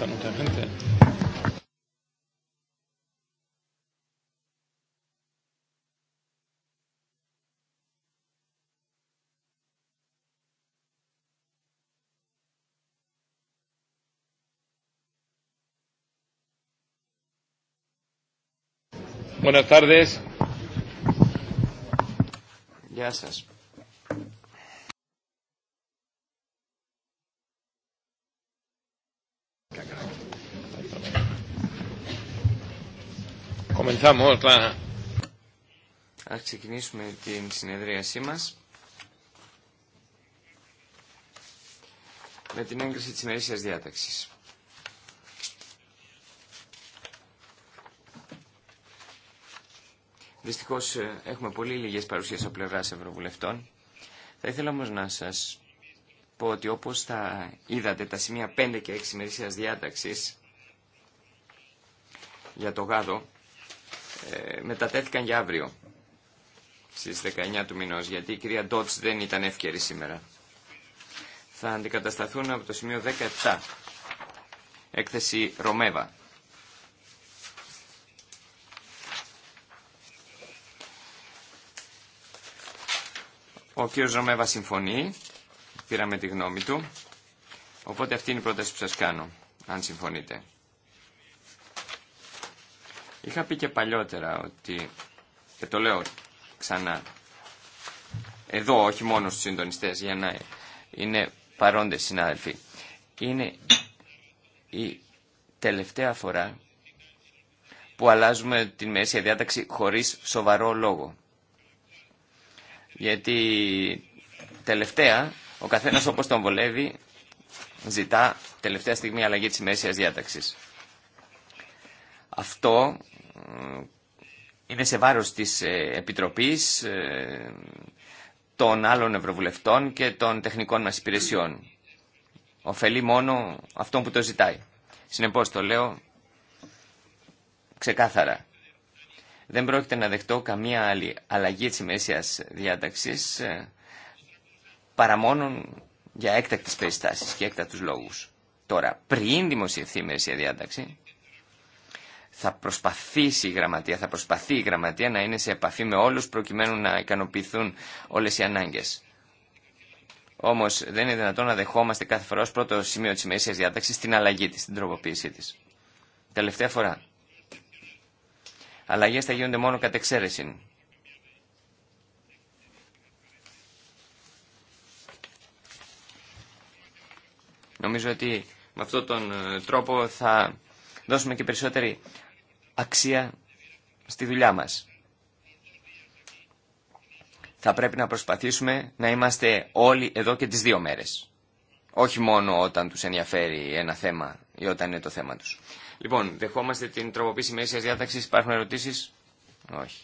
tanta gente. Buenas tardes. Γεια σας. Ας ξεκινήσουμε την συνεδρίασή μας με την έγκριση της ημερήσιας διάταξης. Δυστυχώς ε, έχουμε πολύ λίγες παρουσίες από πλευράς ευρωβουλευτών. Θα ήθελα όμως να σας πω ότι όπως θα είδατε τα σημεία 5 και 6 μερίσιας διάταξης για το γάδο ε, μετατέθηκαν για αύριο στις 19 του μηνός γιατί η κυρία Ντότς δεν ήταν εύκαιρη σήμερα. Θα αντικατασταθούν από το σημείο 17 έκθεση Ρωμέβα. Ο κύριος Ρωμέβα συμφωνεί πήραμε τη γνώμη του. Οπότε αυτή είναι η πρόταση που σας κάνω, αν συμφωνείτε. Είχα πει και παλιότερα ότι, και το λέω ξανά, εδώ όχι μόνο στους συντονιστές για να είναι παρόντες συνάδελφοι, είναι η τελευταία φορά που αλλάζουμε την Μέση διάταξη χωρίς σοβαρό λόγο. Γιατί τελευταία ο καθένα όπω τον βολεύει ζητά τελευταία στιγμή αλλαγή τη ημέρησια διάταξη. Αυτό ε, είναι σε βάρο της ε, επιτροπή ε, των άλλων Ευρωβουλευτών και των τεχνικών μας υπηρεσιών. Οφελεί μόνο αυτόν που το ζητάει. Συνεπώς το λέω ξεκάθαρα. Δεν πρόκειται να δεχτώ καμία άλλη αλλαγή τη διάταξης παρά μόνο για έκτακτες περιστάσεις και έκτακτους λόγους. Τώρα, πριν δημοσιευθεί η Μέση διάταξη, θα προσπαθήσει η γραμματεία, θα προσπαθεί η γραμματεία να είναι σε επαφή με όλους προκειμένου να ικανοποιηθούν όλες οι ανάγκες. Όμως δεν είναι δυνατόν να δεχόμαστε κάθε φορά ως πρώτο σημείο της ημερήσιας διάταξης την αλλαγή της, την τροποποίησή της. Τελευταία φορά. Αλλαγές θα γίνονται μόνο κατ' εξαίρεση. Νομίζω ότι με αυτόν τον ε, τρόπο θα δώσουμε και περισσότερη αξία στη δουλειά μας. Θα πρέπει να προσπαθήσουμε να είμαστε όλοι εδώ και τις δύο μέρες. Όχι μόνο όταν τους ενδιαφέρει ένα θέμα ή όταν είναι το θέμα τους. Λοιπόν, δεχόμαστε την τροποποίηση μέσης διάταξης. Υπάρχουν ερωτήσεις? Όχι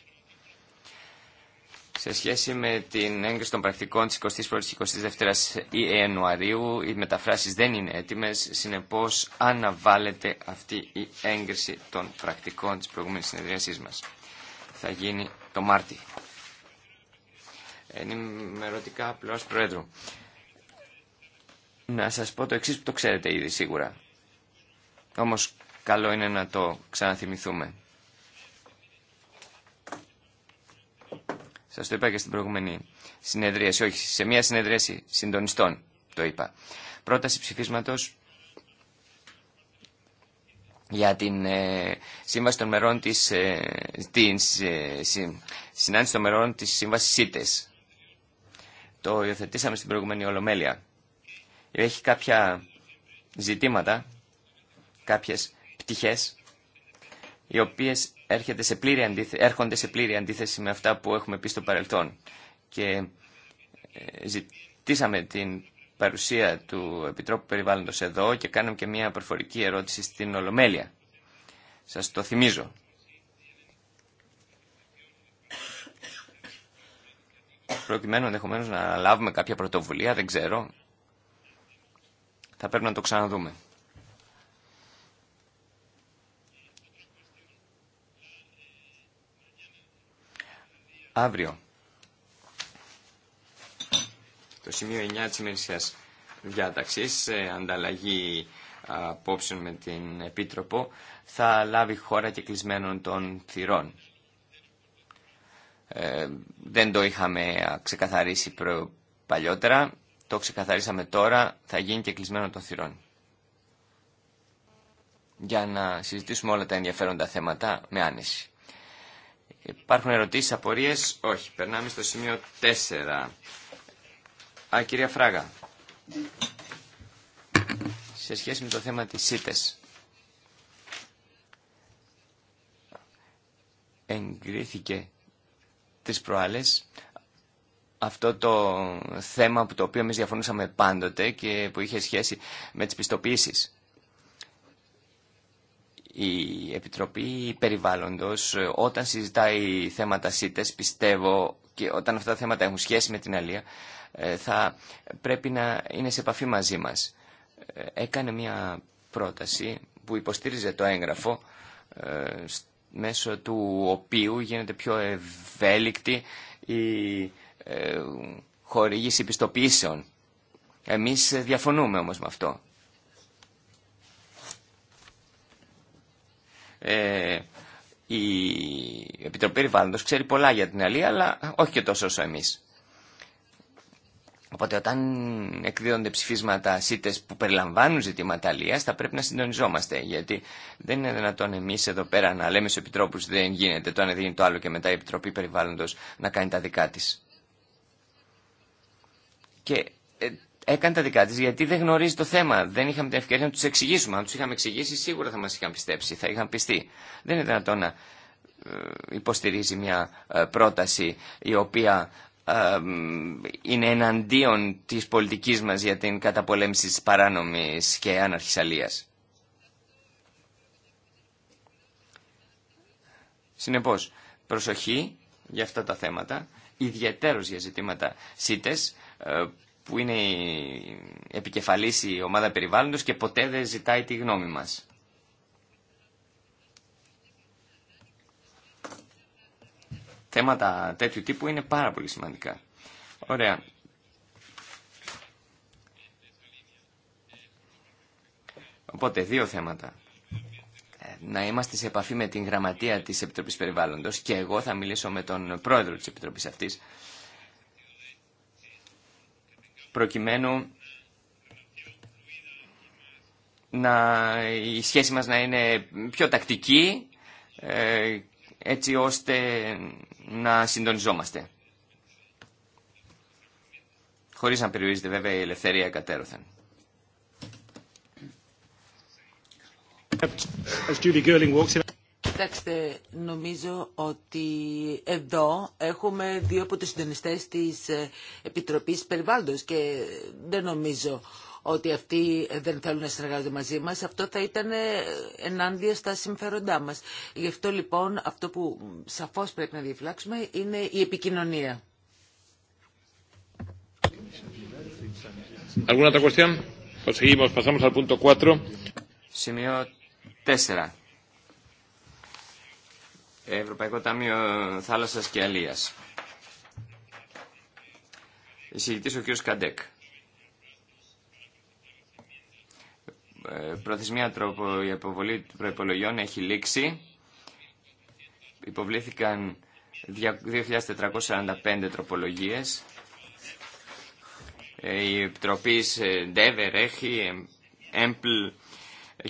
σε σχέση με την έγκριση των πρακτικών της 21 η και 22ης Ιανουαρίου, οι μεταφράσεις δεν είναι έτοιμες, συνεπώς αναβάλλεται αυτή η έγκριση των πρακτικών της προηγούμενης συνεδρίασής μας. Θα γίνει το Μάρτι. Ενημερωτικά απλώς Πρόεδρου. Να σας πω το εξή που το ξέρετε ήδη σίγουρα. Όμως καλό είναι να το ξαναθυμηθούμε. Σα το είπα και στην προηγούμενη συνεδρίαση, όχι, σε μια συνεδρίαση συντονιστών το είπα. Πρόταση ψηφίσματος για την ε, μερών της, ε, ε συνάντηση των μερών της σύμβασης ΣΥΤΕΣ. Το υιοθετήσαμε στην προηγούμενη Ολομέλεια. Έχει κάποια ζητήματα, κάποιες πτυχές οι οποίε έρχονται σε πλήρη αντίθεση, με αυτά που έχουμε πει στο παρελθόν. Και ε, ζητήσαμε την παρουσία του Επιτρόπου Περιβάλλοντος εδώ και κάναμε και μια προφορική ερώτηση στην Ολομέλεια. Σας το θυμίζω. Προκειμένου ενδεχομένω να λάβουμε κάποια πρωτοβουλία, δεν ξέρω. Θα πρέπει να το ξαναδούμε. Αύριο. Το σημείο 9 της ημερησίας διάταξης, ανταλλαγή απόψεων με την Επίτροπο, θα λάβει χώρα και κλεισμένων των θυρών. Ε, δεν το είχαμε ξεκαθαρίσει προ... παλιότερα, το ξεκαθαρίσαμε τώρα, θα γίνει και κλεισμένο των θυρών. Για να συζητήσουμε όλα τα ενδιαφέροντα θέματα με άνεση. Υπάρχουν ερωτήσεις, απορίες. Όχι. Περνάμε στο σημείο 4. Α, κυρία Φράγα. Σε σχέση με το θέμα της ΣΥΤΕΣ. Εγκρίθηκε τις προάλλες αυτό το θέμα που το οποίο εμεί διαφωνούσαμε πάντοτε και που είχε σχέση με τις πιστοποίησεις. Η Επιτροπή Περιβάλλοντος ε, όταν συζητάει θέματα ΣΥΤΕΣ πιστεύω και όταν αυτά τα θέματα έχουν σχέση με την Αλία ε, θα πρέπει να είναι σε επαφή μαζί μας. Ε, έκανε μια πρόταση που υποστήριζε το έγγραφο μέσω του οποίου γίνεται πιο ευέλικτη η χορήγηση πιστοποιήσεων. Εμείς διαφωνούμε όμως με αυτό. Ε, η Επιτροπή Περιβάλλοντος ξέρει πολλά για την αλία, αλλά όχι και τόσο όσο εμείς. Οπότε όταν εκδίδονται ψηφίσματα ΣΥΤΕΣ που περιλαμβάνουν ζητήματα αλίας, θα πρέπει να συντονιζόμαστε, γιατί δεν είναι δυνατόν εμείς εδώ πέρα να λέμε στους επιτρόπους δεν γίνεται το ένα δίνει το άλλο και μετά η Επιτροπή Περιβάλλοντος να κάνει τα δικά της. Και ε, έκανε τα δικά τη γιατί δεν γνωρίζει το θέμα. Δεν είχαμε την ευκαιρία να του εξηγήσουμε. Αν του είχαμε εξηγήσει, σίγουρα θα μα είχαν πιστέψει, θα είχαν πιστεί. Δεν είναι δυνατόν να ε, υποστηρίζει μια ε, πρόταση η οποία ε, είναι εναντίον της πολιτικής μας για την καταπολέμηση τη παράνομη και άναρχης Συνεπώ, Συνεπώς, προσοχή για αυτά τα θέματα, ιδιαίτερως για ζητήματα ΣΥΤΕΣ, που είναι η επικεφαλής η ομάδα περιβάλλοντος και ποτέ δεν ζητάει τη γνώμη μας. Θέματα τέτοιου τύπου είναι πάρα πολύ σημαντικά. Ωραία. Οπότε, δύο θέματα. Ε, να είμαστε σε επαφή με την γραμματεία της Επιτροπής Περιβάλλοντος και εγώ θα μιλήσω με τον πρόεδρο της Επιτροπής αυτής προκειμένου να, η σχέση μας να είναι πιο τακτική ε, έτσι ώστε να συντονιζόμαστε. Χωρίς να περιορίζεται βέβαια η ελευθερία κατέρωθεν. Κοιτάξτε, νομίζω ότι εδώ έχουμε δύο από τους συντονιστές της ε, Επιτροπής Περιβάλλοντος και δεν νομίζω ότι αυτοί δεν θέλουν να συνεργάζονται μαζί μας. Αυτό θα ήταν ε, ενάντια στα συμφέροντά μας. Γι' αυτό λοιπόν αυτό που σαφώς πρέπει να διαφυλάξουμε είναι η επικοινωνία. Σημείο 4. Ευρωπαϊκό Ταμείο Θάλασσας και Αλίας. Εισηγητής ο κ. Καντέκ. Ε, προθεσμία τρόπο η αποβολή του έχει λήξει. Υποβλήθηκαν 2.445 τροπολογίες. Ε, η Επιτροπή Ντέβερ έχει, Έμπλ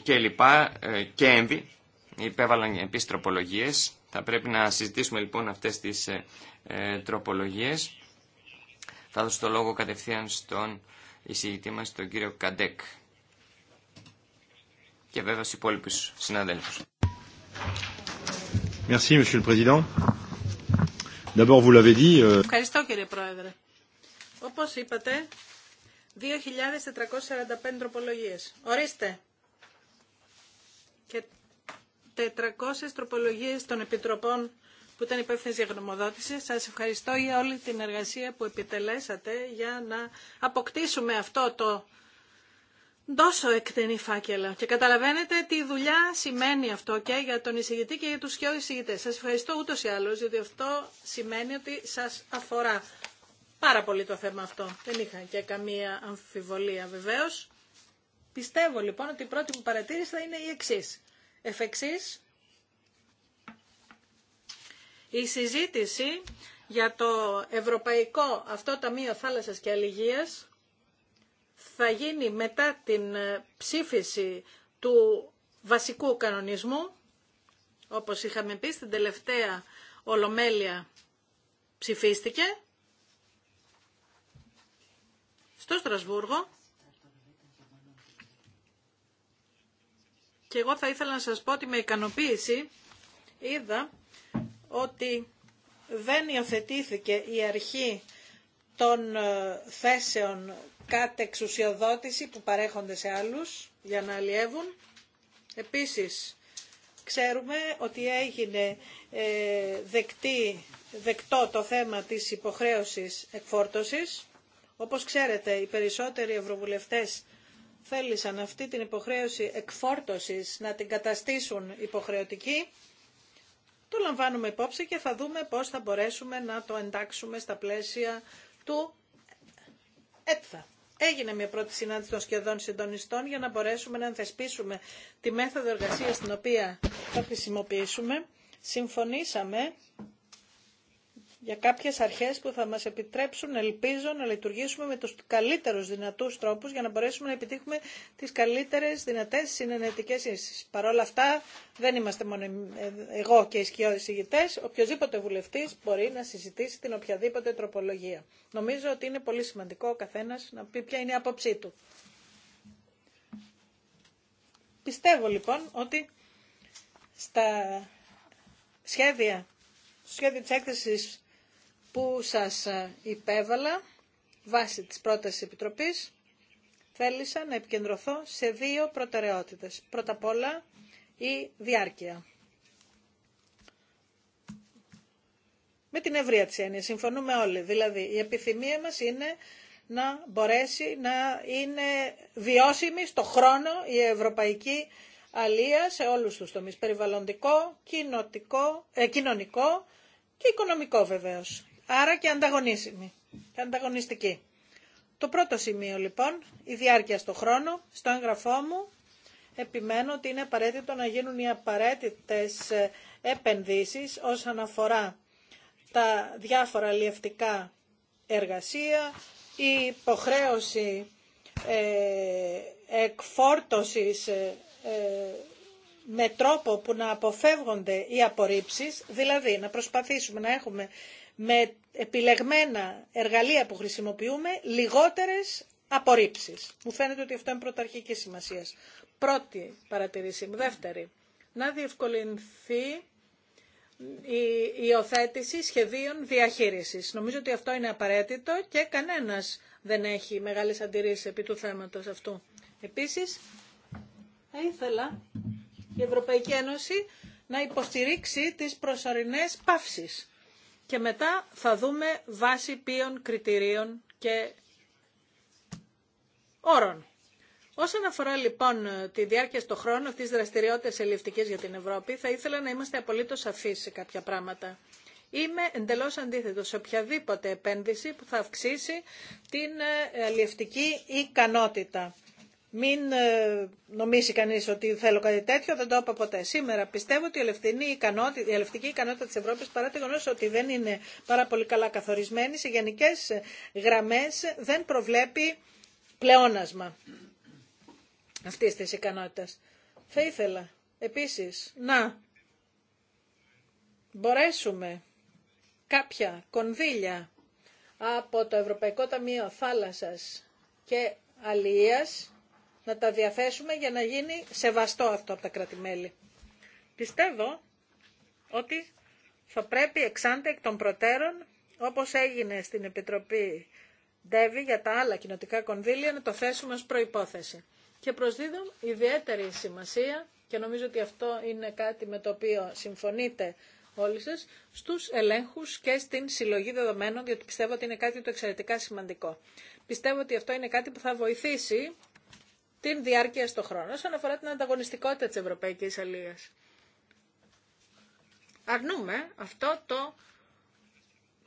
και λοιπά ε, και Έμβη υπέβαλαν επίσης τροπολογίες. Θα πρέπει να συζητήσουμε λοιπόν αυτές τις ε, ε, τροπολογίες. Θα δώσω το λόγο κατευθείαν στον εισηγητή μας, τον κύριο Καντέκ. Και βέβαια στους υπόλοιπους συναδέλφους. Euh, Ευχαριστώ, κύριε Πρόεδρε. Όπως είπατε, 2.445 τροπολογίες. Ορίστε, 400 τροπολογίες των επιτροπών που ήταν υπεύθυνε για γνωμοδότηση. Σας ευχαριστώ για όλη την εργασία που επιτελέσατε για να αποκτήσουμε αυτό το τόσο εκτενή φάκελο. Και καταλαβαίνετε τι δουλειά σημαίνει αυτό και για τον εισηγητή και για τους και εισηγητές. Σας ευχαριστώ ούτως ή άλλως, διότι αυτό σημαίνει ότι σας αφορά πάρα πολύ το θέμα αυτό. Δεν είχα και καμία αμφιβολία βεβαίως. Πιστεύω λοιπόν ότι η πρώτη μου παρατήρηση θα είναι η πρωτη μου παρατηρηση ειναι η εξη Εφ' εξής, η συζήτηση για το Ευρωπαϊκό αυτό Ταμείο Θάλασσας και Αλληγίας θα γίνει μετά την ε, ψήφιση του βασικού κανονισμού, όπως είχαμε πει στην τελευταία Ολομέλεια ψηφίστηκε στο Στρασβούργο Και εγώ θα ήθελα να σας πω ότι με ικανοποίηση είδα ότι δεν υιοθετήθηκε η αρχή των ε, θέσεων κάτ εξουσιοδότηση που παρέχονται σε άλλους για να αλλιεύουν. Επίσης, ξέρουμε ότι έγινε ε, δεκτή, δεκτό το θέμα της υποχρέωσης εκφόρτωσης. Όπως ξέρετε, οι περισσότεροι ευρωβουλευτές θέλησαν αυτή την υποχρέωση εκφόρτωσης να την καταστήσουν υποχρεωτική, το λαμβάνουμε υπόψη και θα δούμε πώς θα μπορέσουμε να το εντάξουμε στα πλαίσια του ΕΤΘΑ. Έγινε μια πρώτη συνάντηση των σχεδόν συντονιστών για να μπορέσουμε να ενθεσπίσουμε τη μέθοδο εργασίας την οποία θα χρησιμοποιήσουμε. Συμφωνήσαμε για κάποιες αρχές που θα μας επιτρέψουν, ελπίζω, να λειτουργήσουμε με τους καλύτερους δυνατούς τρόπους για να μπορέσουμε να επιτύχουμε τις καλύτερες δυνατές συνενετικές ίσεις. Παρ' όλα αυτά δεν είμαστε μόνο εγώ και οι σκιώδεις ηγητές, οποιοδήποτε βουλευτής μπορεί να συζητήσει την οποιαδήποτε τροπολογία. Νομίζω ότι είναι πολύ σημαντικό ο καθένας να πει ποια είναι η άποψή του. Πιστεύω λοιπόν ότι στα σχέδια στο σχέδιο της έκθεσης που σας ε, υπέβαλα βάσει της πρότασης Επιτροπής θέλησα να επικεντρωθώ σε δύο προτεραιότητες. Πρώτα απ' όλα η διάρκεια. Με την ευρία της έννοια, συμφωνούμε όλοι. Δηλαδή η επιθυμία μας είναι να μπορέσει να είναι βιώσιμη στο χρόνο η ευρωπαϊκή αλία σε όλους τους τομείς. Περιβαλλοντικό, ε, κοινωνικό και οικονομικό βεβαίως άρα και ανταγωνίσιμη ανταγωνιστική. Το πρώτο σημείο λοιπόν, η διάρκεια στο χρόνο, στο εγγραφό μου, επιμένω ότι είναι απαραίτητο να γίνουν οι απαραίτητες ε, επενδύσεις όσον αφορά τα διάφορα λιευτικά εργασία, η υποχρέωση ε, εκφόρτωσης ε, ε, με τρόπο που να αποφεύγονται οι απορρίψεις, δηλαδή να προσπαθήσουμε να έχουμε με επιλεγμένα εργαλεία που χρησιμοποιούμε λιγότερες απορρίψεις. Μου φαίνεται ότι αυτό είναι πρωταρχική σημασία. Πρώτη παρατηρήση μου. Δεύτερη, να διευκολυνθεί η υιοθέτηση σχεδίων διαχείρισης. Νομίζω ότι αυτό είναι απαραίτητο και κανένας δεν έχει μεγάλες αντιρρήσεις επί του θέματος αυτού. Επίσης, θα ήθελα η Ευρωπαϊκή Ένωση να υποστηρίξει τις προσωρινές παύσεις και μετά θα δούμε βάση ποιων κριτηρίων και όρων. Όσον αφορά λοιπόν τη διάρκεια στον χρόνο αυτής της δραστηριότητας ελληνικής για την Ευρώπη, θα ήθελα να είμαστε απολύτως σαφείς σε κάποια πράγματα. Είμαι εντελώς αντίθετο σε οποιαδήποτε επένδυση που θα αυξήσει την ε, ε, αλληλευτική ικανότητα. Μην ε, νομίσει κανείς ότι θέλω κάτι τέτοιο, δεν το είπα ποτέ. Σήμερα πιστεύω ότι η ελευθερική ικανότητα, η ικανότητα της Ευρώπης, παρά το γεγονός ότι δεν είναι πάρα πολύ καλά καθορισμένη, σε γενικές ε, γραμμές δεν προβλέπει πλεόνασμα αυτής της ικανότητας. Θα ήθελα επίσης να μπορέσουμε κάποια κονδύλια από το Ευρωπαϊκό Ταμείο Θάλασσας και Αλίας να τα διαθέσουμε για να γίνει σεβαστό αυτό από τα κρατημέλη. Πιστεύω ότι θα πρέπει εξάντε εκ των προτέρων, όπως έγινε στην Επιτροπή ΔΕΒΗ για τα άλλα κοινοτικά κονδύλια, να το θέσουμε ως προϋπόθεση. Και προσδίδω ιδιαίτερη σημασία, και νομίζω ότι αυτό είναι κάτι με το οποίο συμφωνείτε όλοι σας, στους ελέγχους και στην συλλογή δεδομένων, διότι πιστεύω ότι είναι κάτι το εξαιρετικά σημαντικό. Πιστεύω ότι αυτό είναι κάτι που θα βοηθήσει την διάρκεια στον χρόνο όσον αφορά την ανταγωνιστικότητα της Ευρωπαϊκής Αλίας. Αρνούμε αυτό το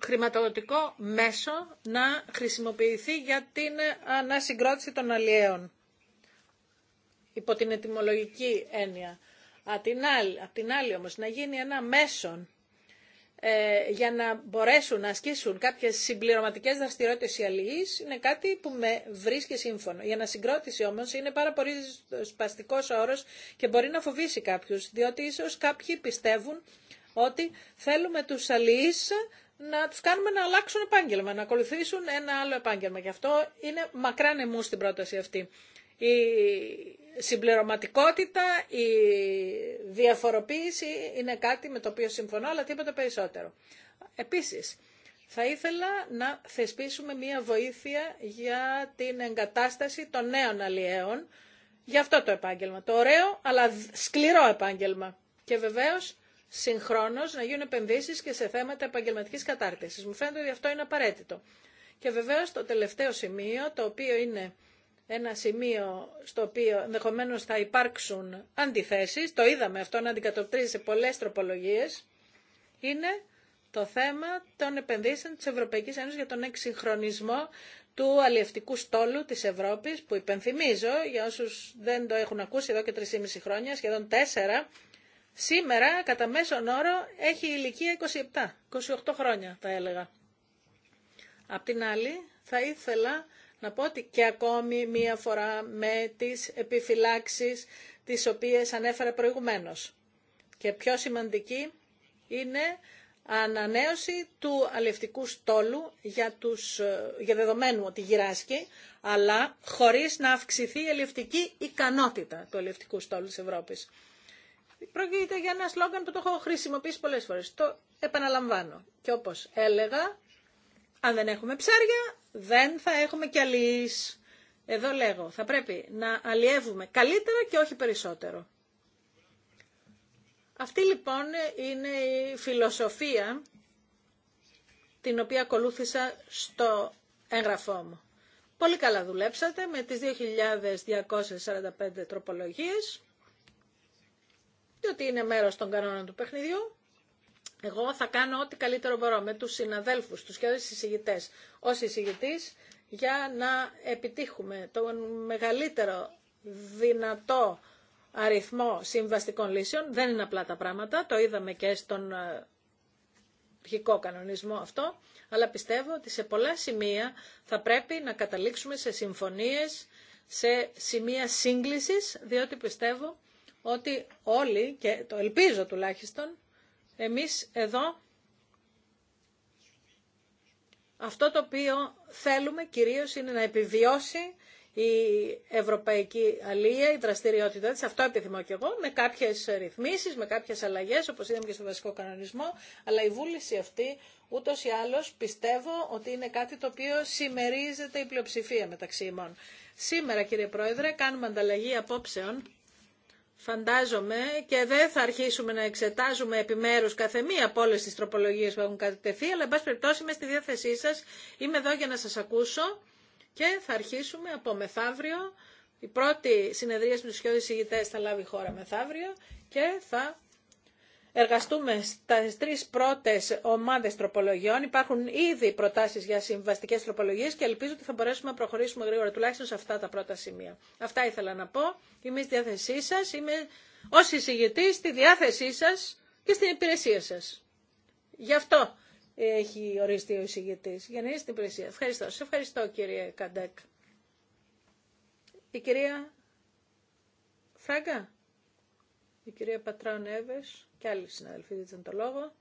χρηματοδοτικό μέσο να χρησιμοποιηθεί για την ανασυγκρότηση των αλλιέων υπό την ετοιμολογική έννοια. Απ' την άλλη, απ την άλλη όμως να γίνει ένα μέσον ε, για να μπορέσουν να ασκήσουν κάποιες συμπληρωματικές δραστηριότητες οι αλληλείς είναι κάτι που με βρίσκει σύμφωνο. Η ανασυγκρότηση όμως είναι πάρα πολύ σπαστικός όρος και μπορεί να φοβήσει κάποιους, διότι ίσως κάποιοι πιστεύουν ότι θέλουμε τους αλληλείς να τους κάνουμε να αλλάξουν επάγγελμα, να ακολουθήσουν ένα άλλο επάγγελμα. Γι' αυτό είναι μακρά εμού στην πρόταση αυτή. Η συμπληρωματικότητα, η διαφοροποίηση είναι κάτι με το οποίο συμφωνώ, αλλά τίποτα περισσότερο. Επίσης, θα ήθελα να θεσπίσουμε μία βοήθεια για την εγκατάσταση των νέων αλλιέων για αυτό το επάγγελμα. Το ωραίο, αλλά σκληρό επάγγελμα. Και βεβαίως, συγχρόνως, να γίνουν επενδύσεις και σε θέματα επαγγελματικής κατάρτισης. Μου φαίνεται ότι αυτό είναι απαραίτητο. Και βεβαίως, το τελευταίο σημείο, το οποίο είναι ένα σημείο στο οποίο ενδεχομένω θα υπάρξουν αντιθέσεις, το είδαμε αυτό να αντικατοπτρίζει σε πολλές τροπολογίες, είναι το θέμα των επενδύσεων της Ευρωπαϊκής Ένωσης για τον εξυγχρονισμό του αλλιευτικού στόλου της Ευρώπης, που υπενθυμίζω, για όσους δεν το έχουν ακούσει εδώ και 3,5 χρόνια, σχεδόν 4, σήμερα κατά μέσον όρο έχει ηλικία 27, 28 χρόνια θα έλεγα. Απ' την άλλη, θα ήθελα να πω ότι και ακόμη μία φορά με τις επιφυλάξεις τις οποίες ανέφερα προηγουμένως. Και πιο σημαντική είναι ανανέωση του αλευτικού στόλου για, τους, για δεδομένου ότι γυράσκει, αλλά χωρίς να αυξηθεί η αλευτική ικανότητα του αλευτικού στόλου της Ευρώπης. Πρόκειται για ένα σλόγγαν που το έχω χρησιμοποιήσει πολλές φορές. Το επαναλαμβάνω. Και όπως έλεγα, αν δεν έχουμε ψάρια, δεν θα έχουμε κι αλλιείς. Εδώ λέγω, θα πρέπει να αλλιεύουμε καλύτερα και όχι περισσότερο. Αυτή λοιπόν είναι η φιλοσοφία την οποία ακολούθησα στο έγγραφό μου. Πολύ καλά δουλέψατε με τις 2.245 τροπολογίες, διότι είναι μέρος των κανόνων του παιχνιδιού. Εγώ θα κάνω ό,τι καλύτερο μπορώ με τους συναδέλφους, τους και όλους συζητητές, ως για να επιτύχουμε τον μεγαλύτερο δυνατό αριθμό συμβαστικών λύσεων. Δεν είναι απλά τα πράγματα, το είδαμε και στον ε, αρχικό κανονισμό αυτό, αλλά πιστεύω ότι σε πολλά σημεία θα πρέπει να καταλήξουμε σε συμφωνίες, σε σημεία σύγκλησης, διότι πιστεύω ότι όλοι, και το ελπίζω τουλάχιστον, εμείς εδώ αυτό το οποίο θέλουμε κυρίως είναι να επιβιώσει η ευρωπαϊκή αλία, η δραστηριότητά της, αυτό επιθυμώ και εγώ, με κάποιες ρυθμίσεις, με κάποιες αλλαγές, όπως είδαμε και στο βασικό κανονισμό, αλλά η βούληση αυτή ούτως ή άλλως πιστεύω ότι είναι κάτι το οποίο συμμερίζεται η πλειοψηφία μεταξύ ημών. Σήμερα, κύριε Πρόεδρε, κάνουμε ανταλλαγή απόψεων φαντάζομαι και δεν θα αρχίσουμε να εξετάζουμε επιμέρους κάθε μία από όλες τις τροπολογίες που έχουν κατευθεί, αλλά εν πάση περιπτώσει είμαι στη διάθεσή σας, είμαι εδώ για να σας ακούσω και θα αρχίσουμε από μεθαύριο. Η πρώτη συνεδρία με τους χιώδης θα λάβει χώρα μεθαύριο και θα εργαστούμε στις τρεις πρώτες ομάδες τροπολογιών. Υπάρχουν ήδη προτάσεις για συμβαστικές τροπολογίες και ελπίζω ότι θα μπορέσουμε να προχωρήσουμε γρήγορα, τουλάχιστον σε αυτά τα πρώτα σημεία. Αυτά ήθελα να πω. Είμαι στη διάθεσή σας, είμαι ως εισηγητής στη διάθεσή σας και στην υπηρεσία σας. Γι' αυτό έχει οριστεί ο εισηγητή. για να είναι στην υπηρεσία. Ευχαριστώ. Σε ευχαριστώ κύριε Καντέκ. Η κυρία Φράγκα, η κυρία Πατράων και άλλοι συναδελφοί ζήτησαν το λόγο.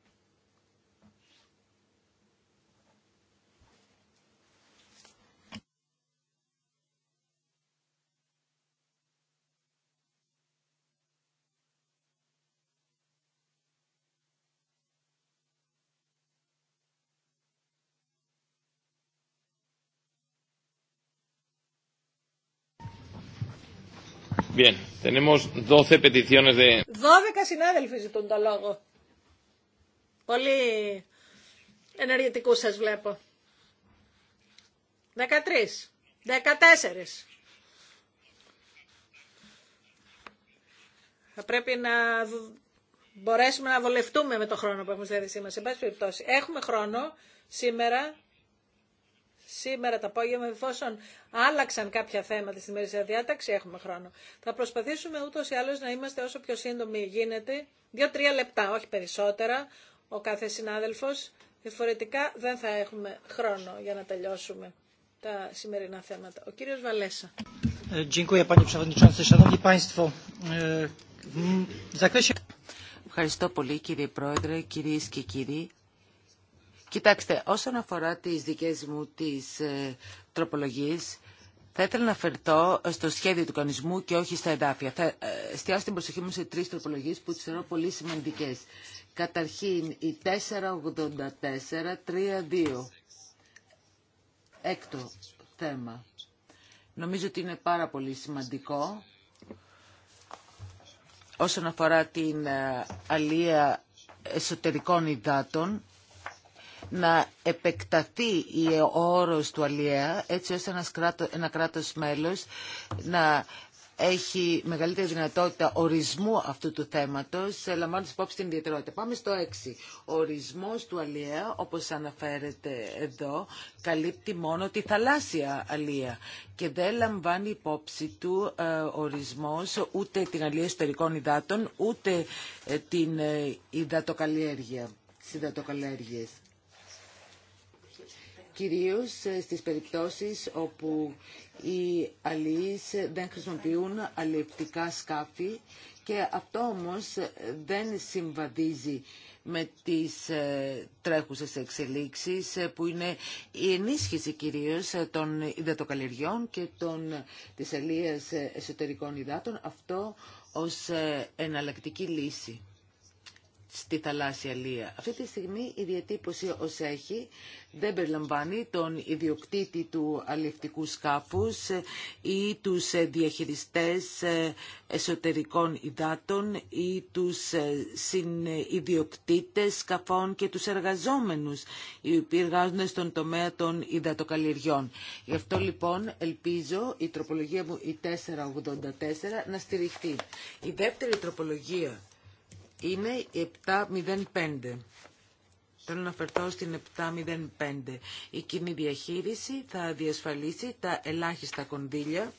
Bien, tenemos 12 peticiones de... 12 συνάδελφοι ζητούν το λόγο. Πολύ ενεργητικού σας βλέπω. 13, 14. Θα πρέπει να μπορέσουμε να βολευτούμε με το χρόνο που έχουμε στη διάθεσή μα. Σε πάση περιπτώσει, έχουμε χρόνο σήμερα σήμερα το απόγευμα, εφόσον άλλαξαν κάποια θέματα στη μέρη διάταξη, έχουμε χρόνο. Θα προσπαθήσουμε ούτω ή άλλω να είμαστε όσο πιο σύντομοι γίνεται. Δύο-τρία λεπτά, όχι περισσότερα, ο κάθε συνάδελφο. Διαφορετικά δεν θα έχουμε χρόνο για να τελειώσουμε τα σημερινά θέματα. Ο κύριος Βαλέσα. Ευχαριστώ πολύ κύριε Πρόεδρε, κυρίες και κύριοι. Κοιτάξτε, όσον αφορά τις δικές μου τις ε, τροπολογίες, θα ήθελα να φερθώ στο σχέδιο του κανονισμού και όχι στα εδάφια. Θα ε, εστιάσω την προσοχή μου σε τρεις τροπολογίες που τις θεωρώ πολύ σημαντικές. Καταρχήν, η 484-32. Έκτο θέμα. Νομίζω ότι είναι πάρα πολύ σημαντικό όσον αφορά την ε, αλία εσωτερικών υδάτων να επεκταθεί η όρος του Αλιέα έτσι ώστε ένα κράτο ένα μέλος να έχει μεγαλύτερη δυνατότητα ορισμού αυτού του θέματος, λαμβάνοντας υπόψη την ιδιαιτερότητα. Πάμε στο 6. Ο ορισμός του αλιέα, όπως αναφέρεται εδώ, καλύπτει μόνο τη θαλάσσια αλία και δεν λαμβάνει υπόψη του ε, ορισμός ούτε την αλία εσωτερικών υδάτων, ούτε ε, την ε, υδατοκαλλιέργεια, κυρίως ε, στις περιπτώσεις όπου οι αλληλείς δεν χρησιμοποιούν αλληλεπτικά σκάφη και αυτό όμως δεν συμβαδίζει με τις ε, τρέχουσες εξελίξεις ε, που είναι η ενίσχυση κυρίως των υδατοκαλλιεργιών και των, της αλλήλειας εσωτερικών υδάτων αυτό ως εναλλακτική λύση στη θαλάσσια λία. Αυτή τη στιγμή η διατύπωση ως έχει δεν περιλαμβάνει τον ιδιοκτήτη του αλληλευτικού σκάφους ή τους ε, διαχειριστές ε, εσωτερικών υδάτων ή τους ε, συνειδιοκτήτες σκαφών και τους εργαζόμενους οι οποίοι εργάζονται στον τομέα των υδατοκαλλιεργιών. Γι' αυτό λοιπόν ελπίζω η τροπολογία μου η 484 να στηριχτεί. Η δεύτερη τροπολογία είναι η 705. Θέλω να αφαιρθώ στην 705. Η κοινή διαχείριση θα διασφαλίσει τα ελάχιστα κονδύλια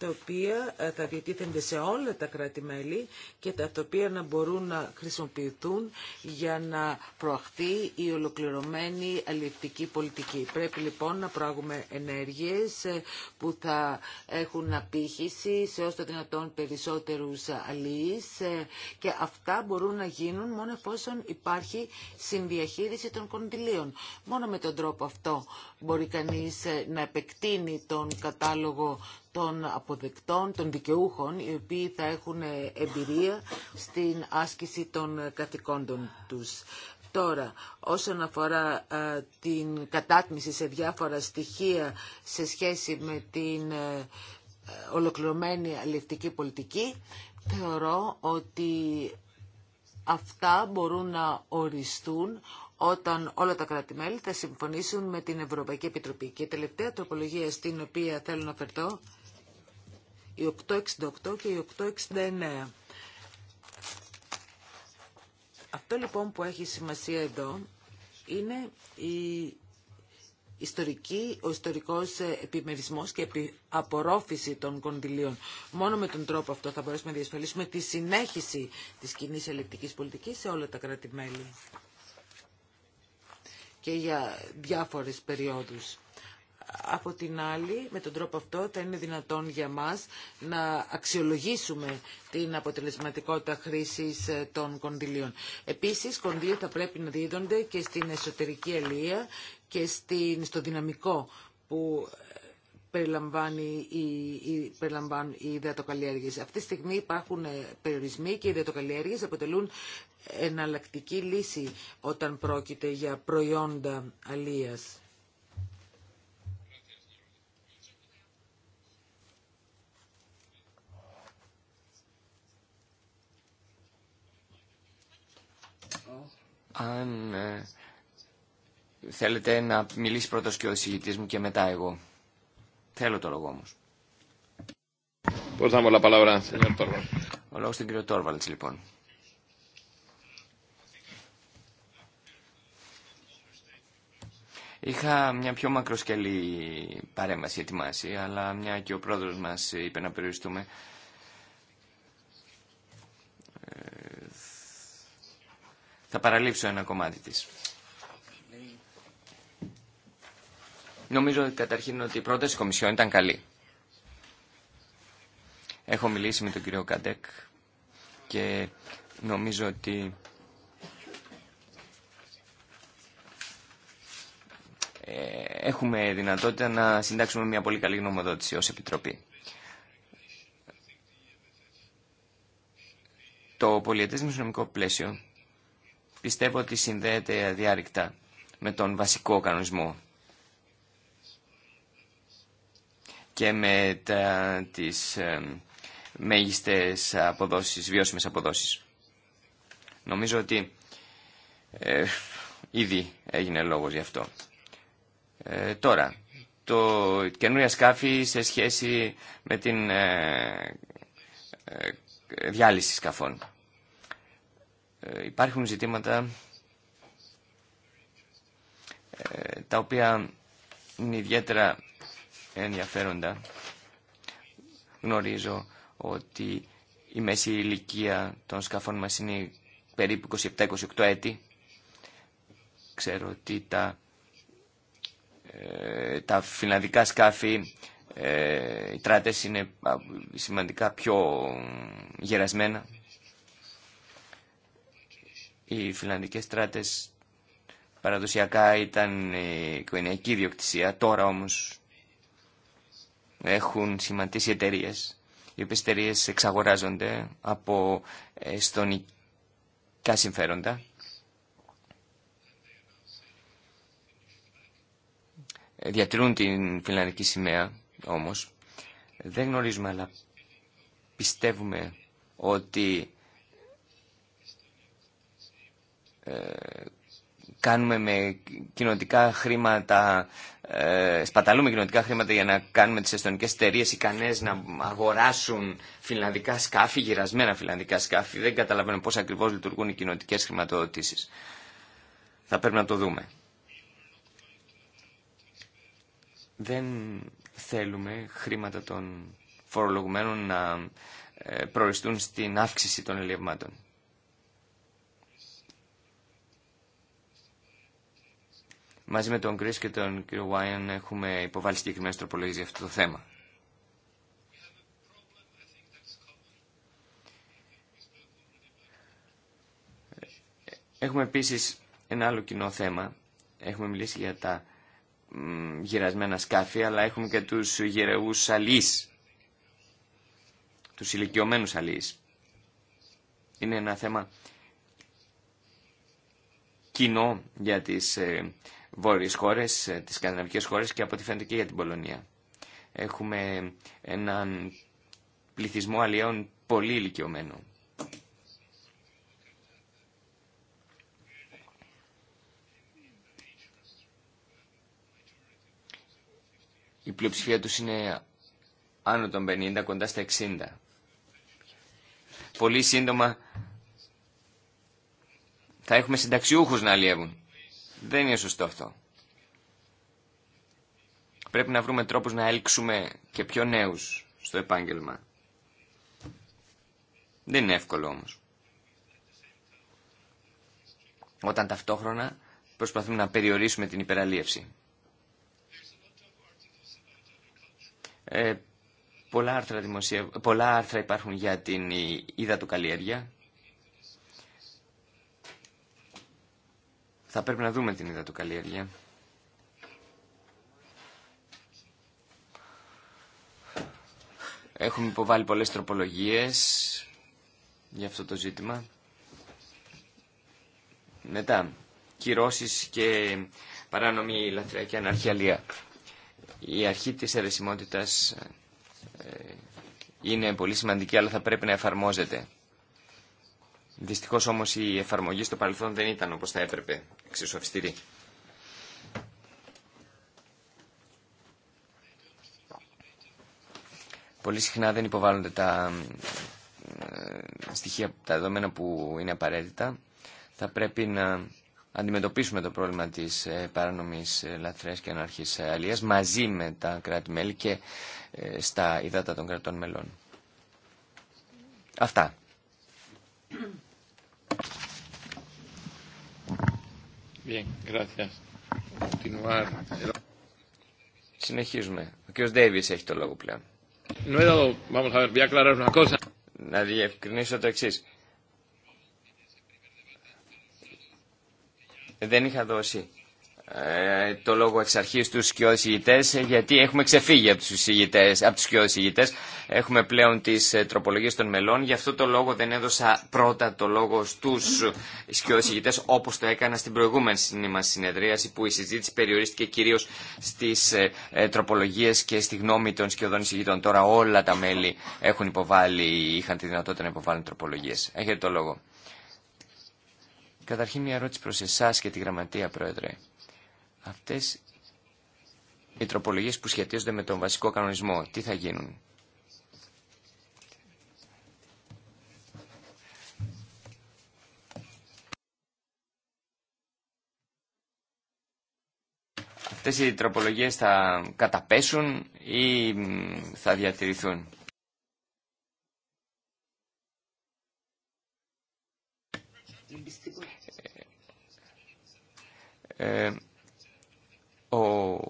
τα οποία ε, θα διατίθενται σε όλα τα κράτη-μέλη και τα οποία να μπορούν να χρησιμοποιηθούν για να προαχθεί η ολοκληρωμένη αλληλευτική πολιτική. Πρέπει λοιπόν να προάγουμε ενέργειες ε, που θα έχουν απήχηση σε όσο δυνατόν περισσότερους αλληλείς ε, και αυτά μπορούν να γίνουν μόνο εφόσον υπάρχει συνδιαχείριση των κοντιλίων. Μόνο με τον τρόπο αυτό μπορεί κανείς ε, να επεκτείνει τον κατάλογο των αποδεκτών, των δικαιούχων, οι οποίοι θα έχουν ε, εμπειρία στην άσκηση των ε, καθηκόντων τους. Τώρα, όσον αφορά την κατάτμιση σε διάφορα στοιχεία σε σχέση με την ολοκληρωμένη αλληλευτική πολιτική, θεωρώ ότι αυτά μπορούν να οριστούν όταν όλα τα κράτη-μέλη θα συμφωνήσουν με την Ευρωπαϊκή Επιτροπή. Και η τελευταία τροπολογία στην οποία θέλω να φερθώ, η 868 και η 869. Αυτό λοιπόν που έχει σημασία εδώ είναι η ιστορική, ο ιστορικός επιμερισμός και απορρόφηση των κονδυλίων. Μόνο με τον τρόπο αυτό θα μπορέσουμε να διασφαλίσουμε τη συνέχιση της κοινή ελεκτικής πολιτικής σε όλα τα κράτη-μέλη και για διάφορες περιόδους. Από την άλλη, με τον τρόπο αυτό θα είναι δυνατόν για μας να αξιολογήσουμε την αποτελεσματικότητα χρήσης ε, των κονδυλίων. Επίσης, κονδύλια θα πρέπει να δίδονται και στην εσωτερική αλληλεία και στο δυναμικό που περιλαμβάνει η, η, περιλαμβάνουν οι υδατοκαλλιέργειες. Αυτή τη στιγμή υπάρχουν ε, περιορισμοί και οι υδατοκαλλιέργειες αποτελούν εναλλακτική λύση όταν πρόκειται για προϊόντα αλίας. Αν ε, θέλετε να μιλήσει πρώτος και ο συγητής μου και μετά εγώ. Θέλω το λόγο όμω. Πώς θα μου παλάβρα, κύριε Τόρβαλτ. Ο λόγο του κύριο Τόρβαλτ, λοιπόν. Είχα μια πιο μακροσκελή παρέμβαση ετοιμάσει, αλλά μια και ο πρόεδρος μας είπε να περιοριστούμε. Ε, θα παραλείψω ένα κομμάτι της. Νομίζω ότι καταρχήν ότι η πρόταση Κομισιόν ήταν καλή. Έχω μιλήσει με τον κύριο Καντέκ και νομίζω ότι ε, έχουμε δυνατότητα να συντάξουμε μια πολύ καλή γνωμοδότηση ως Επιτροπή. Το πολιετές νομικό πλαίσιο πιστεύω ότι συνδέεται αδιάρρηκτα με τον βασικό κανονισμό και με τα, τις ε, μέγιστες αποδόσεις, βιώσιμες αποδόσεις. Νομίζω ότι ε, ήδη έγινε λόγος γι' αυτό. Ε, τώρα, το καινούργια σκάφη σε σχέση με την ε, ε, διάλυση σκαφών. Υπάρχουν ζητήματα τα οποία είναι ιδιαίτερα ενδιαφέροντα. Γνωρίζω ότι η μέση ηλικία των σκαφών μας είναι περίπου 27-28 έτη. Ξέρω ότι τα, ε, τα φιλανδικά σκάφη, ε, οι τράτες είναι σημαντικά πιο γερασμένα. Οι φιλανδικές τράτες παραδοσιακά ήταν η οικογενειακή διοκτησία, τώρα όμως έχουν σημαντήσει εταιρείε, οι οποίε εταιρείε εξαγοράζονται από στονικά συμφέροντα. Διατηρούν την φιλανδική σημαία όμως. Δεν γνωρίζουμε αλλά πιστεύουμε ότι ε, κάνουμε με κοινοτικά χρήματα, ε, σπαταλούμε κοινωτικά χρήματα για να κάνουμε τις εστονικές εταιρείε ικανές να αγοράσουν φιλανδικά σκάφη, γυρασμένα φιλανδικά σκάφη. Δεν καταλαβαίνω πώς ακριβώς λειτουργούν οι κοινοτικές χρηματοδοτήσεις. Θα πρέπει να το δούμε. Δεν θέλουμε χρήματα των φορολογουμένων να ε, προοριστούν στην αύξηση των ελευμάτων. Μαζί με τον Κρίς και τον κύριο Βάιεν έχουμε υποβάλει συγκεκριμένες τροπολογίες για αυτό το θέμα. Έχουμε επίσης ένα άλλο κοινό θέμα. Έχουμε μιλήσει για τα γυρασμένα σκάφη, αλλά έχουμε και τους γυρεούς αλείς, τους ηλικιωμένους αλείς. Είναι ένα θέμα κοινό για τις ε, βόρειες χώρες, ε, τις σκανδιναβικές χώρες και από ό,τι φαίνεται και για την Πολωνία. Έχουμε έναν πληθυσμό αλλιών πολύ ηλικιωμένο. Η πλειοψηφία τους είναι άνω των 50, κοντά στα 60. Πολύ σύντομα θα έχουμε συνταξιούχους να αλλιεύουν. Δεν είναι σωστό αυτό. Πρέπει να βρούμε τρόπους να έλξουμε και πιο νέους στο επάγγελμα. Δεν είναι εύκολο όμως. Όταν ταυτόχρονα προσπαθούμε να περιορίσουμε την υπεραλίευση. Ε, πολλά, άρθρα πολλά άρθρα υπάρχουν για την του καλλιέργεια. Θα πρέπει να δούμε την του καλλιέργεια. Έχουμε υποβάλει πολλές τροπολογίες για αυτό το ζήτημα. Μετά, κυρώσεις και παράνομη λατρεία και αναρχιαλία. Η αρχή της αιρεσιμότητας ε, είναι πολύ σημαντική, αλλά θα πρέπει να εφαρμόζεται. Δυστυχώ όμως η εφαρμογή στο παρελθόν δεν ήταν όπω θα έπρεπε, εξίσου αυστηρή. Πολύ συχνά δεν υποβάλλονται τα ε, στοιχεία, τα δεδομένα που είναι απαραίτητα. Θα πρέπει να αντιμετωπίσουμε το πρόβλημα της ε, παράνομης ε, λαθρέα και ανάρχης αλίας μαζί με τα κράτη-μέλη και στα υδάτα των κρατών μελών. Αυτά. Bien, gracias. Continuar. Συνεχίζουμε. Ο κ. Ντέιβις έχει το λόγο πλέον. No vamos a ver, voy a aclarar una cosa. Να διευκρινίσω το εξή. Δεν είχα δώσει ε, το λόγο εξ αρχής στους σκιώδης ηγητές, γιατί έχουμε ξεφύγει από τους, ηγητές, από τους ηγητές. Έχουμε πλέον τις ε, τροπολογίες των μελών, γι' αυτό το λόγο δεν έδωσα πρώτα το λόγο στους σκιώδης ηγητές, όπως το έκανα στην προηγούμενη μας συνεδρίαση, που η συζήτηση περιορίστηκε κυρίως στις ε, τροπολογίες και στη γνώμη των σκιωδών ηγητών. Τώρα όλα τα μέλη έχουν υποβάλει, είχαν τη δυνατότητα να υποβάλουν τροπολογίες. Έχετε το λόγο. Καταρχήν μια ερώτηση προς εσάς και τη γραμματεία, Πρόεδρε. Αυτές οι τροπολογίες που σχετίζονται με τον βασικό κανονισμό, τι θα γίνουν. Αυτές οι τροπολογίες θα καταπέσουν ή θα διατηρηθούν. ε, ε ο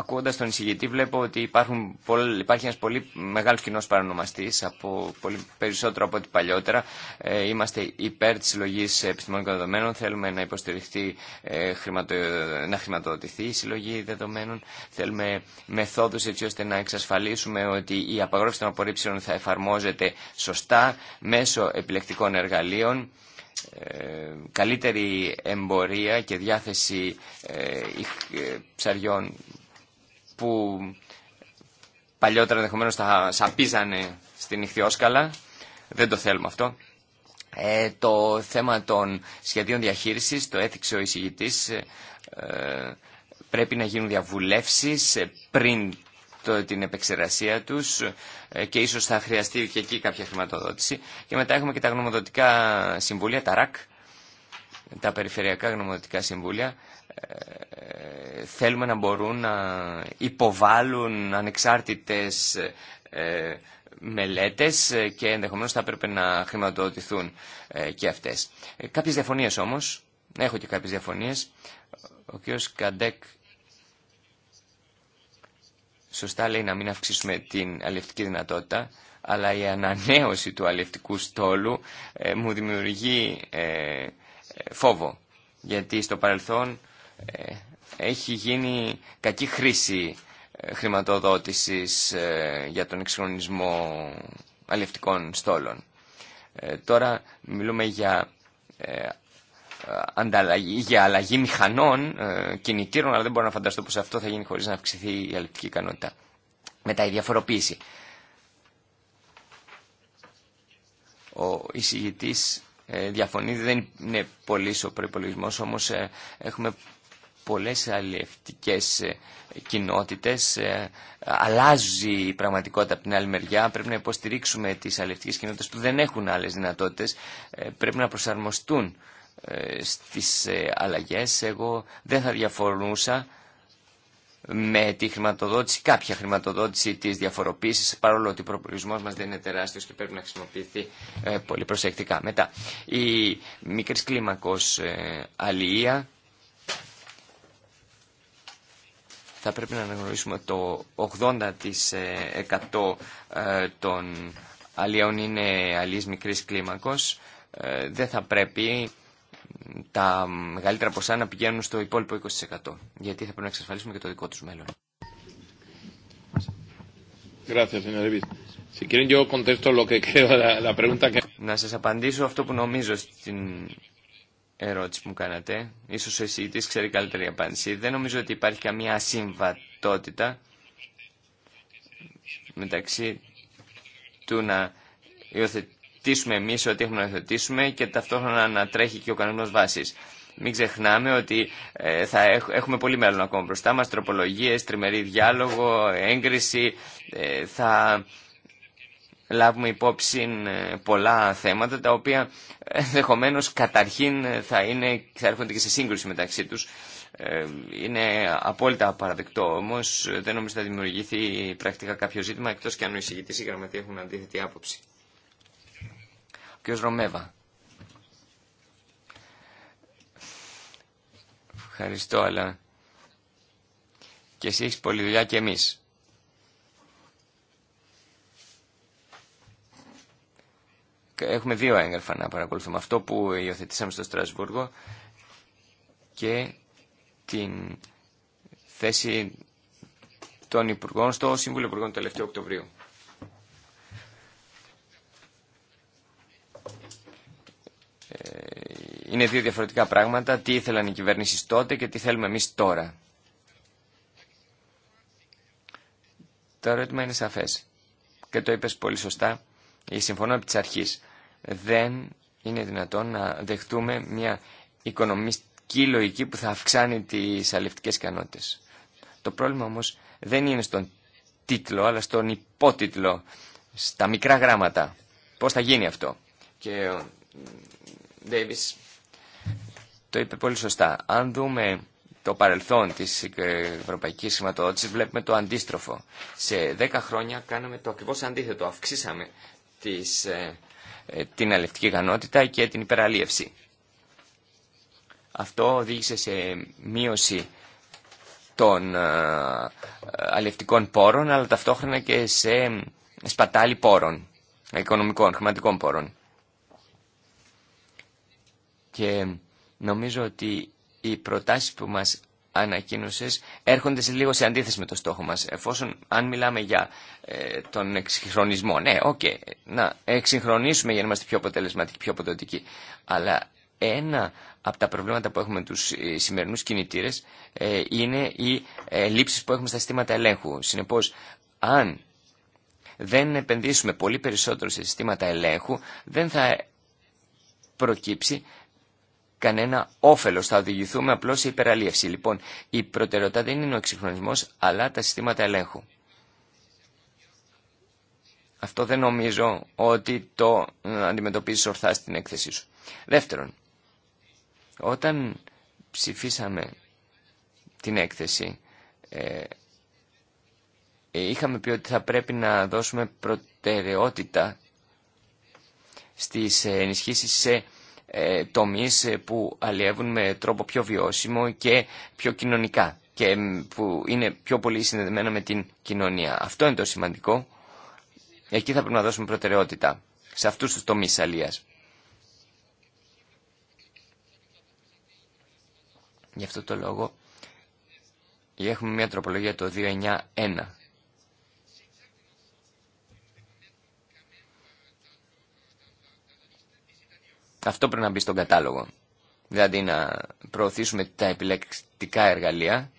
ακούγοντα τον εισηγητή βλέπω ότι υπάρχουν, υπάρχει ένα πολύ μεγάλο κοινό παρανομαστής, από, πολύ περισσότερο από ό,τι παλιότερα. Ε, είμαστε υπέρ τη συλλογή επιστημονικών δεδομένων, θέλουμε να υποστηριχθεί, ε, να χρηματοδοτηθεί η συλλογή δεδομένων, θέλουμε μεθόδου έτσι ώστε να εξασφαλίσουμε ότι η απαγόρευση των απορρίψεων θα εφαρμόζεται σωστά μέσω επιλεκτικών εργαλείων ε, καλύτερη εμπορία και διάθεση ψαριών που παλιότερα ενδεχομένω θα σαπίζανε στην ηχθιόσκαλα. Δεν το θέλουμε αυτό. Ε, το θέμα των σχεδίων διαχείρισης, το έθιξε ο εισηγητής, ε, πρέπει να γίνουν διαβουλεύσεις ε, πριν το, την επεξεργασία τους ε, και ίσως θα χρειαστεί και εκεί κάποια χρηματοδότηση. Και μετά έχουμε και τα γνωμοδοτικά συμβούλια, τα ΡΑΚ, τα περιφερειακά γνωμοδοτικά συμβούλια, θέλουμε να μπορούν να υποβάλουν ανεξάρτητες ε, μελέτες και ενδεχομένως θα έπρεπε να χρηματοδοτηθούν ε, και αυτές. Ε, κάποιες διαφωνίες όμως, έχω και κάποιες διαφωνίες. Ο κ. Καντέκ σωστά λέει να μην αυξήσουμε την αλληλευτική δυνατότητα, αλλά η ανανέωση του αλληλευτικού στόλου μου δημιουργεί φόβο. Γιατί στο παρελθόν ε, έχει γίνει κακή χρήση ε, χρηματοδότησης ε, για τον εξυγχρονισμό αλληλευτικών στόλων. Τώρα μιλούμε για ανταλλαγή, για αλλαγή μηχανών, κινητήρων, αλλά δεν μπορώ να φανταστώ πως αυτό θα γίνει χωρίς να αυξηθεί η αλληλευτική ικανότητα. Μετά η διαφοροποίηση. Ο εισηγητής διαφωνεί, δεν είναι πολύ ο προπολογισμό, όμως έχουμε πολλές αλληλευτικές ε, κοινότητες ε, αλλάζει η πραγματικότητα από την άλλη μεριά. Πρέπει να υποστηρίξουμε τις αλληλευτικές κοινότητες που δεν έχουν άλλες δυνατότητες. Ε, πρέπει να προσαρμοστούν στις αλλαγές. Εγώ δεν θα διαφορούσα με τη χρηματοδότηση, κάποια χρηματοδότηση της διαφοροποίησης, παρόλο ότι ο προπολισμός μας δεν είναι τεράστιος και πρέπει να χρησιμοποιηθεί πολύ προσεκτικά. Μετά, η μικρής κλίμακος αλληλεία θα πρέπει να αναγνωρίσουμε το 80% ε, των αλλιών είναι αλλιείς μικρής κλίμακος. Ε, δεν θα πρέπει τα μεγαλύτερα ποσά να πηγαίνουν στο υπόλοιπο 20%. Γιατί θα πρέπει να εξασφαλίσουμε και το δικό τους μέλλον. Να σας απαντήσω αυτό που νομίζω στην ερώτηση που μου κάνατε. Ίσως ο εισηγητής ξέρει καλύτερη απάντηση. Δεν νομίζω ότι υπάρχει καμία ασύμβατότητα μεταξύ του να υιοθετήσουμε εμείς ό,τι έχουμε να υιοθετήσουμε και ταυτόχρονα να τρέχει και ο κανόνας βάσης. Μην ξεχνάμε ότι ε, θα έχουμε πολύ μέλλον ακόμα μπροστά μας, τροπολογίες, τριμερή διάλογο, έγκριση, ε, θα λάβουμε υπόψη ε, πολλά θέματα τα οποία ε, ενδεχομένω καταρχήν ε, θα, είναι, θα έρχονται και σε σύγκρουση μεταξύ τους. Είναι απόλυτα παραδεκτό όμω. Δεν νομίζω ότι θα δημιουργηθεί πρακτικά κάποιο ζήτημα εκτό και αν ο εισηγητή ή η η έχουν αντίθετη άποψη. Ο κ. Ρωμέβα. Ευχαριστώ, αλλά και εσύ έχει πολλή δουλειά και εμείς. έχουμε δύο έγγραφα να παρακολουθούμε. Αυτό που υιοθετήσαμε στο Στρασβούργο και την θέση των Υπουργών στο Σύμβουλο Υπουργών το τελευταίο Οκτωβρίου. Ε, είναι δύο διαφορετικά πράγματα, τι ήθελαν οι κυβερνήσεις τότε και τι θέλουμε εμείς τώρα. Το ερώτημα είναι σαφές και το είπες πολύ σωστά. Η ε, συμφωνώ από τις δεν είναι δυνατόν να δεχτούμε μια οικονομική λογική που θα αυξάνει τις αλληλευτικές ικανότητες. Το πρόβλημα όμως δεν είναι στον τίτλο αλλά στον υπότιτλο, στα μικρά γράμματα. Πώς θα γίνει αυτό. Και ο Ντέιβις το είπε πολύ σωστά. Αν δούμε το παρελθόν της ε, ευρωπαϊκής χρηματοδότηση, βλέπουμε το αντίστροφο. Σε 10 χρόνια κάναμε το ακριβώς αντίθετο. Αυξήσαμε τις ε, ε, την αλευτική ικανότητα και την υπεραλίευση. Αυτό οδήγησε σε μείωση των ε, ε, αλευτικών πόρων, αλλά ταυτόχρονα και σε σπατάλη πόρων, οικονομικών, χρηματικών πόρων. Και νομίζω ότι οι προτάσεις που μας ανακοίνωσε έρχονται σε λίγο σε αντίθεση με το στόχο μας. Εφόσον αν μιλάμε για ε, τον εξυγχρονισμό, ναι, οκ, okay, να εξυγχρονίσουμε για να είμαστε πιο αποτελεσματικοί, πιο αποδοτικοί. Αλλά ένα από τα προβλήματα που έχουμε με τους ε, σημερινούς κινητήρες ε, είναι οι ε, που έχουμε στα συστήματα ελέγχου. Συνεπώς, αν δεν επενδύσουμε πολύ περισσότερο σε συστήματα ελέγχου, δεν θα προκύψει κανένα όφελος. Θα οδηγηθούμε απλώς σε υπεραλίευση. Λοιπόν, η προτεραιότητα δεν είναι ο εξυγχρονισμός, αλλά τα συστήματα ελέγχου. Αυτό δεν νομίζω ότι το ε, αντιμετωπίζει ορθά στην έκθεσή σου. Δεύτερον, όταν ψηφίσαμε την έκθεση, ε, είχαμε πει ότι θα πρέπει να δώσουμε προτεραιότητα στις ε, ενισχύσεις σε ε, τομείς ε, που αλλιεύουν με τρόπο πιο βιώσιμο και πιο κοινωνικά και που είναι πιο πολύ συνδεδεμένα με την κοινωνία. Αυτό είναι το σημαντικό. Εκεί θα πρέπει να δώσουμε προτεραιότητα σε αυτούς τους τομείς αλλίας Γι' αυτό το λόγο έχουμε μια τροπολογία το 291 Αυτό πρέπει να μπει στον κατάλογο. Δηλαδή να προωθήσουμε τα επιλεκτικά εργαλεία,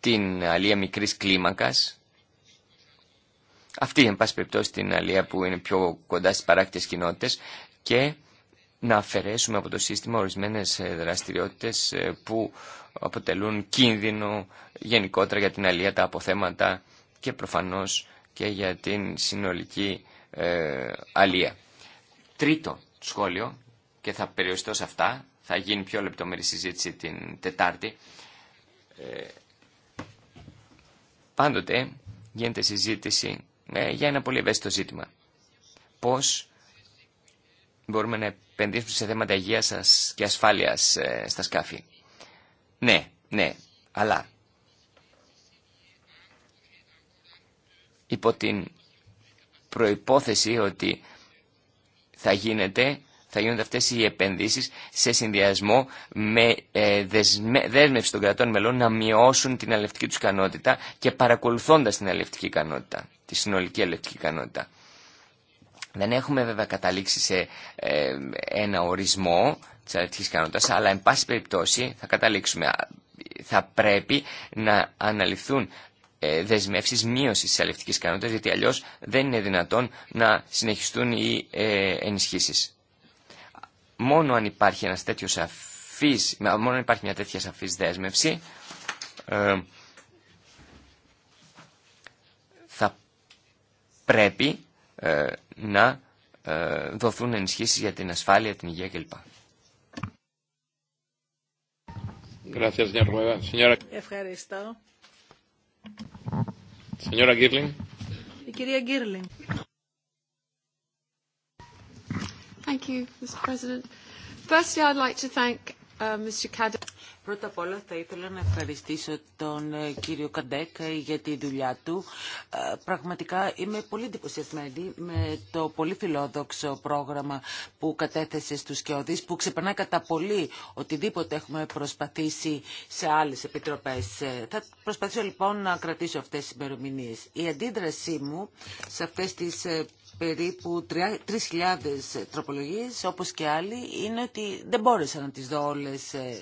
την αλία μικρής κλίμακας, αυτή εν πάση την αλία που είναι πιο κοντά στις παράκτητες κοινότητες και να αφαιρέσουμε από το σύστημα ορισμένες ε, δραστηριότητες ε, που αποτελούν κίνδυνο γενικότερα για την αλία τα αποθέματα και προφανώς και για την συνολική ε, αλία. Τρίτο σχόλιο, και θα περιοριστώ σε αυτά, θα γίνει πιο λεπτομερή συζήτηση την Τετάρτη. Ε, πάντοτε γίνεται συζήτηση ε, για ένα πολύ ευαίσθητο ζήτημα. Πώς μπορούμε να επενδύσουμε σε θέματα υγείας και ασφάλειας ε, στα σκάφη. Ναι, ναι, αλλά υπό την προϋπόθεση ότι θα γίνεται θα γίνονται αυτές οι επενδύσεις σε συνδυασμό με ε, δέσμευση των κρατών μελών να μειώσουν την αλευτική τους ικανότητα και παρακολουθώντας την αλευτική ικανότητα, τη συνολική αλευτική ικανότητα. Δεν έχουμε βέβαια καταλήξει σε ε, ένα ορισμό της αλευτικής ικανότητας, αλλά εν πάση περιπτώσει θα καταλήξουμε. Θα πρέπει να αναλυθούν ε, Δεσμεύσει μείωση τη αλληλευτικής ικανότητα, γιατί αλλιώς δεν είναι δυνατόν να συνεχιστούν οι ε, ενισχύσεις. Μόνο αν υπάρχει μόνο αν υπάρχει μια τέτοια σαφή δέσμευση, ε, θα πρέπει να δοθούν ενισχύσεις για την ασφάλεια, την υγεία κλπ. Ευχαριστώ. Η κυρία Girling. Thank you, Mr. President. Firstly, I'd like to thank uh, Mr. Cadec. Πρώτα απ' όλα θα ήθελα να ευχαριστήσω τον ε, κύριο Καντέκ ε, για τη δουλειά του. Ε, πραγματικά είμαι πολύ εντυπωσιασμένη με το πολύ φιλόδοξο πρόγραμμα που κατέθεσε στους Κιώδης, που ξεπερνά κατά πολύ οτιδήποτε έχουμε προσπαθήσει σε άλλες επιτροπές. Θα προσπαθήσω λοιπόν να κρατήσω αυτές τις ημερομηνίε. Η αντίδρασή μου σε αυτές τις περίπου 3.000 ε, τροπολογίες, όπως και άλλοι, είναι ότι δεν μπόρεσα να τις δω όλες ε,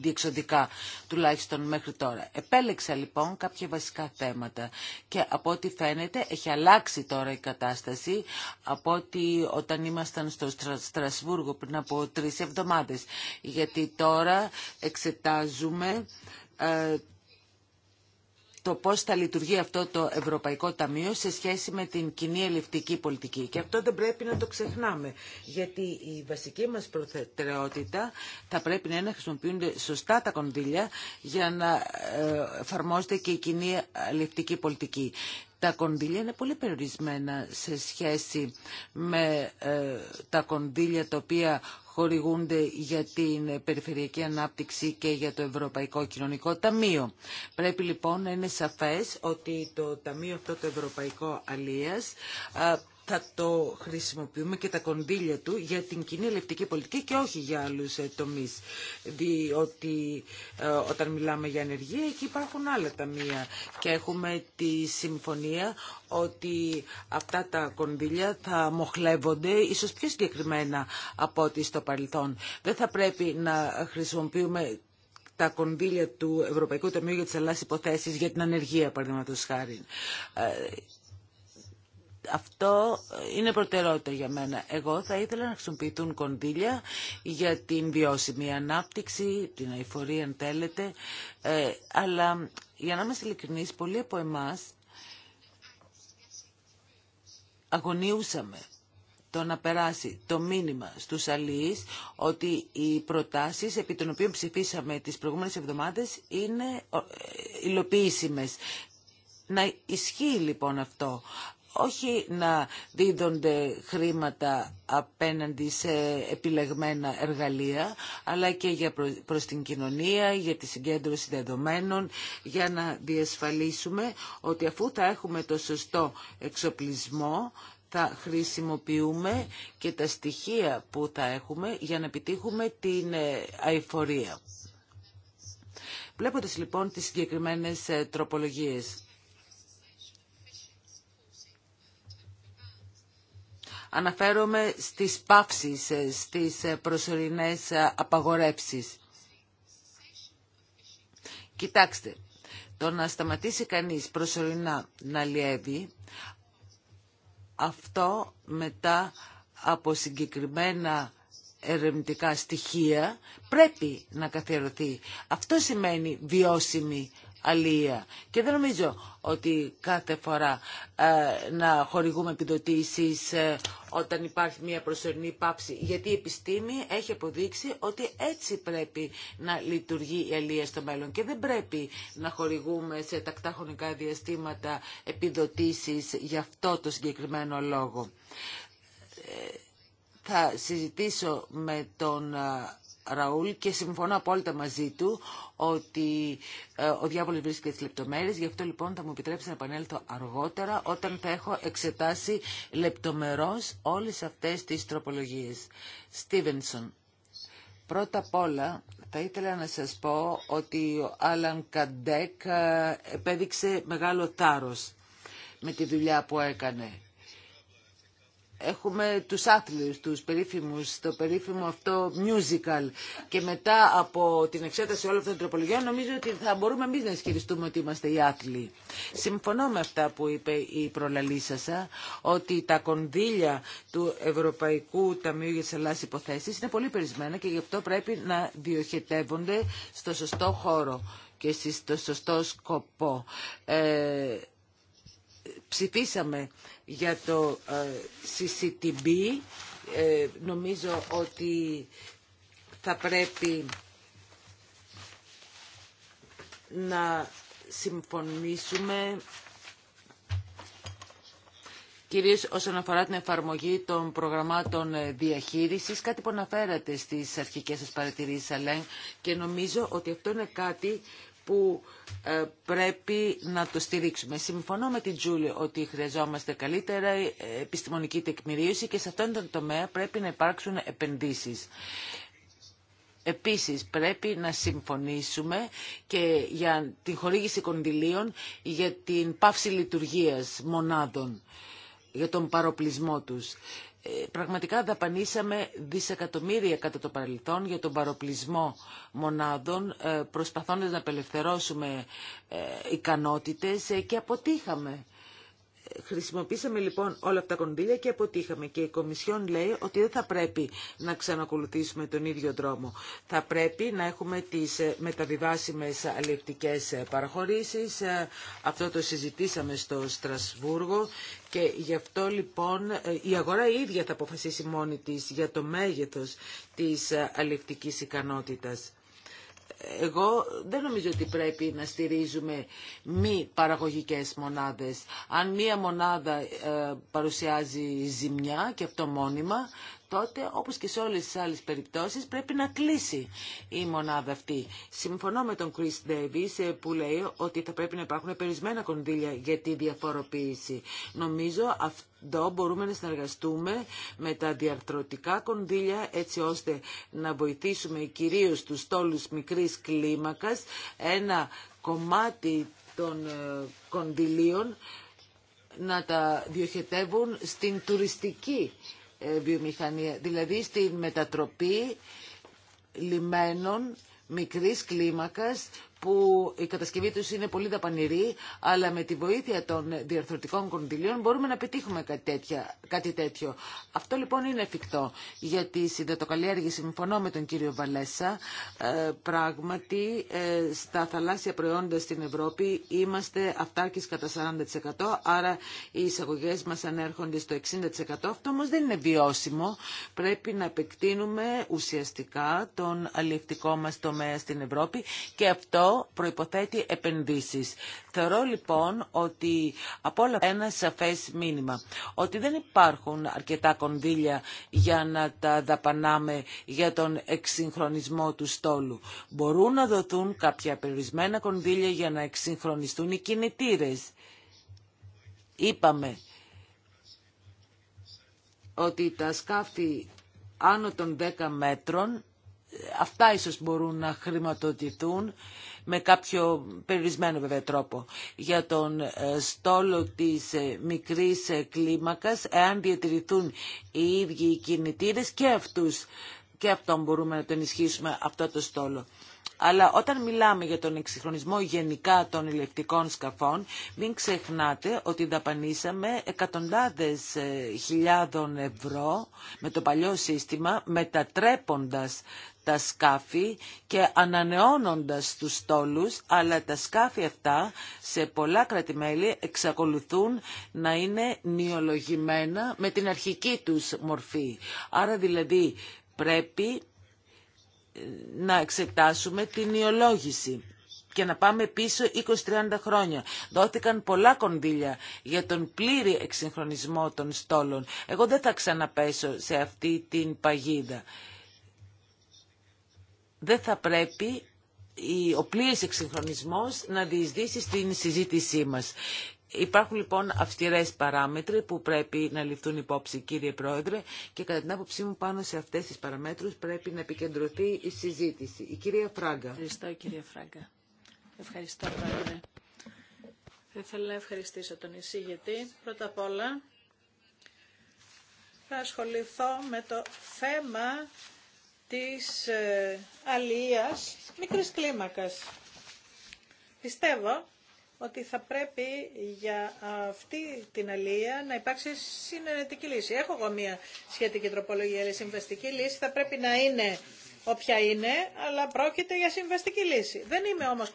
διεξοδικά, τουλάχιστον μέχρι τώρα. Επέλεξα λοιπόν κάποια βασικά θέματα και από ό,τι φαίνεται έχει αλλάξει τώρα η κατάσταση από ό,τι όταν ήμασταν στο Στρασβούργο πριν από τρεις εβδομάδες, γιατί τώρα εξετάζουμε ε, το πώς θα λειτουργεί αυτό το Ευρωπαϊκό Ταμείο σε σχέση με την κοινή ελευτική πολιτική. Και αυτό δεν πρέπει να το ξεχνάμε, γιατί η βασική μας προτεραιότητα θα πρέπει να είναι να χρησιμοποιούνται σωστά τα κονδύλια για να ε, εφαρμόζεται και η κοινή ελευτική πολιτική. Τα κονδύλια είναι πολύ περιορισμένα σε σχέση με ε, τα κονδύλια τα οποία χορηγούνται για την περιφερειακή ανάπτυξη και για το Ευρωπαϊκό Κοινωνικό Ταμείο. Πρέπει λοιπόν να είναι σαφές ότι το Ταμείο αυτό το Ευρωπαϊκό Αλίας θα το χρησιμοποιούμε και τα κονδύλια του για την κοινή ελευτική πολιτική και όχι για άλλους ε, τομείς. Διότι ε, όταν μιλάμε για ενεργεία εκεί υπάρχουν άλλα ταμεία και έχουμε τη συμφωνία ότι αυτά τα κονδύλια θα μοχλεύονται ίσως πιο συγκεκριμένα από ό,τι στο παρελθόν. Δεν θα πρέπει να χρησιμοποιούμε τα κονδύλια του Ευρωπαϊκού Ταμείου για τις Ελλάς Υποθέσεις για την ανεργία, παραδείγματος χάρη. Ε, αυτό είναι προτεραιότητα για μένα. Εγώ θα ήθελα να χρησιμοποιηθούν κονδύλια για την βιώσιμη ανάπτυξη, την αηφορία αν θέλετε, ε, αλλά για να είμαστε ειλικρινείς, πολλοί από εμάς αγωνίουσαμε το να περάσει το μήνυμα στους αλληλείς ότι οι προτάσεις επί των οποίων ψηφίσαμε τις προηγούμενες εβδομάδες είναι ε, υλοποιήσιμες. Να ισχύει λοιπόν αυτό όχι να δίδονται χρήματα απέναντι σε επιλεγμένα εργαλεία, αλλά και για προς την κοινωνία, για τη συγκέντρωση δεδομένων, για να διασφαλίσουμε ότι αφού θα έχουμε το σωστό εξοπλισμό, θα χρησιμοποιούμε και τα στοιχεία που θα έχουμε για να επιτύχουμε την ε, αηφορία. Βλέποντας λοιπόν τις συγκεκριμένες ε, τροπολογίες, Αναφέρομαι στις πάυσεις, ε, στις ε, προσωρινές ε, απαγορεύσεις. Κοιτάξτε, το να σταματήσει κανείς προσωρινά να λιεύει, αυτό μετά από συγκεκριμένα ερευνητικά στοιχεία πρέπει να καθιερωθεί. Αυτό σημαίνει βιώσιμη αλία. Και δεν νομίζω ότι κάθε φορά ε, να χορηγούμε επιδοτήσεις ε, όταν υπάρχει μια προσωρινή πάψη. Γιατί η επιστήμη έχει αποδείξει ότι έτσι πρέπει να λειτουργεί η αλία στο μέλλον και δεν πρέπει να χορηγούμε σε τακτά χρονικά διαστήματα επιδοτήσεις για αυτό το συγκεκριμένο λόγο. Ε, θα συζητήσω με τον Ραούλ και συμφωνώ απόλυτα μαζί του ότι ε, ο διάβολος βρίσκεται στις λεπτομέρειες. Γι' αυτό λοιπόν θα μου επιτρέψει να επανέλθω αργότερα όταν θα έχω εξετάσει λεπτομερώς όλες αυτές τις τροπολογίες. Στίβενσον, πρώτα απ' όλα θα ήθελα να σας πω ότι ο Άλαν Καντέκ ε, επέδειξε μεγάλο τάρος με τη δουλειά που έκανε έχουμε τους άθλιους, τους περίφημους, το περίφημο αυτό musical και μετά από την εξέταση όλων αυτών των τροπολογιών νομίζω ότι θα μπορούμε εμείς να ισχυριστούμε ότι είμαστε οι άθλοι. Συμφωνώ με αυτά που είπε η προλαλήσασα ότι τα κονδύλια του Ευρωπαϊκού Ταμείου για τις Ελλάς Υποθέσεις είναι πολύ περισμένα και γι' αυτό πρέπει να διοχετεύονται στο σωστό χώρο και στο σωστό σκοπό. Ε, ψηφίσαμε για το ε, CCTB ε, νομίζω ότι θα πρέπει να συμφωνήσουμε κυρίως όσον αφορά την εφαρμογή των προγραμμάτων ε, διαχείρισης, κάτι που αναφέρατε στις αρχικές σας παρατηρήσεις, Αλέν, και νομίζω ότι αυτό είναι κάτι που ε, πρέπει να το στηρίξουμε. Συμφωνώ με την Τζούλη ότι χρειαζόμαστε καλύτερα ε, επιστημονική τεκμηρίωση και σε αυτόν τον τομέα πρέπει να υπάρξουν επενδύσεις. Επίσης πρέπει να συμφωνήσουμε και για την χορήγηση κονδυλίων για την πάυση λειτουργίας μονάδων, για τον παροπλισμό τους. Ε, πραγματικά δαπανίσαμε δισεκατομμύρια κατά το παρελθόν για τον παροπλισμό μονάδων, ε, προσπαθώντας να απελευθερώσουμε ε, ικανότητες και αποτύχαμε. Χρησιμοποίησαμε λοιπόν όλα αυτά τα κονδύλια και αποτύχαμε και η Κομισιόν λέει ότι δεν θα πρέπει να ξανακολουθήσουμε τον ίδιο δρόμο. Θα πρέπει να έχουμε τις ε, μεταβιβάσιμες αλληλεκτικές ε, παραχωρήσεις. Ε, αυτό το συζητήσαμε στο Στρασβούργο και γι' αυτό λοιπόν η αγορά η ίδια θα αποφασίσει μόνη της για το μέγεθος της αλληλεκτικής ικανότητας εγώ δεν νομίζω ότι πρέπει να στηρίζουμε μη παραγωγικές μονάδες. Αν μία μονάδα ε, παρουσιάζει ζημιά και αυτό μόνιμα, τότε όπως και σε όλες τις άλλες περιπτώσεις πρέπει να κλείσει η μονάδα αυτή. Συμφωνώ με τον Chris Davis ε, που λέει ότι θα πρέπει να υπάρχουν περισμένα κονδύλια για τη διαφοροποίηση. Νομίζω αυτό μπορούμε να συνεργαστούμε με τα διαρθρωτικά κονδύλια έτσι ώστε να βοηθήσουμε κυρίως τους τόλους μικρής κλίμακας ένα κομμάτι των ε, κονδυλίων να τα διοχετεύουν στην τουριστική ε, βιομηχανία, δηλαδή στην μετατροπή λιμένων μικρής κλίμακας που η κατασκευή τους είναι πολύ δαπανηρή, αλλά με τη βοήθεια των διαρθρωτικών κονδυλίων μπορούμε να πετύχουμε κάτι, τέτοια, τέτοιο. Αυτό λοιπόν είναι εφικτό. γιατί τη συντατοκαλλιέργεια συμφωνώ με τον κύριο Βαλέσα. Ε, πράγματι, ε, στα θαλάσσια προϊόντα στην Ευρώπη είμαστε αυτάρκης κατά 40%, άρα οι εισαγωγέ μας ανέρχονται στο 60%. Αυτό όμως δεν είναι βιώσιμο. Πρέπει να επεκτείνουμε ουσιαστικά τον αλληλευτικό μας τομέα στην Ευρώπη και αυτό προϋποθέτει επενδύσεις. Θεωρώ λοιπόν ότι από όλα ένα σαφές μήνυμα ότι δεν υπάρχουν αρκετά κονδύλια για να τα δαπανάμε για τον εξυγχρονισμό του στόλου. Μπορούν να δοθούν κάποια περιορισμένα κονδύλια για να εξυγχρονιστούν οι κινητήρες. Είπαμε ότι τα σκάφη άνω των 10 μέτρων, ε, αυτά ίσως μπορούν να χρηματοδοτηθούν με κάποιο περιορισμένο βέβαια τρόπο. Για τον ε, στόλο της ε, μικρής ε, κλίμακας, εάν διατηρηθούν οι ίδιοι οι κινητήρες και αυτούς, και αυτόν μπορούμε να τον ισχύσουμε αυτό το στόλο. Αλλά όταν μιλάμε για τον εξυγχρονισμό γενικά των ηλεκτρικών σκαφών, μην ξεχνάτε ότι δαπανίσαμε εκατοντάδες χιλιάδων ευρώ με το παλιό σύστημα, μετατρέποντας τα σκάφη και ανανεώνοντας τους στόλους, αλλά τα σκάφη αυτά σε πολλά κρατημέλη εξακολουθούν να είναι νιολογημένα με την αρχική τους μορφή. Άρα δηλαδή πρέπει ε, να εξετάσουμε την νιολόγηση και να πάμε πίσω 20-30 χρόνια. Δόθηκαν πολλά κονδύλια για τον πλήρη εξυγχρονισμό των στόλων. Εγώ δεν θα ξαναπέσω σε αυτή την παγίδα δεν θα πρέπει ο πλήρης εξυγχρονισμός να διεισδύσει στην συζήτησή μας. Υπάρχουν λοιπόν αυστηρές παράμετροι που πρέπει να ληφθούν υπόψη κύριε Πρόεδρε και κατά την άποψή μου πάνω σε αυτές τις παραμέτρους πρέπει να επικεντρωθεί η συζήτηση. Η κυρία Φράγκα. Ευχαριστώ κυρία Φράγκα. Ευχαριστώ Πρόεδρε. Θα ήθελα να ευχαριστήσω τον εισήγητη. Πρώτα απ' όλα θα ασχοληθώ με το θέμα της ε, αλίας μικρής κλίμακας. Πιστεύω ότι θα πρέπει για αυτή την αλία να υπάρξει συνενετική λύση. Έχω εγώ μία σχετική τροπολογία, αλλά συμβαστική λύση θα πρέπει να είναι όποια είναι, αλλά πρόκειται για συμβαστική λύση. Δεν είμαι όμως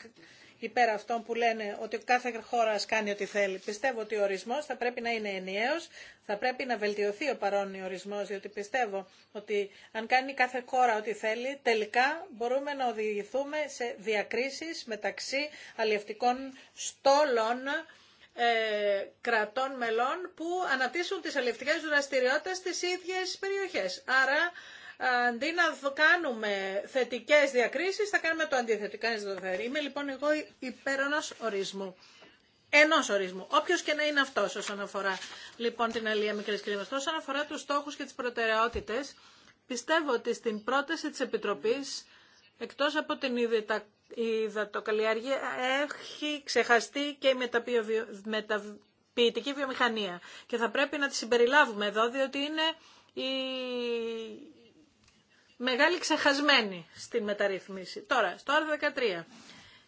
υπέρ αυτών που λένε ότι κάθε χώρα κάνει ό,τι θέλει. Πιστεύω ότι ο ορισμό θα πρέπει να είναι ενιαίος, θα πρέπει να βελτιωθεί ο παρόν ορισμός, διότι πιστεύω ότι αν κάνει κάθε χώρα ό,τι θέλει, τελικά μπορούμε να οδηγηθούμε σε διακρίσει μεταξύ αλλιευτικών στόλων ε, κρατών μελών που αναπτύσσουν τι αλληλευτικές δραστηριότητε στις ίδιες περιοχές. Άρα αντί να κάνουμε θετικές διακρίσεις, θα κάνουμε το αντιθετικό. Είμαι λοιπόν εγώ υπέρ ορισμού. Ενό ορισμού, όποιο και να είναι αυτό όσον αφορά λοιπόν την αλληλεία μικρή κλίμακα. Όσον αφορά του στόχου και τι προτεραιότητε, πιστεύω ότι στην πρόταση τη Επιτροπή, εκτό από την υδατοκαλλιέργεια, έχει ξεχαστεί και η μεταποιητική βιομηχανία. Και θα πρέπει να τη συμπεριλάβουμε εδώ, διότι είναι η μεγάλη ξεχασμένη στην μεταρρύθμιση. Τώρα, στο άρθρο 13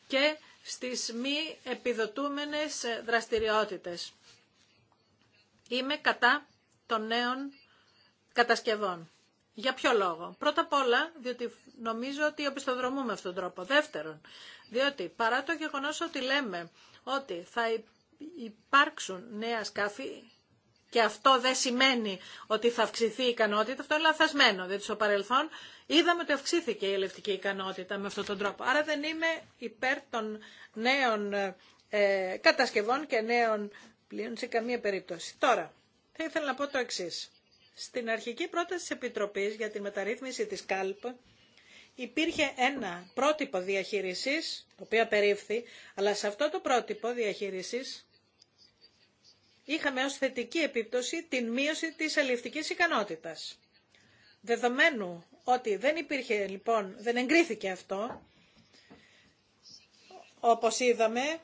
και στις μη επιδοτούμενες δραστηριότητες. Είμαι κατά των νέων κατασκευών. Για ποιο λόγο. Πρώτα απ' όλα, διότι νομίζω ότι οπισθοδρομούμε αυτόν τον τρόπο. Δεύτερον, διότι παρά το γεγονός ότι λέμε ότι θα υπάρξουν νέα σκάφη, και αυτό δεν σημαίνει ότι θα αυξηθεί η ικανότητα, αυτό είναι λαθασμένο, Διότι στο παρελθόν είδαμε ότι αυξήθηκε η ελευτική ικανότητα με αυτόν τον τρόπο. Άρα δεν είμαι υπέρ των νέων ε, ε, κατασκευών και νέων πλοίων σε καμία περίπτωση. Τώρα, θα ήθελα να πω το εξή. Στην αρχική πρόταση της Επιτροπής για τη μεταρρύθμιση της ΚΑΛΠ υπήρχε ένα πρότυπο διαχείρισης, το οποίο περίφθη, αλλά σε αυτό το πρότυπο διαχείρισης είχαμε ως θετική επίπτωση την μείωση της αλληλευτικής ικανότητας. Δεδομένου ότι δεν υπήρχε λοιπόν, δεν εγκρίθηκε αυτό, όπως είδαμε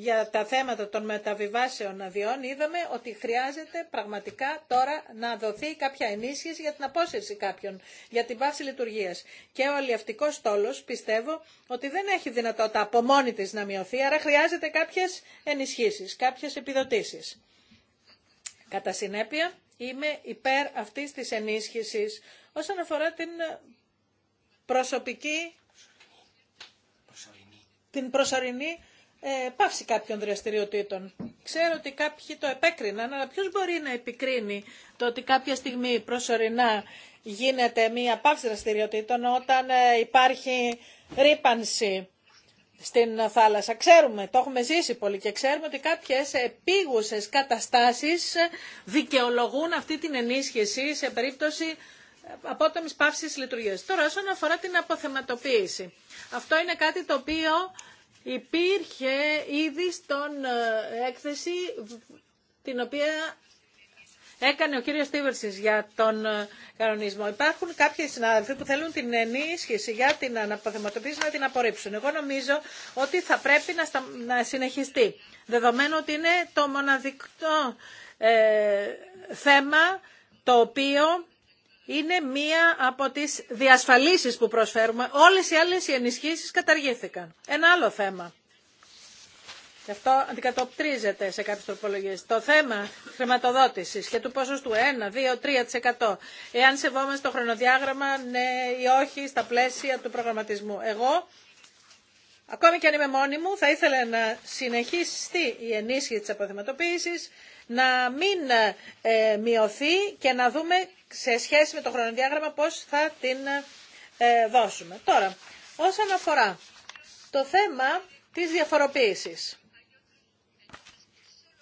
για τα θέματα των μεταβιβάσεων αδειών είδαμε ότι χρειάζεται πραγματικά τώρα να δοθεί κάποια ενίσχυση για την απόσυρση κάποιων, για την βάση λειτουργία. Και ο αλλιευτικό στόλο πιστεύω ότι δεν έχει δυνατότητα από μόνη τη να μειωθεί, άρα χρειάζεται κάποιε ενισχύσει, κάποιε επιδοτήσει. Κατά συνέπεια, είμαι υπέρ αυτή τη ενίσχυση όσον αφορά την προσωπική, την προσωρινή ε, πάυση κάποιων δραστηριοτήτων. Ξέρω ότι κάποιοι το επέκριναν, αλλά ποιος μπορεί να επικρίνει το ότι κάποια στιγμή προσωρινά γίνεται μία πάυση δραστηριοτήτων όταν ε, υπάρχει ρήπανση στην θάλασσα. Ξέρουμε, το έχουμε ζήσει πολύ και ξέρουμε ότι κάποιες επίγουσες καταστάσεις δικαιολογούν αυτή την ενίσχυση σε περίπτωση ε, απότομης πάυσης λειτουργίας. Τώρα, όσον αφορά την αποθεματοποίηση. Αυτό είναι κάτι το οποίο υπήρχε ήδη στον ε, έκθεση την οποία έκανε ο κύριος Στίβερσης για τον ε, κανονισμό. Υπάρχουν κάποιοι συνάδελφοι που θέλουν την ενίσχυση για την αναποθεματοποίηση να την απορρίψουν. Εγώ νομίζω ότι θα πρέπει να, συνεχιστεί. Δεδομένου ότι είναι το μοναδικό ε, θέμα το οποίο είναι μία από τις διασφαλίσεις που προσφέρουμε. Όλες οι άλλες οι ενισχύσεις καταργήθηκαν. Ένα άλλο θέμα. Και αυτό αντικατοπτρίζεται σε κάποιες τροπολογίες. Το θέμα χρηματοδότησης και του του 1, 2, 3%. Εάν σεβόμαστε το χρονοδιάγραμμα, ναι ή όχι, στα πλαίσια του προγραμματισμού. Εγώ, ακόμη και αν είμαι μόνη μου, θα ήθελα να συνεχίσει η ενίσχυση της αποθεματοποίησης, να μην ε, μειωθεί και να δούμε σε σχέση με το χρονοδιάγραμμα πώς θα την ε, ε, δώσουμε. Τώρα, όσον αφορά το θέμα της διαφοροποίησης.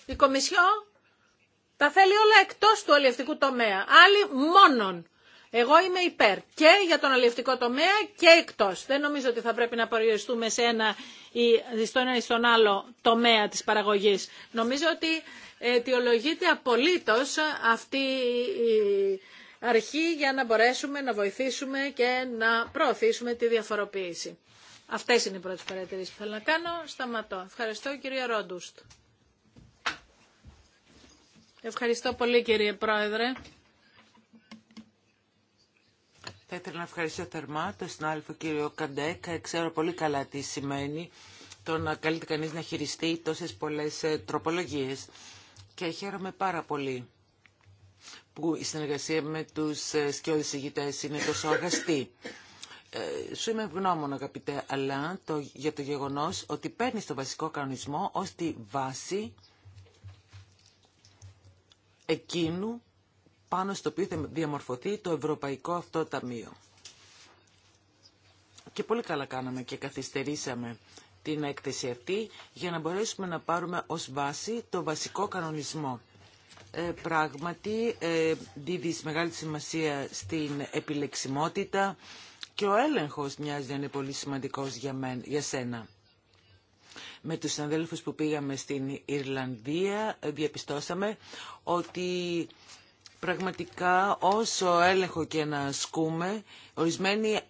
Η Κομισιό τα θέλει όλα εκτός του αλληλευτικού τομέα. Άλλοι μόνον. Εγώ είμαι υπέρ και για τον αλληλευτικό τομέα και εκτός. Δεν νομίζω ότι θα πρέπει να περιοριστούμε σε ένα ή στον ένα ή στον άλλο τομέα της παραγωγής. Νομίζω ότι αιτιολογείται απολύτως αυτή η αρχή για να μπορέσουμε να βοηθήσουμε και να προωθήσουμε τη διαφοροποίηση. Αυτές είναι οι πρώτες παρατηρήσεις που θέλω να κάνω. Σταματώ. Ευχαριστώ κύριε Ρόντουστ. Ευχαριστώ πολύ κύριε Πρόεδρε. Θα ήθελα να ευχαριστώ θερμά τον συνάδελφο κύριο Καντέκα. Ξέρω πολύ καλά τι σημαίνει το να καλείται κανείς να χειριστεί τόσες πολλές ε, τροπολογίες. Και χαίρομαι πάρα πολύ που η συνεργασία με τους ε, σκιώδεις ηγητές είναι τόσο αγαστή. Ε, σου είμαι ευγνώμων αγαπητέ αλλά το, για το γεγονός ότι παίρνει το βασικό κανονισμό ως τη βάση εκείνου πάνω στο οποίο θα διαμορφωθεί το Ευρωπαϊκό αυτό Ταμείο. Και πολύ καλά κάναμε και καθυστερήσαμε την έκθεση αυτή για να μπορέσουμε να πάρουμε ως βάση το βασικό κανονισμό. Ε, πράγματι ε, δίδει μεγάλη σημασία στην επιλεξιμότητα και ο έλεγχος μοιάζει να είναι πολύ σημαντικός για, σένα. Με τους συναδέλφους που πήγαμε στην Ιρλανδία ε, διαπιστώσαμε ότι πραγματικά όσο έλεγχο και να ασκούμε, ορισμένοι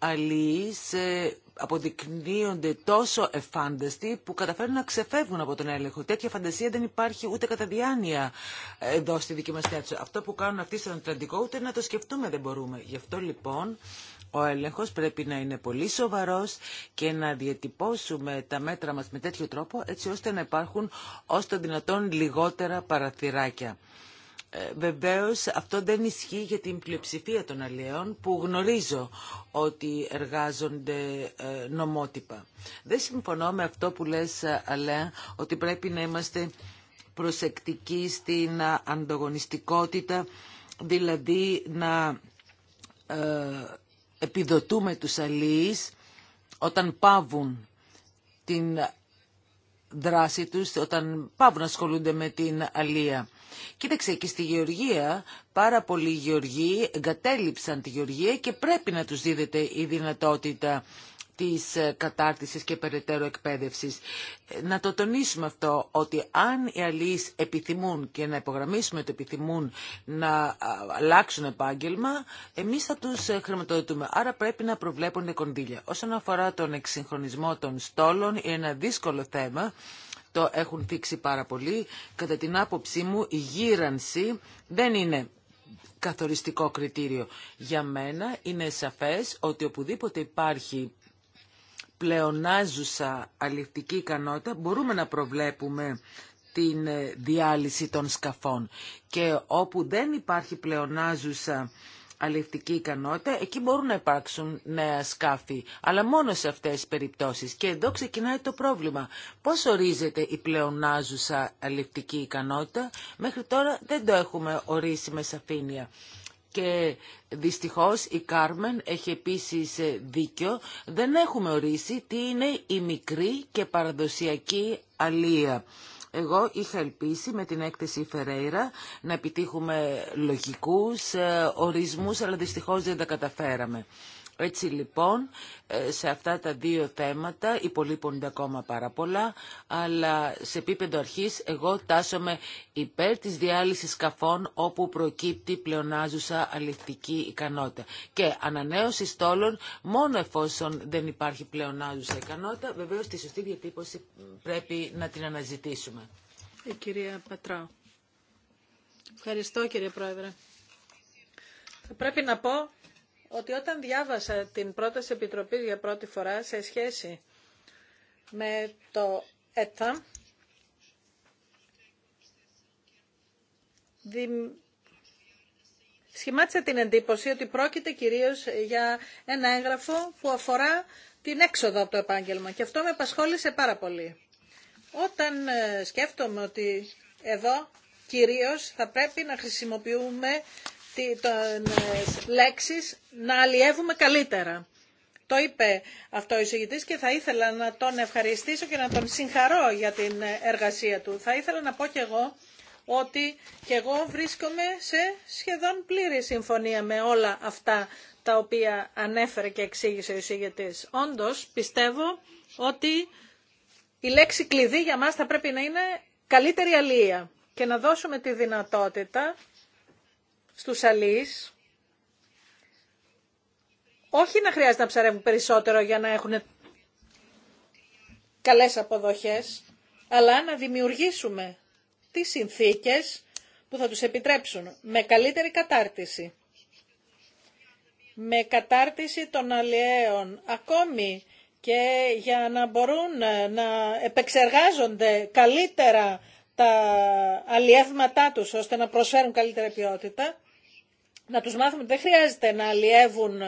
σε αποδεικνύονται τόσο εφάνταστοι που καταφέρνουν να ξεφεύγουν από τον έλεγχο. Τέτοια φαντασία δεν υπάρχει ούτε κατά διάνοια ε, εδώ στη δική μα θέση. Αυτό που κάνουν αυτοί στον Ατλαντικό ούτε να το σκεφτούμε δεν μπορούμε. Γι' αυτό λοιπόν ο έλεγχο πρέπει να είναι πολύ σοβαρό και να διατυπώσουμε τα μέτρα μα με τέτοιο τρόπο έτσι ώστε να υπάρχουν ω το δυνατόν λιγότερα παραθυράκια. Ε, Βεβαίω αυτό δεν ισχύει για την πλειοψηφία των αλλιέων που γνωρίζω ότι εργάζονται ε, νομότυπα. Δεν συμφωνώ με αυτό που λες Αλέα ότι πρέπει να είμαστε προσεκτικοί στην ανταγωνιστικότητα δηλαδή να ε, επιδοτούμε τους αλλοίς όταν πάβουν την δράση τους, όταν πάβουν να ασχολούνται με την αλία. Κοίταξε και στη Γεωργία πάρα πολλοί Γεωργοί εγκατέλειψαν τη Γεωργία και πρέπει να τους δίδεται η δυνατότητα της ε, κατάρτισης και περαιτέρω εκπαίδευσης. Ε, να το τονίσουμε αυτό, ότι αν οι αλληλείς επιθυμούν και να υπογραμμίσουμε ότι επιθυμούν να αλλάξουν επάγγελμα, εμείς θα τους ε, χρηματοδοτούμε. Άρα πρέπει να προβλέπουν κονδύλια. Όσον αφορά τον εξυγχρονισμό των στόλων, είναι ένα δύσκολο θέμα το έχουν θίξει πάρα πολύ. Κατά την άποψή μου η γύρανση δεν είναι καθοριστικό κριτήριο. Για μένα είναι σαφές ότι οπουδήποτε υπάρχει πλεονάζουσα αληθική ικανότητα μπορούμε να προβλέπουμε την ε, διάλυση των σκαφών. Και όπου δεν υπάρχει πλεονάζουσα αλληλευτική ικανότητα, εκεί μπορούν να υπάρξουν νέα σκάφη, αλλά μόνο σε αυτές τις περιπτώσεις. Και εδώ ξεκινάει το πρόβλημα. Πώς ορίζεται η πλεονάζουσα αλληλευτική ικανότητα, μέχρι τώρα δεν το έχουμε ορίσει με σαφήνεια. Και δυστυχώς η Κάρμεν έχει επίσης δίκιο, δεν έχουμε ορίσει τι είναι η μικρή και παραδοσιακή αλία. Εγώ είχα ελπίσει με την έκθεση Φερέιρα να επιτύχουμε λογικούς ε, ορισμούς, αλλά δυστυχώς δεν τα καταφέραμε. Έτσι λοιπόν, ε, σε αυτά τα δύο θέματα υπολείπονται ακόμα πάρα πολλά, αλλά σε επίπεδο αρχής εγώ τάσομαι υπέρ της διάλυσης σκαφών όπου προκύπτει πλεονάζουσα αληθική ικανότητα. Και ανανέωση στόλων μόνο εφόσον δεν υπάρχει πλεονάζουσα ικανότητα, βεβαίως τη σωστή διατύπωση πρέπει να την αναζητήσουμε. Η ε, κυρία Πατρά. Ευχαριστώ κύριε Πρόεδρε. Θα πρέπει να πω ότι όταν διάβασα την πρόταση επιτροπή για πρώτη φορά σε σχέση με το ΕΤΑ, σχημάτισα την εντύπωση ότι πρόκειται κυρίως για ένα έγγραφο που αφορά την έξοδο από το επάγγελμα και αυτό με απασχόλησε πάρα πολύ. Όταν ε, σκέφτομαι ότι εδώ κυρίως θα πρέπει να χρησιμοποιούμε ε, λέξεις να αλλιεύουμε καλύτερα. Το είπε αυτό ο εισηγητής και θα ήθελα να τον ευχαριστήσω και να τον συγχαρώ για την ε, εργασία του. Θα ήθελα να πω και εγώ ότι και εγώ βρίσκομαι σε σχεδόν πλήρη συμφωνία με όλα αυτά τα οποία ανέφερε και εξήγησε ο εισηγητής. Όντως πιστεύω ότι η λέξη κλειδί για μας θα πρέπει να είναι καλύτερη αλληλεία και να δώσουμε τη δυνατότητα στους αλείς, όχι να χρειάζεται να ψαρεύουν περισσότερο για να έχουν καλές αποδοχές, αλλά να δημιουργήσουμε τις συνθήκες που θα τους επιτρέψουν με καλύτερη κατάρτιση. Με κατάρτιση των αλλιέων, ακόμη και για να μπορούν να επεξεργάζονται καλύτερα τα αλλιεύματά τους, ώστε να προσφέρουν καλύτερη ποιότητα να τους μάθουμε ότι δεν χρειάζεται να αλλιεύουν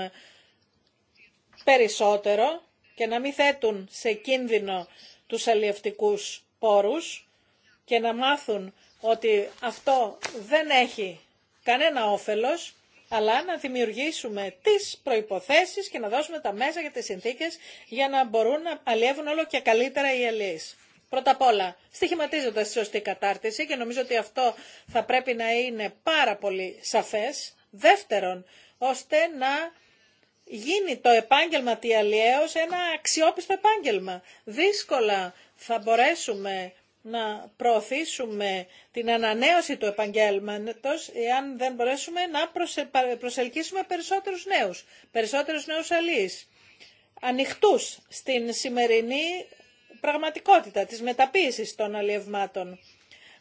περισσότερο και να μην θέτουν σε κίνδυνο τους αλλιευτικούς πόρους και να μάθουν ότι αυτό δεν έχει κανένα όφελος, αλλά να δημιουργήσουμε τις προϋποθέσεις και να δώσουμε τα μέσα και τις συνθήκες για να μπορούν να αλλιεύουν όλο και καλύτερα οι αλλιείς. Πρώτα απ' όλα, στοιχηματίζοντας τη σωστή κατάρτιση και νομίζω ότι αυτό θα πρέπει να είναι πάρα πολύ σαφές, Δεύτερον, ώστε να γίνει το επάγγελμα τη αλλιέως ένα αξιόπιστο επάγγελμα. Δύσκολα θα μπορέσουμε να προωθήσουμε την ανανέωση του επαγγέλματος εάν δεν μπορέσουμε να προσελκύσουμε περισσότερους νέους, περισσότερους νέους ανοιχτούς στην σημερινή πραγματικότητα της μεταποίησης των αλλιευμάτων,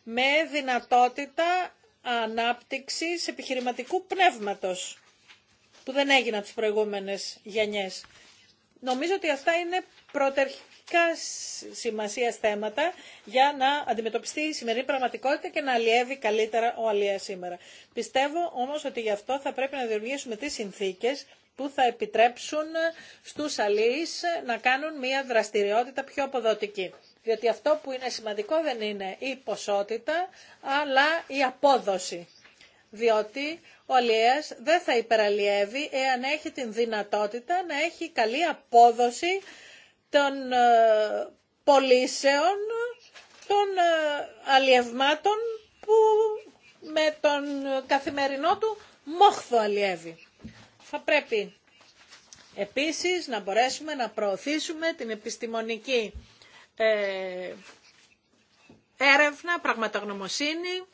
με δυνατότητα ανάπτυξης επιχειρηματικού πνεύματος που δεν έγιναν τις προηγούμενες γενιές. Νομίζω ότι αυτά είναι πρωτερχικά σημασία θέματα για να αντιμετωπιστεί η σημερινή πραγματικότητα και να αλλιεύει καλύτερα ο αλλιέας σήμερα. Πιστεύω όμως ότι γι' αυτό θα πρέπει να δημιουργήσουμε τις συνθήκες που θα επιτρέψουν στους αλλιείς να κάνουν μια δραστηριότητα πιο αποδοτική. Διότι αυτό που είναι σημαντικό δεν είναι η ποσότητα, αλλά η απόδοση. Διότι ο Αλιέας δεν θα υπεραλλιεύει εάν έχει την δυνατότητα να έχει καλή απόδοση των ε, πολίσεων, των ε, αλιευμάτων που με τον καθημερινό του μόχθο αλλιεύει. Θα πρέπει επίσης να μπορέσουμε να προωθήσουμε την επιστημονική ε, έρευνα, πραγματογνωμοσύνη,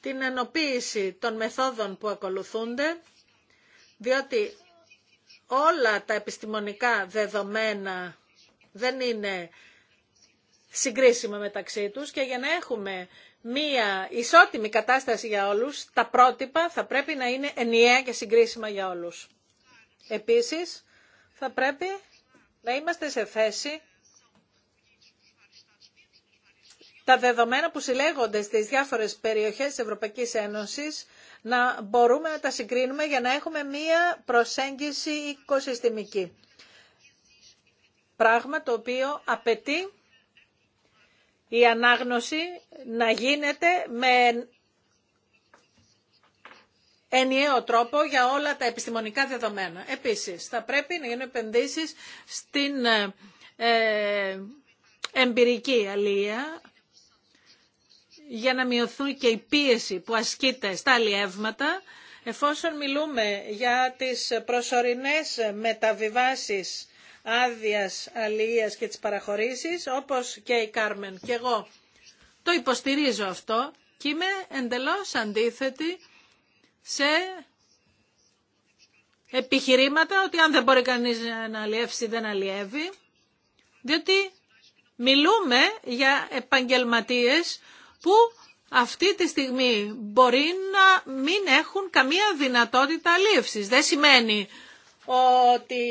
την ενοποίηση των μεθόδων που ακολουθούνται, διότι όλα τα επιστημονικά δεδομένα δεν είναι συγκρίσιμα μεταξύ τους και για να έχουμε μία ισότιμη κατάσταση για όλους, τα πρότυπα θα πρέπει να είναι ενιαία και συγκρίσιμα για όλους. Επίσης, θα πρέπει να είμαστε σε θέση τα δεδομένα που συλλέγονται στις διάφορες περιοχές της Ευρωπαϊκής Ένωσης να μπορούμε να τα συγκρίνουμε για να έχουμε μία προσέγγιση οικοσυστημική. Πράγμα το οποίο απαιτεί η ανάγνωση να γίνεται με ενιαίο τρόπο για όλα τα επιστημονικά δεδομένα. Επίσης, θα πρέπει να γίνουν επενδύσεις στην ε, ε, εμπειρική αλληλεία για να μειωθούν και η πίεση που ασκείται στα αλλιεύματα εφόσον μιλούμε για τις προσωρινές μεταβιβάσεις άδεια αλληλείας και τις παραχωρήσεις, όπως και η Κάρμεν και εγώ το υποστηρίζω αυτό και είμαι εντελώς αντίθετη σε επιχειρήματα ότι αν δεν μπορεί κανείς να αλλιεύσει δεν αλλιεύει, διότι μιλούμε για επαγγελματίες που αυτή τη στιγμή μπορεί να μην έχουν καμία δυνατότητα αλλιεύσης. Δεν σημαίνει ότι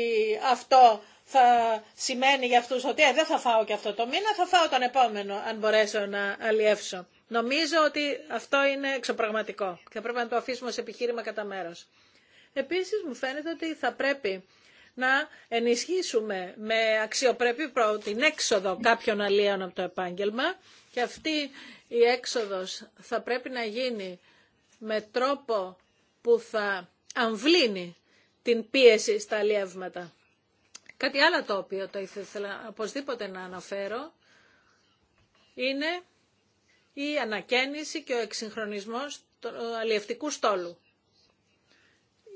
αυτό θα σημαίνει για αυτούς ότι ε, δεν θα φάω και αυτό το μήνα, θα φάω τον επόμενο αν μπορέσω να αλλιεύσω. Νομίζω ότι αυτό είναι εξωπραγματικό και θα πρέπει να το αφήσουμε σε επιχείρημα κατά μέρο. Επίσης μου φαίνεται ότι θα πρέπει να ενισχύσουμε με αξιοπρεπή την έξοδο κάποιων αλλίων από το επάγγελμα και αυτή η έξοδος θα πρέπει να γίνει με τρόπο που θα αμβλύνει την πίεση στα αλλιεύματα. Κάτι άλλο το οποίο το ήθελα οπωσδήποτε να αναφέρω είναι η ανακαίνιση και ο εξυγχρονισμός του αλλιευτικού στόλου.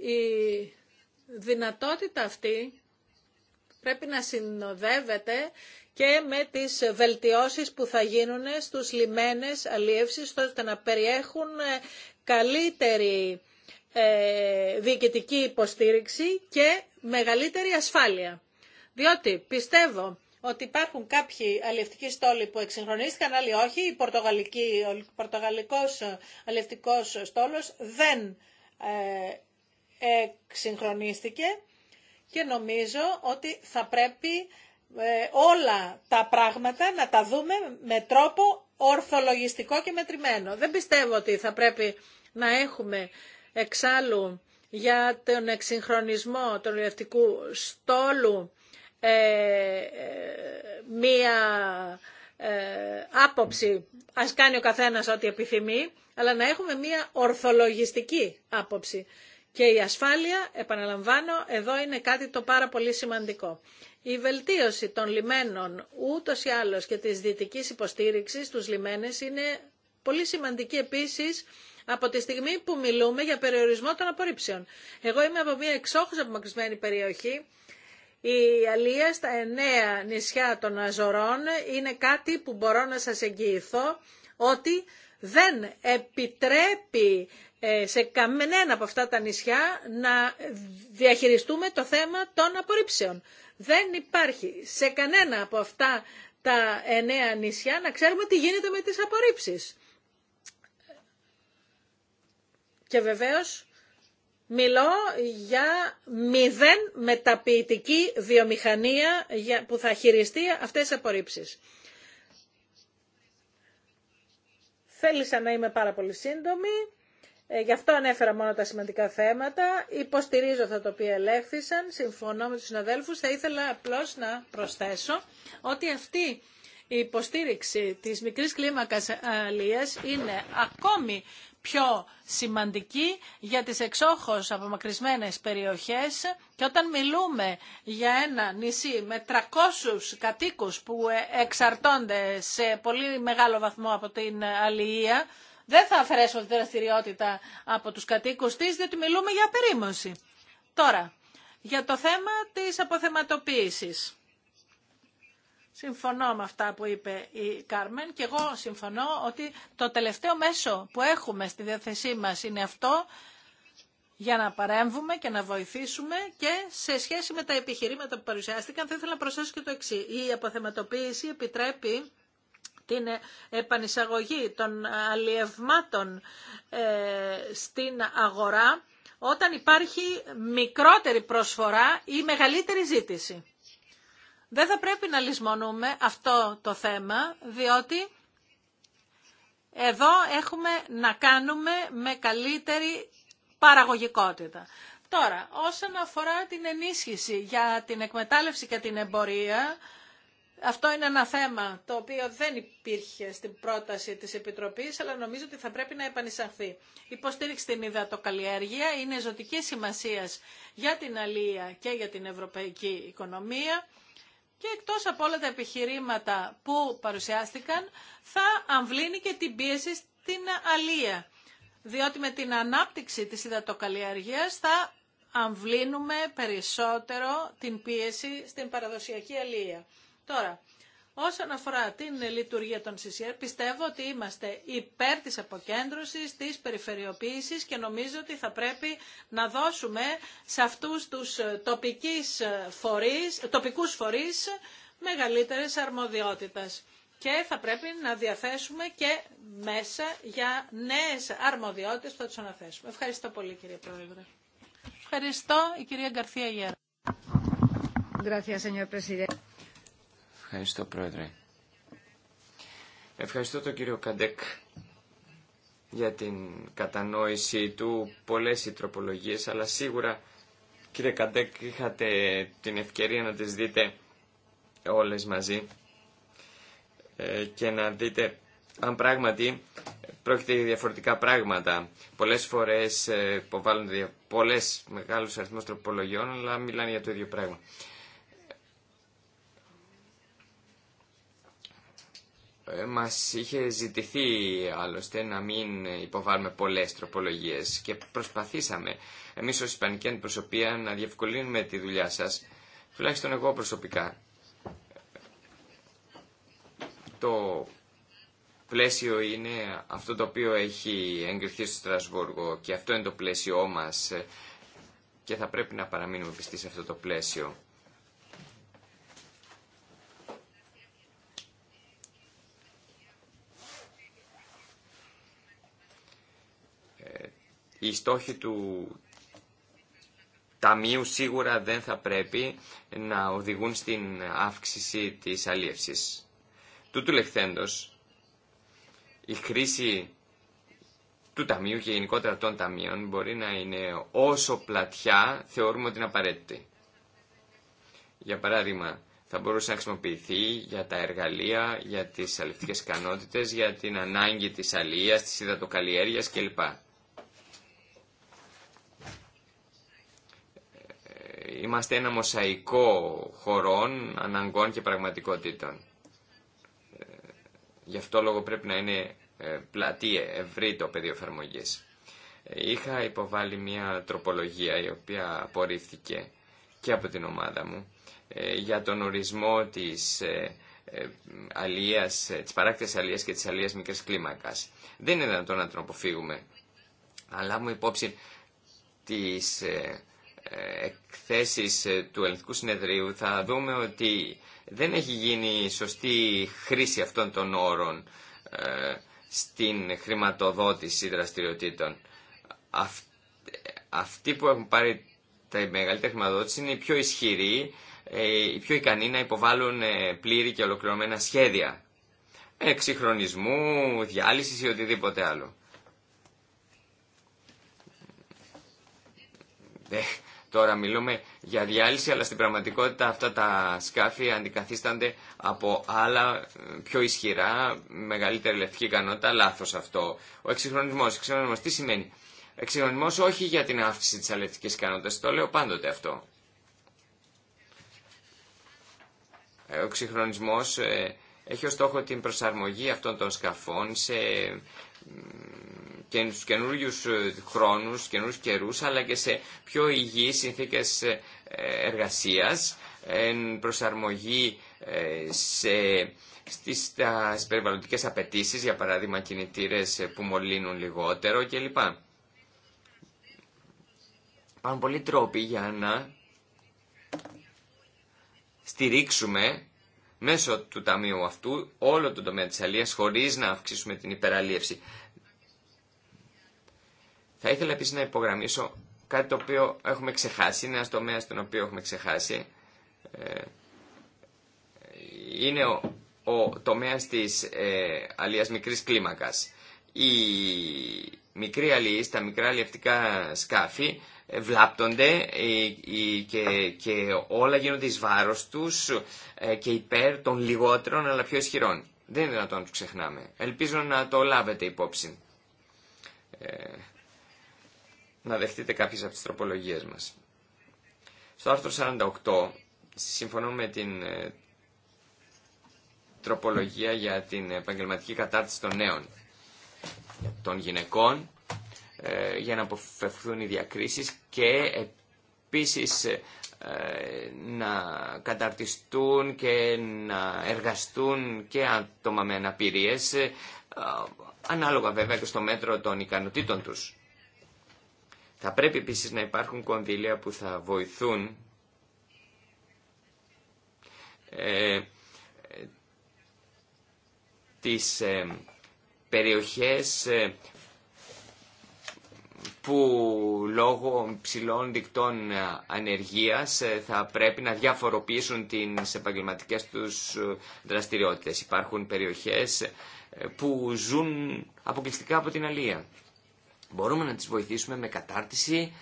Η δυνατότητα αυτή πρέπει να συνοδεύεται και με τις βελτιώσεις που θα γίνουν στους λιμένες αλλιεύσεις, ώστε να περιέχουν ε, καλύτερη ε, διοικητική υποστήριξη και μεγαλύτερη ασφάλεια. Διότι πιστεύω ότι υπάρχουν κάποιοι αλληλευτικοί στόλοι που εξυγχρονίστηκαν, άλλοι όχι. ο Πορτογαλικός αλληλευτικός στόλος δεν ε, εξυγχρονίστηκε και νομίζω ότι θα πρέπει ε, όλα τα πράγματα να τα δούμε με τρόπο ορθολογιστικό και μετρημένο. Δεν πιστεύω ότι θα πρέπει να έχουμε εξάλλου για τον εξυγχρονισμό του αλλιευτικού στόλου ε, μία ε, άποψη, ας κάνει ο καθένας ό,τι επιθυμεί, αλλά να έχουμε μία ορθολογιστική άποψη. Και η ασφάλεια, επαναλαμβάνω, εδώ είναι κάτι το πάρα πολύ σημαντικό. Η βελτίωση των λιμένων ούτως ή άλλως και της δυτικής υποστήριξης στους λιμένες είναι πολύ σημαντική επίσης από τη στιγμή που μιλούμε για περιορισμό των απορρίψεων. Εγώ είμαι από μια εξόχως απομακρυσμένη περιοχή η αλία στα εννέα νησιά των Αζωρών είναι κάτι που μπορώ να σας εγγυηθώ ότι δεν επιτρέπει ε, σε κανένα από αυτά τα νησιά να διαχειριστούμε το θέμα των απορρίψεων. Δεν υπάρχει σε κανένα από αυτά τα εννέα νησιά να ξέρουμε τι γίνεται με τις απορρίψεις. Και βεβαίως Μιλώ για μηδέν μεταποιητική βιομηχανία που θα χειριστεί αυτές τις απορρίψεις. Θέλησα να είμαι πάρα πολύ σύντομη. Ε, γι' αυτό ανέφερα μόνο τα σημαντικά θέματα. Υποστηρίζω αυτά τα οποία ελέγχθησαν. Συμφωνώ με τους συναδέλφους. Θα ήθελα απλώς να προσθέσω ότι αυτή η υποστήριξη της μικρής κλίμακας αλίας είναι ακόμη πιο σημαντική για τις εξόχως απομακρυσμένες περιοχές και όταν μιλούμε για ένα νησί με 300 κατοίκους που εξαρτώνται σε πολύ μεγάλο βαθμό από την αλληλεία, δεν θα αφαιρέσω τη δραστηριότητα από τους κατοίκους της, διότι μιλούμε για περίμωση. Τώρα, για το θέμα της αποθεματοποίησης. Συμφωνώ με αυτά που είπε η Κάρμεν και εγώ συμφωνώ ότι το τελευταίο μέσο που έχουμε στη διάθεσή μας είναι αυτό για να παρέμβουμε και να βοηθήσουμε και σε σχέση με τα επιχειρήματα που παρουσιάστηκαν θα ήθελα να προσθέσω και το εξή. Η αποθεματοποίηση επιτρέπει την επανεισαγωγή των αλλιευμάτων ε, στην αγορά όταν υπάρχει μικρότερη προσφορά ή μεγαλύτερη ζήτηση. Δεν θα πρέπει να λησμονούμε αυτό το θέμα, διότι εδώ έχουμε να κάνουμε με καλύτερη παραγωγικότητα. Τώρα, όσον αφορά την ενίσχυση για την εκμετάλλευση και την εμπορία, αυτό είναι ένα θέμα το οποίο δεν υπήρχε στην πρόταση της Επιτροπής, αλλά νομίζω ότι θα πρέπει να επανεισαχθεί. Υποστήριξη στην υδατοκαλλιέργεια είναι ζωτική σημασία για την αλία και για την ευρωπαϊκή οικονομία και εκτός από όλα τα επιχειρήματα που παρουσιάστηκαν θα αμβλύνει και την πίεση στην αλία. Διότι με την ανάπτυξη της υδατοκαλλιεργίας θα αμβλύνουμε περισσότερο την πίεση στην παραδοσιακή αλία. Τώρα, Όσον αφορά την λειτουργία των CCR, πιστεύω ότι είμαστε υπέρ της αποκέντρωσης, της περιφερειοποίησης και νομίζω ότι θα πρέπει να δώσουμε σε αυτούς τους τοπικής φορείς, τοπικούς φορείς μεγαλύτερες αρμοδιότητες. Και θα πρέπει να διαθέσουμε και μέσα για νέες αρμοδιότητες που θα τους αναθέσουμε. Ευχαριστώ πολύ κύριε Πρόεδρε. Ευχαριστώ η κυρία Γκαρθία Γέρα. Ευχαριστώ, Πρόεδρε. Ευχαριστώ τον κύριο Καντέκ για την κατανόηση του. Πολλές οι τροπολογίες, αλλά σίγουρα, κύριε Καντέκ, είχατε την ευκαιρία να τις δείτε όλες μαζί ε, και να δείτε αν πράγματι πρόκειται για διαφορετικά πράγματα. Πολλές φορές ε, υποβάλλονται πολλές μεγάλους αριθμούς τροπολογιών, αλλά μιλάνε για το ίδιο πράγμα. Ε, μας είχε ζητηθεί άλλωστε να μην υποβάλουμε πολλές τροπολογίες και προσπαθήσαμε εμείς ως Ισπανική Αντιπροσωπεία να διευκολύνουμε τη δουλειά σας, τουλάχιστον εγώ προσωπικά. Το πλαίσιο είναι αυτό το οποίο έχει εγκριθεί στο Στρασβούργο και αυτό είναι το πλαίσιό μας και θα πρέπει να παραμείνουμε πιστοί σε αυτό το πλαίσιο. Οι στόχοι του ταμείου σίγουρα δεν θα πρέπει να οδηγούν στην αύξηση της αλίευσης. Τούτου λεχθέντος, η χρήση του ταμείου και γενικότερα των ταμείων μπορεί να είναι όσο πλατιά θεωρούμε ότι είναι απαραίτητη. Για παράδειγμα, θα μπορούσε να χρησιμοποιηθεί για τα εργαλεία, για τις αληθικές ικανότητε, για την ανάγκη της αλίας, της υδατοκαλλιέργειας κλπ. είμαστε ένα μοσαϊκό χωρών, αναγκών και πραγματικότητων. Ε, γι' αυτό λόγο πρέπει να είναι ε, πλατή, ε, ευρύ το πεδίο εφαρμογή. Είχα υποβάλει μια τροπολογία η οποία απορρίφθηκε και από την ομάδα μου για τον ορισμό της αλίας, της παράκτης αλίας και της αλίας μικρής κλίμακας. Δεν είναι δυνατόν να τον αποφύγουμε. Αλλά μου υπόψη της εκθέσεις ε, του Ελληνικού Συνεδρίου θα δούμε ότι δεν έχει γίνει σωστή χρήση αυτών των όρων ε, στην χρηματοδότηση δραστηριοτήτων. Αυτοί που έχουν πάρει τα μεγαλύτερα χρηματοδότηση είναι οι πιο ισχυροί, ε, οι πιο ικανοί να υποβάλουν πλήρη και ολοκληρωμένα σχέδια εξυγχρονισμού, διάλυσης ή οτιδήποτε άλλο. Τώρα μιλούμε για διάλυση, αλλά στην πραγματικότητα αυτά τα σκάφη αντικαθίστανται από άλλα ε, πιο ισχυρά, μεγαλύτερη λευκή ικανότητα. Λάθο αυτό. Ο εξυγχρονισμό. Εξυγχρονισμό τι σημαίνει. Εξυγχρονισμό όχι για την αύξηση τη αλληλευτική ικανότητα. Το λέω πάντοτε αυτό. Ε, ο εξυγχρονισμό ε, έχει ως στόχο την προσαρμογή αυτών των σκαφών σε και στους καινούριους ε, χρόνους, καινούριους καιρούς, αλλά και σε πιο υγιείς συνθήκες ε, εργασίας, εν προσαρμογή ε, σε, στις, περιβαλλοντικές απαιτήσει, για παράδειγμα κινητήρες που μολύνουν λιγότερο κλπ. Υπάρχουν πολλοί τρόποι για να στηρίξουμε μέσω του ταμείου αυτού όλο το τομέα της αλίας χωρίς να αυξήσουμε την υπεραλίευση. Θα ήθελα επίσης να υπογραμμίσω κάτι το οποίο έχουμε ξεχάσει, είναι ένα τομέα τον οποίο έχουμε ξεχάσει. Ε, είναι ο, ο τομέας της ε, αλίας μικρής κλίμακας. Οι μικρή αλίες, τα μικρά αλλιευτικά σκάφη ε, βλάπτονται ε, και, και όλα γίνονται εις βάρος τους και υπέρ των λιγότερων αλλά πιο ισχυρών. Δεν είναι δυνατόν να τους ξεχνάμε. Ελπίζω να το λάβετε υπόψη να δεχτείτε κάποιες από τις τροπολογίες μας. Στο άρθρο 48, συμφωνούμε με την ε, τροπολογία για την επαγγελματική κατάρτιση των νέων, των γυναικών, ε, για να αποφευθούν οι διακρίσεις και επίσης ε, να καταρτιστούν και να εργαστούν και άτομα με αναπηρίες, ανάλογα βέβαια και στο μέτρο των ικανοτήτων τους. Θα πρέπει επίσης να υπάρχουν κονδύλια που θα βοηθούν ε, τις ε, περιοχές ε, που λόγω ψηλών δικτών ανεργίας θα πρέπει να διαφοροποιήσουν τις επαγγελματικές τους δραστηριότητες. Υπάρχουν περιοχές που ζουν αποκλειστικά από την αλία μπορούμε να τις βοηθήσουμε με κατάρτιση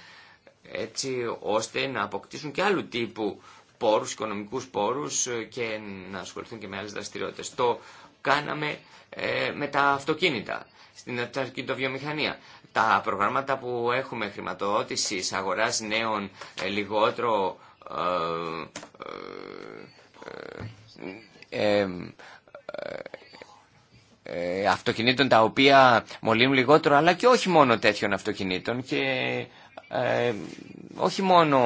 έτσι ώστε να αποκτήσουν και άλλου τύπου πόρους, οικονομικούς πόρους ε, και να ασχοληθούν και με άλλες δραστηριότητες. Το κάναμε ε, με τα αυτοκίνητα, στην βιομηχανία, Τα προγράμματα που έχουμε χρηματοδότησης, αγοράς νέων, ε, λιγότερο ε, ε, αυτοκινήτων τα οποία μολύνουν λιγότερο αλλά και όχι μόνο τέτοιων αυτοκινήτων και ε, όχι μόνο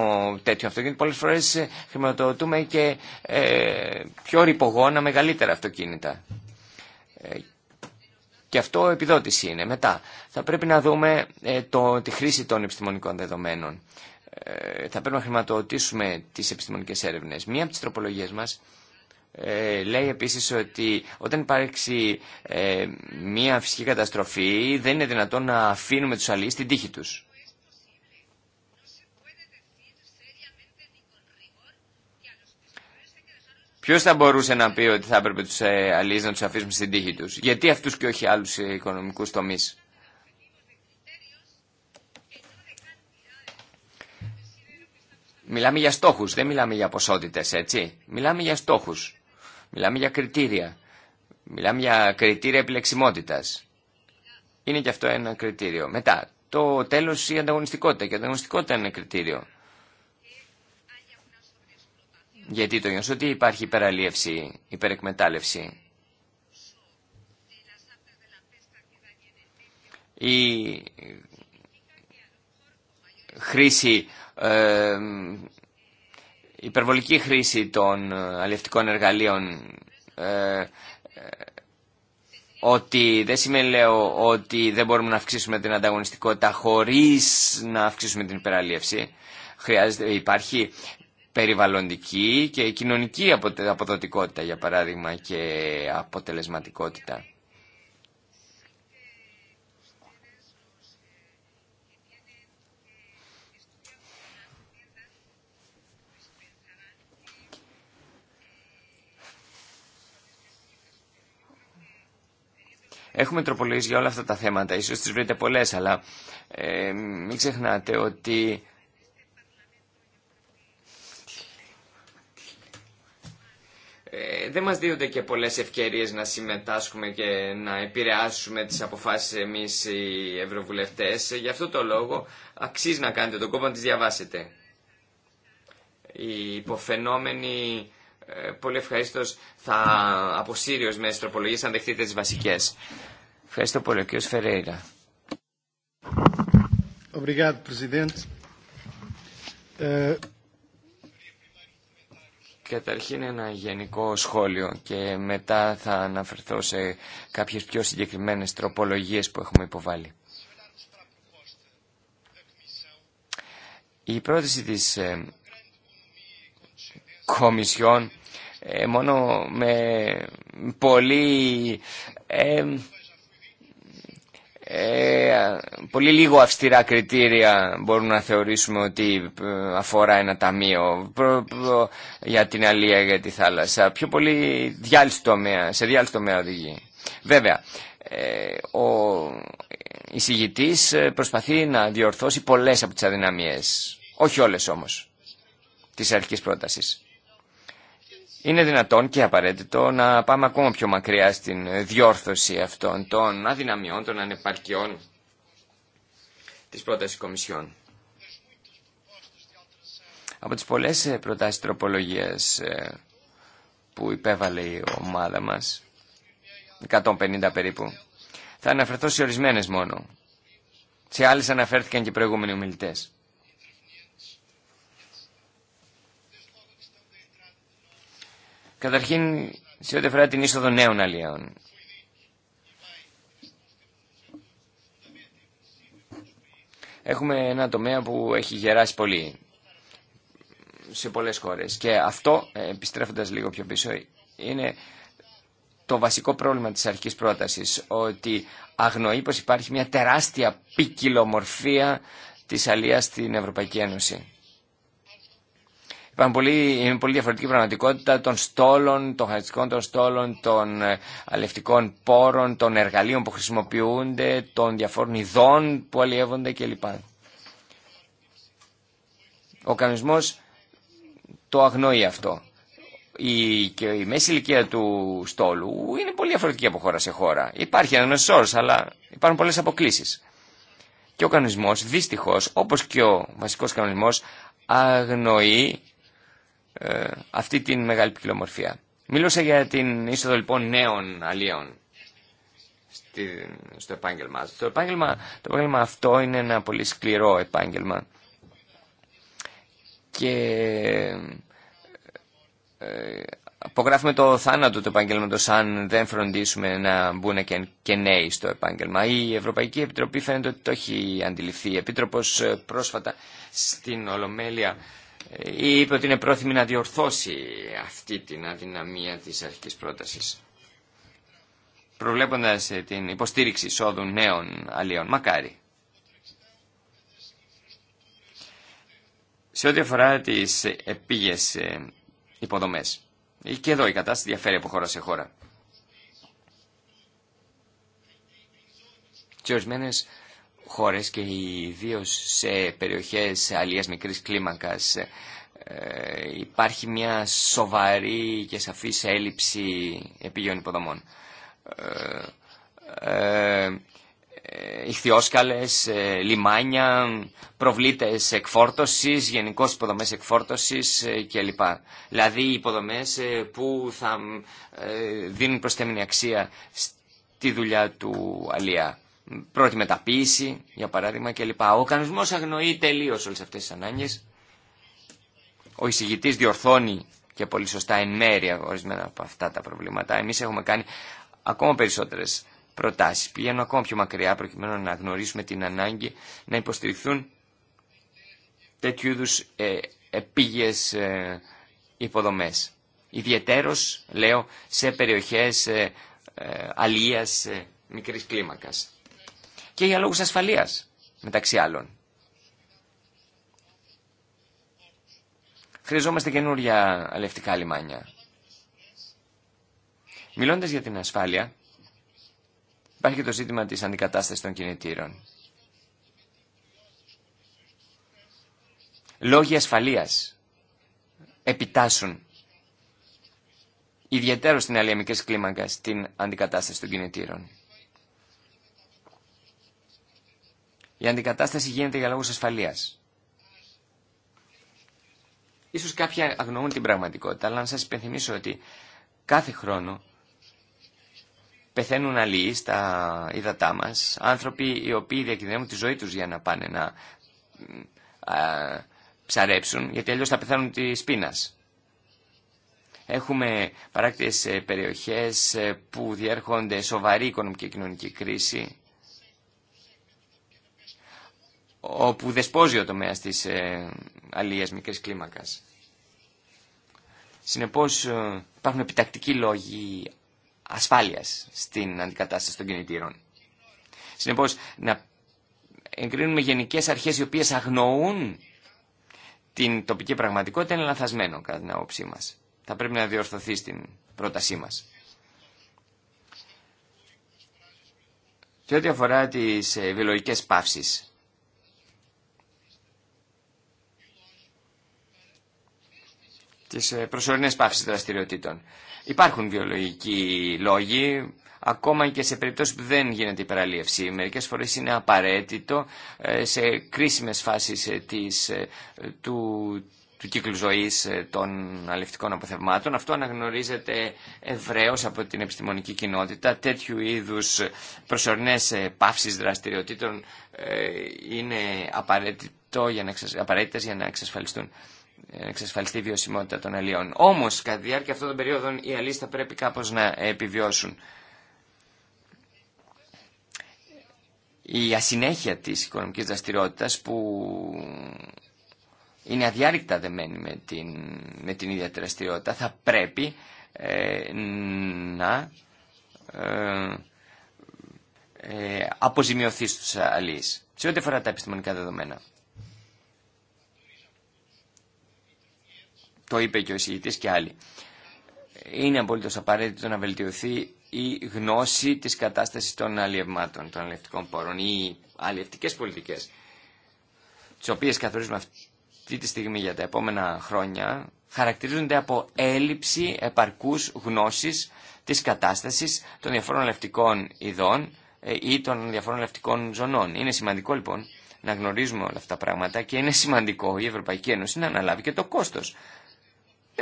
τέτοιο αυτοκινήτων πολλές φορές ε, χρηματοδοτούμε και ε, πιο ρηπογόνα μεγαλύτερα αυτοκίνητα ε, και αυτό επιδότηση είναι μετά θα πρέπει να δούμε το, τη χρήση των επιστημονικών δεδομένων θα πρέπει να χρηματοδοτήσουμε τις επιστημονικές έρευνες μία από τις τροπολογίες μας ε, λέει επίσης ότι όταν υπάρξει ε, μία φυσική καταστροφή δεν είναι δυνατόν να αφήνουμε τους αλληλείς στην τύχη τους. Ποιο θα μπορούσε να πει ότι θα έπρεπε του ε, αλληλεί να του αφήσουμε στην τύχη του, Γιατί αυτού και όχι άλλου οικονομικού τομεί. Μιλάμε για στόχου, δεν μιλάμε για ποσότητε, έτσι. Μιλάμε για στόχου. Μιλάμε για κριτήρια. Μιλάμε για κριτήρια επιλεξιμότητας. Είναι και αυτό ένα κριτήριο. Μετά, το τέλο η ανταγωνιστικότητα. Και η ανταγωνιστικότητα είναι κριτήριο. Γιατί το γεγονό ότι υπάρχει υπεραλίευση, υπερεκμετάλλευση. Η χρήση ε, η υπερβολική χρήση των ε, αλλιευτικών εργαλείων ε, ε, ότι δεν σημαίνει λέω ότι δεν μπορούμε να αυξήσουμε την ανταγωνιστικότητα χωρίς να αυξήσουμε την υπεραλίευση. Χρειάζεται, υπάρχει περιβαλλοντική και κοινωνική αποδοτικότητα για παράδειγμα και αποτελεσματικότητα. Έχουμε τροπολογίες για όλα αυτά τα θέματα, ίσως τις βρείτε πολλές, αλλά ε, μην ξεχνάτε ότι... Ε, δεν μας δίνονται και πολλές ευκαιρίες να συμμετάσχουμε και να επηρεάσουμε τις αποφάσεις εμείς οι ευρωβουλευτές. Γι' αυτό το λόγο αξίζει να κάνετε τον κόπο να τις διαβάσετε. Οι υποφαινόμενοι ε, πολύ ευχαρίστω θα αποσύρει ω μέσα τροπολογίε αν δεχτείτε τι βασικέ. Ευχαριστώ πολύ, Ο κ. Φερέιρα. Ε, Καταρχήν ένα γενικό σχόλιο και μετά θα αναφερθώ σε κάποιες πιο συγκεκριμένες τροπολογίες που έχουμε υποβάλει. Η πρόταση της ε, Κομισιόν ε, μόνο με πολύ, ε, ε, πολύ λίγο αυστηρά κριτήρια μπορούμε να θεωρήσουμε ότι αφορά ένα ταμείο για την αλία για τη θάλασσα. Πιο πολύ τομέα, σε διάλυση τομέα οδηγεί. Βέβαια, ο εισηγητής προσπαθεί να διορθώσει πολλές από τις αδυναμίες. Όχι όλες όμως, της αρχικής πρότασης είναι δυνατόν και απαραίτητο να πάμε ακόμα πιο μακριά στην διόρθωση αυτών των αδυναμιών, των ανεπαρκειών της πρότασης Κομισιόν. Από τις πολλές ε, προτάσεις τροπολογίας ε, που υπέβαλε η ομάδα μας, 150 περίπου, θα αναφερθώ σε ορισμένες μόνο. Σε άλλες αναφέρθηκαν και οι προηγούμενοι ομιλητές. Καταρχήν, σε ό,τι αφορά την είσοδο νέων αλλιών. Έχουμε ένα τομέα που έχει γεράσει πολύ σε πολλές χώρες. Και αυτό, ε, επιστρέφοντας λίγο πιο πίσω, είναι το βασικό πρόβλημα της αρχικής πρότασης. Ότι αγνοεί πως υπάρχει μια τεράστια ποικιλομορφία της αλίας στην Ευρωπαϊκή Ένωση. Υπάρχουν πολύ, πολύ διαφορετική πραγματικότητα των στόλων, των χαριστικών των στόλων, των ε, αλευτικών πόρων, των εργαλείων που χρησιμοποιούνται, των διαφόρων ειδών που αλλιεύονται κλπ. Ο κανονισμός το αγνοεί αυτό. Η, και η μέση ηλικία του στόλου είναι πολύ διαφορετική από χώρα σε χώρα. Υπάρχει ένα όρο, αλλά υπάρχουν πολλές αποκλήσεις. Και ο κανονισμός, δυστυχώς, όπως και ο βασικός κανονισμός, αγνοεί ε, αυτή την μεγάλη ποικιλομορφία. Μίλωσα για την είσοδο λοιπόν νέων αλλιών στο επάγγελμά Το επάγγελμα, το αυτό είναι ένα πολύ σκληρό επάγγελμα και ε, απογράφουμε το θάνατο του επάγγελματος αν δεν φροντίσουμε να μπουν και, νέοι στο επάγγελμα. Η Ευρωπαϊκή Επιτροπή φαίνεται ότι το έχει αντιληφθεί. Η Επίτροπος ε, πρόσφατα στην Ολομέλεια ε, είπε ότι είναι πρόθυμη να διορθώσει αυτή την αδυναμία της αρχικής πρότασης προβλέποντας ε, την υποστήριξη εισόδου νέων αλλιών. Μακάρι. Σε ό,τι αφορά τις ε, επίγες υποδομές. Και εδώ η κατάσταση διαφέρει από χώρα σε χώρα. Και ορισμένες χώρες και ιδίω σε περιοχές αλλιές μικρής κλίμακας ε, υπάρχει μια σοβαρή και σαφής έλλειψη επίγειων υποδομών. Ε, ε, ε, λιμάνια, προβλήτες εκφόρτωσης, γενικώ υποδομές εκφόρτωσης κλπ. Δηλαδή υποδομές που θα δίνουν προσθέμενη αξία στη δουλειά του Αλία πρώτη μεταποίηση, για παράδειγμα, κλπ. Ο κανονισμός αγνοεί τελείως όλε αυτές τις ανάγκες. Ο εισηγητή διορθώνει και πολύ σωστά εν μέρη ορισμένα από αυτά τα προβλήματα. Εμείς έχουμε κάνει ακόμα περισσότερες προτάσεις. Πηγαίνω ακόμα πιο μακριά προκειμένου να γνωρίσουμε την ανάγκη να υποστηριχθούν τέτοιου είδου ε, επίγειες ε, υποδομές. λέω, σε περιοχέ ε, ε αλίας, ε, μικρής κλίμακας και για λόγους ασφαλείας, μεταξύ άλλων. Χρειαζόμαστε καινούρια αλευτικά λιμάνια. Μιλώντας για την ασφάλεια, υπάρχει και το ζήτημα της αντικατάστασης των κινητήρων. Λόγοι ασφαλείας επιτάσσουν ιδιαίτερο στην αλληλεμικές κλίμακα την αντικατάσταση των κινητήρων. Η αντικατάσταση γίνεται για λόγους ασφαλείας. Ίσως κάποιοι αγνοούν την πραγματικότητα, αλλά να σας υπενθυμίσω ότι κάθε χρόνο πεθαίνουν αλλοί στα ύδατά μας, άνθρωποι οι οποίοι διακινδυνεύουν τη ζωή τους για να πάνε να ψαρέψουν, γιατί αλλιώς θα πεθάνουν τη πείνας. Έχουμε παράκτιες ε, περιοχές ε, που διέρχονται σοβαρή οικονομική και κοινωνική κρίση όπου δεσπόζει ο τομέας της ε, μικρής κλίμακας. Συνεπώς ε, υπάρχουν επιτακτικοί λόγοι ασφάλειας στην αντικατάσταση των κινητήρων. Συνεπώς να εγκρίνουμε γενικές αρχές οι οποίες αγνοούν την τοπική πραγματικότητα είναι λανθασμένο κατά την άποψή μας. Θα πρέπει να διορθωθεί στην πρότασή μας. Και ό,τι αφορά τις ε, βιολογικές παύσεις, τις ε, προσωρινές πάυσεις δραστηριοτήτων. Υπάρχουν βιολογικοί λόγοι, ακόμα και σε περιπτώσεις που δεν γίνεται η υπεραλίευση. Μερικές φορές είναι απαραίτητο ε, σε κρίσιμες φάσεις ε, της, του, του κύκλου ζωής των αλευτικών αποθευμάτων. Αυτό αναγνωρίζεται ευρέως από την επιστημονική κοινότητα. Τέτοιου είδους προσωρινές πάυσεις δραστηριοτήτων είναι για να εξασφαλιστούν εξασφαλιστεί η βιωσιμότητα των αλλιών. Όμως, κατά τη διάρκεια αυτών των περίοδων, οι αλλοί θα πρέπει κάπως να επιβιώσουν. Η ασυνέχεια της οικονομική δραστηριότητα που είναι αδιάρρηκτα δεμένη με την, με την ίδια δραστηριότητα θα πρέπει ε, να ε, ε, αποζημιωθεί στους αλλοίς. Σε ό,τι αφορά τα επιστημονικά δεδομένα. Το είπε και ο εισηγητή και άλλοι. Είναι απολύτω απαραίτητο να βελτιωθεί η γνώση τη κατάσταση των αλλιευμάτων, των αλλιευτικών πόρων ή αλλιευτικέ πολιτικέ, τι οποίε καθορίζουμε αυτή τη στιγμή για τα επόμενα χρόνια, χαρακτηρίζονται από έλλειψη επαρκού γνώση τη κατάσταση των διαφόρων λευτικών ειδών ή των διαφόρων αλλιευτικών ειδών ε, ή των διαφόρων αλλιευτικών ζωνών. Είναι σημαντικό λοιπόν να γνωρίζουμε όλα αυτά τα πράγματα και είναι σημαντικό η Ευρωπαϊκή Ένωση να αναλάβει και το κόστος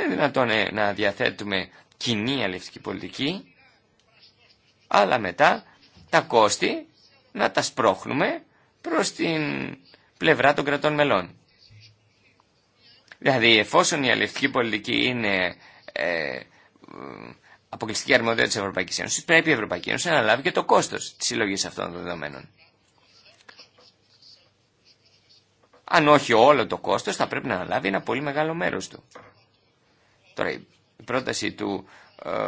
δεν είναι δυνατόν ε, να διαθέτουμε κοινή αλληλευτική πολιτική, αλλά μετά τα κόστη να τα σπρώχνουμε προς την πλευρά των κρατών μελών. Δηλαδή, εφόσον η αλληλευτική πολιτική είναι ε, αποκλειστική αρμοδιότητα της Ευρωπαϊκής Ένωσης, πρέπει η Ευρωπαϊκή Ένωση να αναλάβει και το κόστος της συλλογή αυτών των δεδομένων. Αν όχι όλο το κόστος, θα πρέπει να αναλάβει ένα πολύ μεγάλο μέρος του. Τώρα η πρόταση του ε,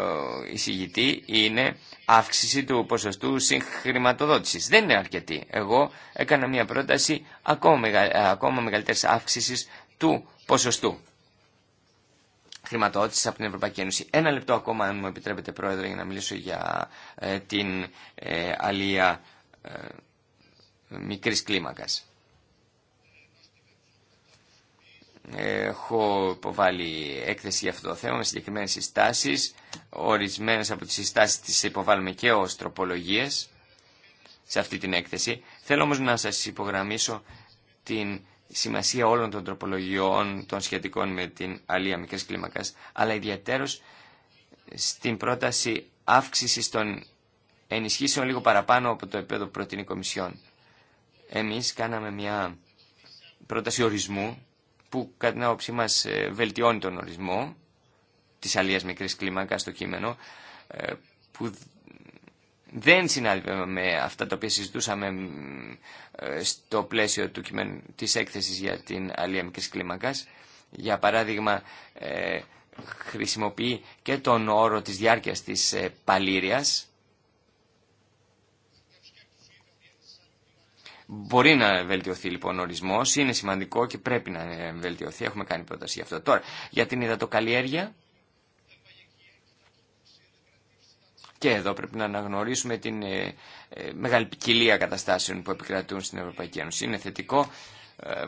εισηγητή είναι αύξηση του ποσοστού συγχρηματοδότησης. Δεν είναι αρκετή. Εγώ έκανα μια πρόταση ακόμα, μεγαλύτερη ακόμα μεγαλύτερης αύξησης του ποσοστού χρηματοδότησης από την Ευρωπαϊκή Ένωση. Ένα λεπτό ακόμα, αν μου επιτρέπετε, Πρόεδρε, για να μιλήσω για ε, την ε, αλία ε, μικρής κλίμακας. Έχω υποβάλει έκθεση για αυτό το θέμα με συγκεκριμένε συστάσει, ορισμένε από τι συστάσει, τι υποβάλλουμε και ω τροπολογίε σε αυτή την έκθεση. Θέλω όμω να σα υπογραμμίσω την σημασία όλων των τροπολογιών των σχετικών με την αλία μικρή κλίμακας, αλλά ιδιαίτερω στην πρόταση αύξηση των ενισχύσεων λίγο παραπάνω από το επίπεδο προτείνει κομισιόν. Εμεί κάναμε μια πρόταση ορισμού που κατά την άποψή μας ε, βελτιώνει τον ορισμό της αλίας μικρής κλίμακας στο κείμενο, ε, που δεν συνάδει με αυτά τα οποία συζητούσαμε ε, στο πλαίσιο του κειμένου της έκθεσης για την αλία μικρής κλίμακας. Για παράδειγμα, χρησιμοποιεί και τον όρο της διάρκειας της παλήρια. Μπορεί να βελτιωθεί λοιπόν ο ορισμό, είναι σημαντικό και πρέπει να βελτιωθεί. Έχουμε κάνει πρόταση γι' αυτό. Τώρα, για την υδατοκαλλιέργεια. Και εδώ πρέπει να αναγνωρίσουμε την ε, ε, μεγάλη ποικιλία καταστάσεων που επικρατούν στην Ευρωπαϊκή Ένωση. Είναι θετικό ε,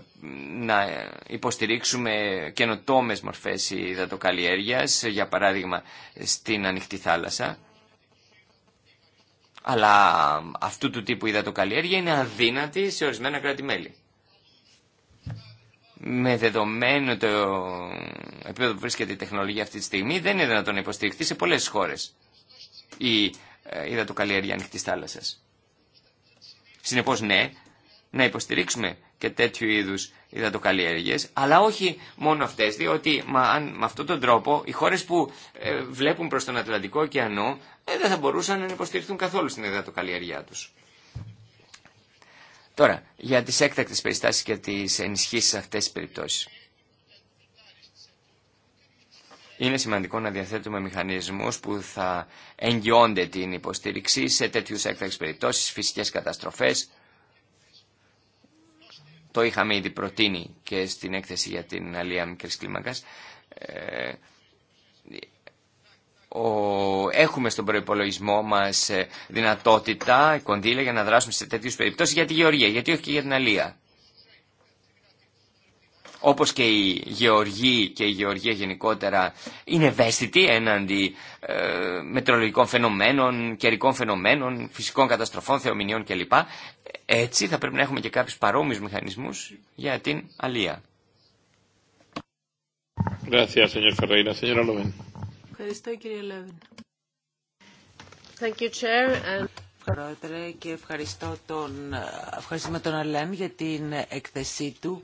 να υποστηρίξουμε καινοτόμε μορφές υδατοκαλλιέργεια, για παράδειγμα στην ανοιχτή θάλασσα. Αλλά αυτού του τύπου η υδατοκαλλιέργεια είναι αδύνατη σε ορισμένα κράτη-μέλη. Με δεδομένο το επίπεδο που βρίσκεται η τεχνολογία αυτή τη στιγμή, δεν είναι δυνατόν να υποστηριχθεί σε πολλέ χώρε ε, η υδατοκαλλιέργεια ανοιχτή θάλασσα. Συνεπώ, ναι, να υποστηρίξουμε και τέτοιου είδους υδατοκαλλιέργειες, αλλά όχι μόνο αυτές, διότι μα, αν, με αυτόν τον τρόπο οι χώρες που ε, βλέπουν προς τον Ατλαντικό ωκεανό ε, δεν θα μπορούσαν να υποστηριχθούν καθόλου στην υδατοκαλλιέργειά τους. Τώρα, για τις έκτακτες περιστάσεις και τις ενισχύσεις σε αυτές τις περιπτώσεις. Είναι σημαντικό να διαθέτουμε μηχανισμούς που θα εγγυώνται την υποστήριξη σε τέτοιους έκτακτες περιπτώσεις, φυσικές καταστροφές, το είχαμε ήδη προτείνει και στην έκθεση για την αλία μικρής κλίμακας. Ε, ο, έχουμε στον προπολογισμό μας ε, δυνατότητα, κονδύλια για να δράσουμε σε τέτοιους περιπτώσεις για τη γεωργία, γιατί όχι και για την αλία όπως και η γεωργή και η γεωργία γενικότερα είναι ευαίσθητη έναντι ε, μετρολογικών φαινομένων, καιρικών φαινομένων, φυσικών καταστροφών, θεομηνιών κλπ. Έτσι θα πρέπει να έχουμε και κάποιους παρόμοιους μηχανισμούς για την αλία. Ευχαριστώ κύριε Thank you, Chair. And... Πρόεδρε και ευχαριστώ τον, ευχαριστούμε τον Αλέν για την έκθεσή του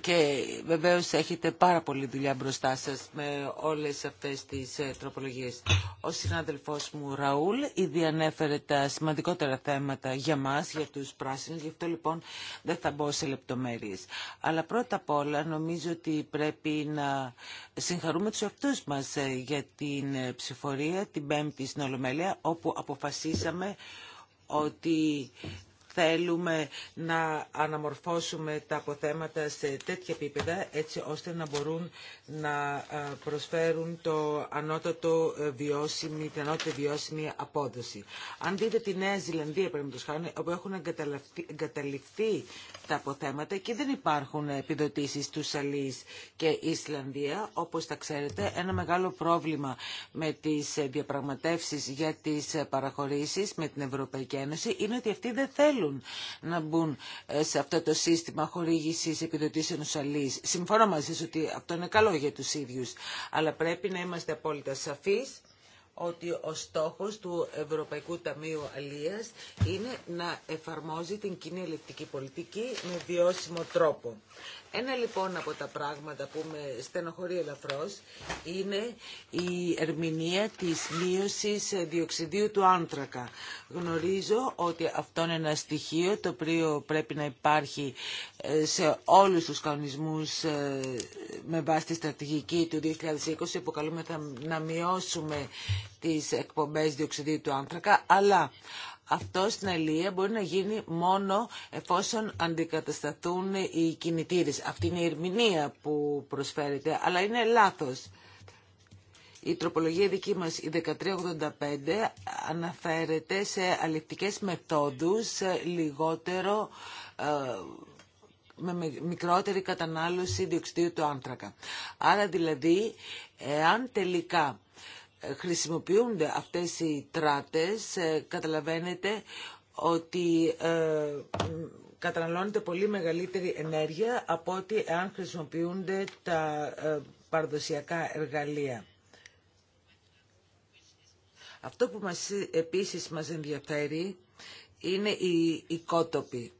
και βεβαίως έχετε πάρα πολλή δουλειά μπροστά σας με όλες αυτές τις ε, τροπολογίες. Ο συνάδελφός μου Ραούλ ήδη ανέφερε τα σημαντικότερα θέματα για μας, για τους πράσινους, γι' αυτό λοιπόν δεν θα μπω σε λεπτομέρειες. Αλλά πρώτα απ' όλα νομίζω ότι πρέπει να συγχαρούμε τους αυτούς μας ε, για την ε, ψηφορία την Πέμπτη στην Ολομέλεια, όπου αποφασίσαμε ότι θέλουμε να αναμορφώσουμε τα αποθέματα σε τέτοια επίπεδα έτσι ώστε να μπορούν να ε, προσφέρουν το ανώτατο ε, βιώσιμη, την ανώτατη βιώσιμη απόδοση. Αν δείτε τη Νέα Ζηλανδία, παραδείγματος χάρη, όπου έχουν εγκαταληφθεί τα αποθέματα και δεν υπάρχουν επιδοτήσεις του Σαλής και Ισλανδία, όπως τα ξέρετε, ένα μεγάλο πρόβλημα με τις ε, διαπραγματεύσεις για τις παραχωρήσεις με την Ευρωπαϊκή Ένωση είναι ότι αυτοί δεν θέλουν να μπουν ε, σε αυτό το σύστημα χορήγησης επιδοτήσεων αλλή. Συμφωνώ μαζί σας ότι αυτό είναι καλό για τους ίδιου, αλλά πρέπει να είμαστε απόλυτα σαφείς ότι ο στόχος του Ευρωπαϊκού Ταμείου Αλίας είναι να εφαρμόζει την κοινή ελεκτική πολιτική με βιώσιμο τρόπο. Ένα λοιπόν από τα πράγματα που με στενοχωρεί ελαφρώς είναι η ερμηνεία της μείωσης διοξιδίου του άνθρακα. Γνωρίζω ότι αυτό είναι ένα στοιχείο το οποίο πρέπει να υπάρχει ε, σε όλους τους κανονισμούς ε, με βάση τη στρατηγική του 2020 που καλούμε να μειώσουμε τις εκπομπές διοξιδίου του άνθρακα, αλλά αυτό στην αλληλεία μπορεί να γίνει μόνο εφόσον αντικατασταθούν οι κινητήρες. Αυτή είναι η ερμηνεία που προσφέρεται, αλλά είναι λάθος. Η τροπολογία δική μας, η 1385, αναφέρεται σε αληπτικές μεθόδους λιγότερο ε, με μικρότερη κατανάλωση διοξιδίου του άνθρακα. Άρα δηλαδή, εάν τελικά χρησιμοποιούνται αυτές οι τράτες, ε, καταλαβαίνετε ότι ε, καταναλώνεται πολύ μεγαλύτερη ενέργεια από ότι αν χρησιμοποιούνται τα ε, παραδοσιακά εργαλεία. Αυτό που μας, επίσης μας ενδιαφέρει είναι η οικότοποι.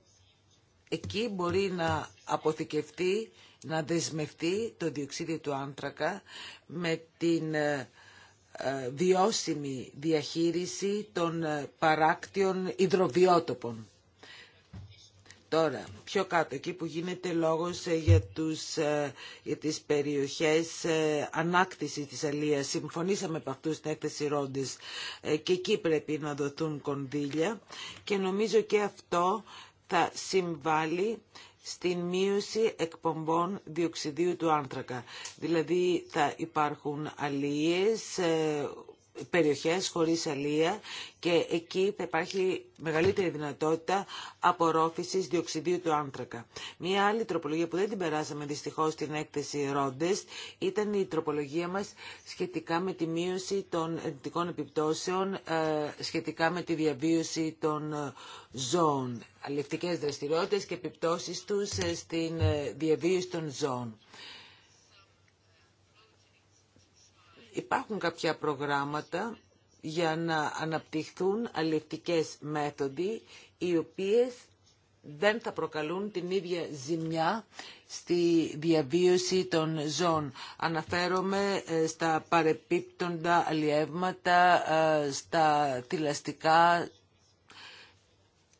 Εκεί μπορεί να αποθηκευτεί, να δεσμευτεί το διοξίδιο του άνθρακα με την ε, βιώσιμη διαχείριση των ε, παράκτιων υδροβιότοπων. Τώρα, πιο κάτω, εκεί που γίνεται λόγος ε, για, τους, για τις περιοχές ανάκτησης της αλίας. Συμφωνήσαμε από αυτού στην έκθεση Ρόντες και εκεί πρέπει να δοθούν κονδύλια και νομίζω και αυτό θα συμβάλλει στην μείωση εκπομπών διοξιδίου του άνθρακα. Δηλαδή θα υπάρχουν αλίες, ε, περιοχές χωρίς αλεία και εκεί θα υπάρχει μεγαλύτερη δυνατότητα απορρόφησης διοξιδίου του άνθρακα. Μία άλλη τροπολογία που δεν την περάσαμε δυστυχώς στην έκθεση Ρόντες ήταν η τροπολογία μας σχετικά με τη μείωση των ενδυτικών επιπτώσεων ε, σχετικά με τη διαβίωση των ε, ζώων, αλληλευτικές δραστηριότητες και επιπτώσεις τους ε, στην διαβίωση των ζώων. Υπάρχουν κάποια προγράμματα για να αναπτυχθούν αλληλευτικές μέθοδοι οι οποίες δεν θα προκαλούν την ίδια ζημιά στη διαβίωση των ζώων. Αναφέρομαι ε, στα παρεπίπτοντα αλλιεύματα, ε, στα θηλαστικά,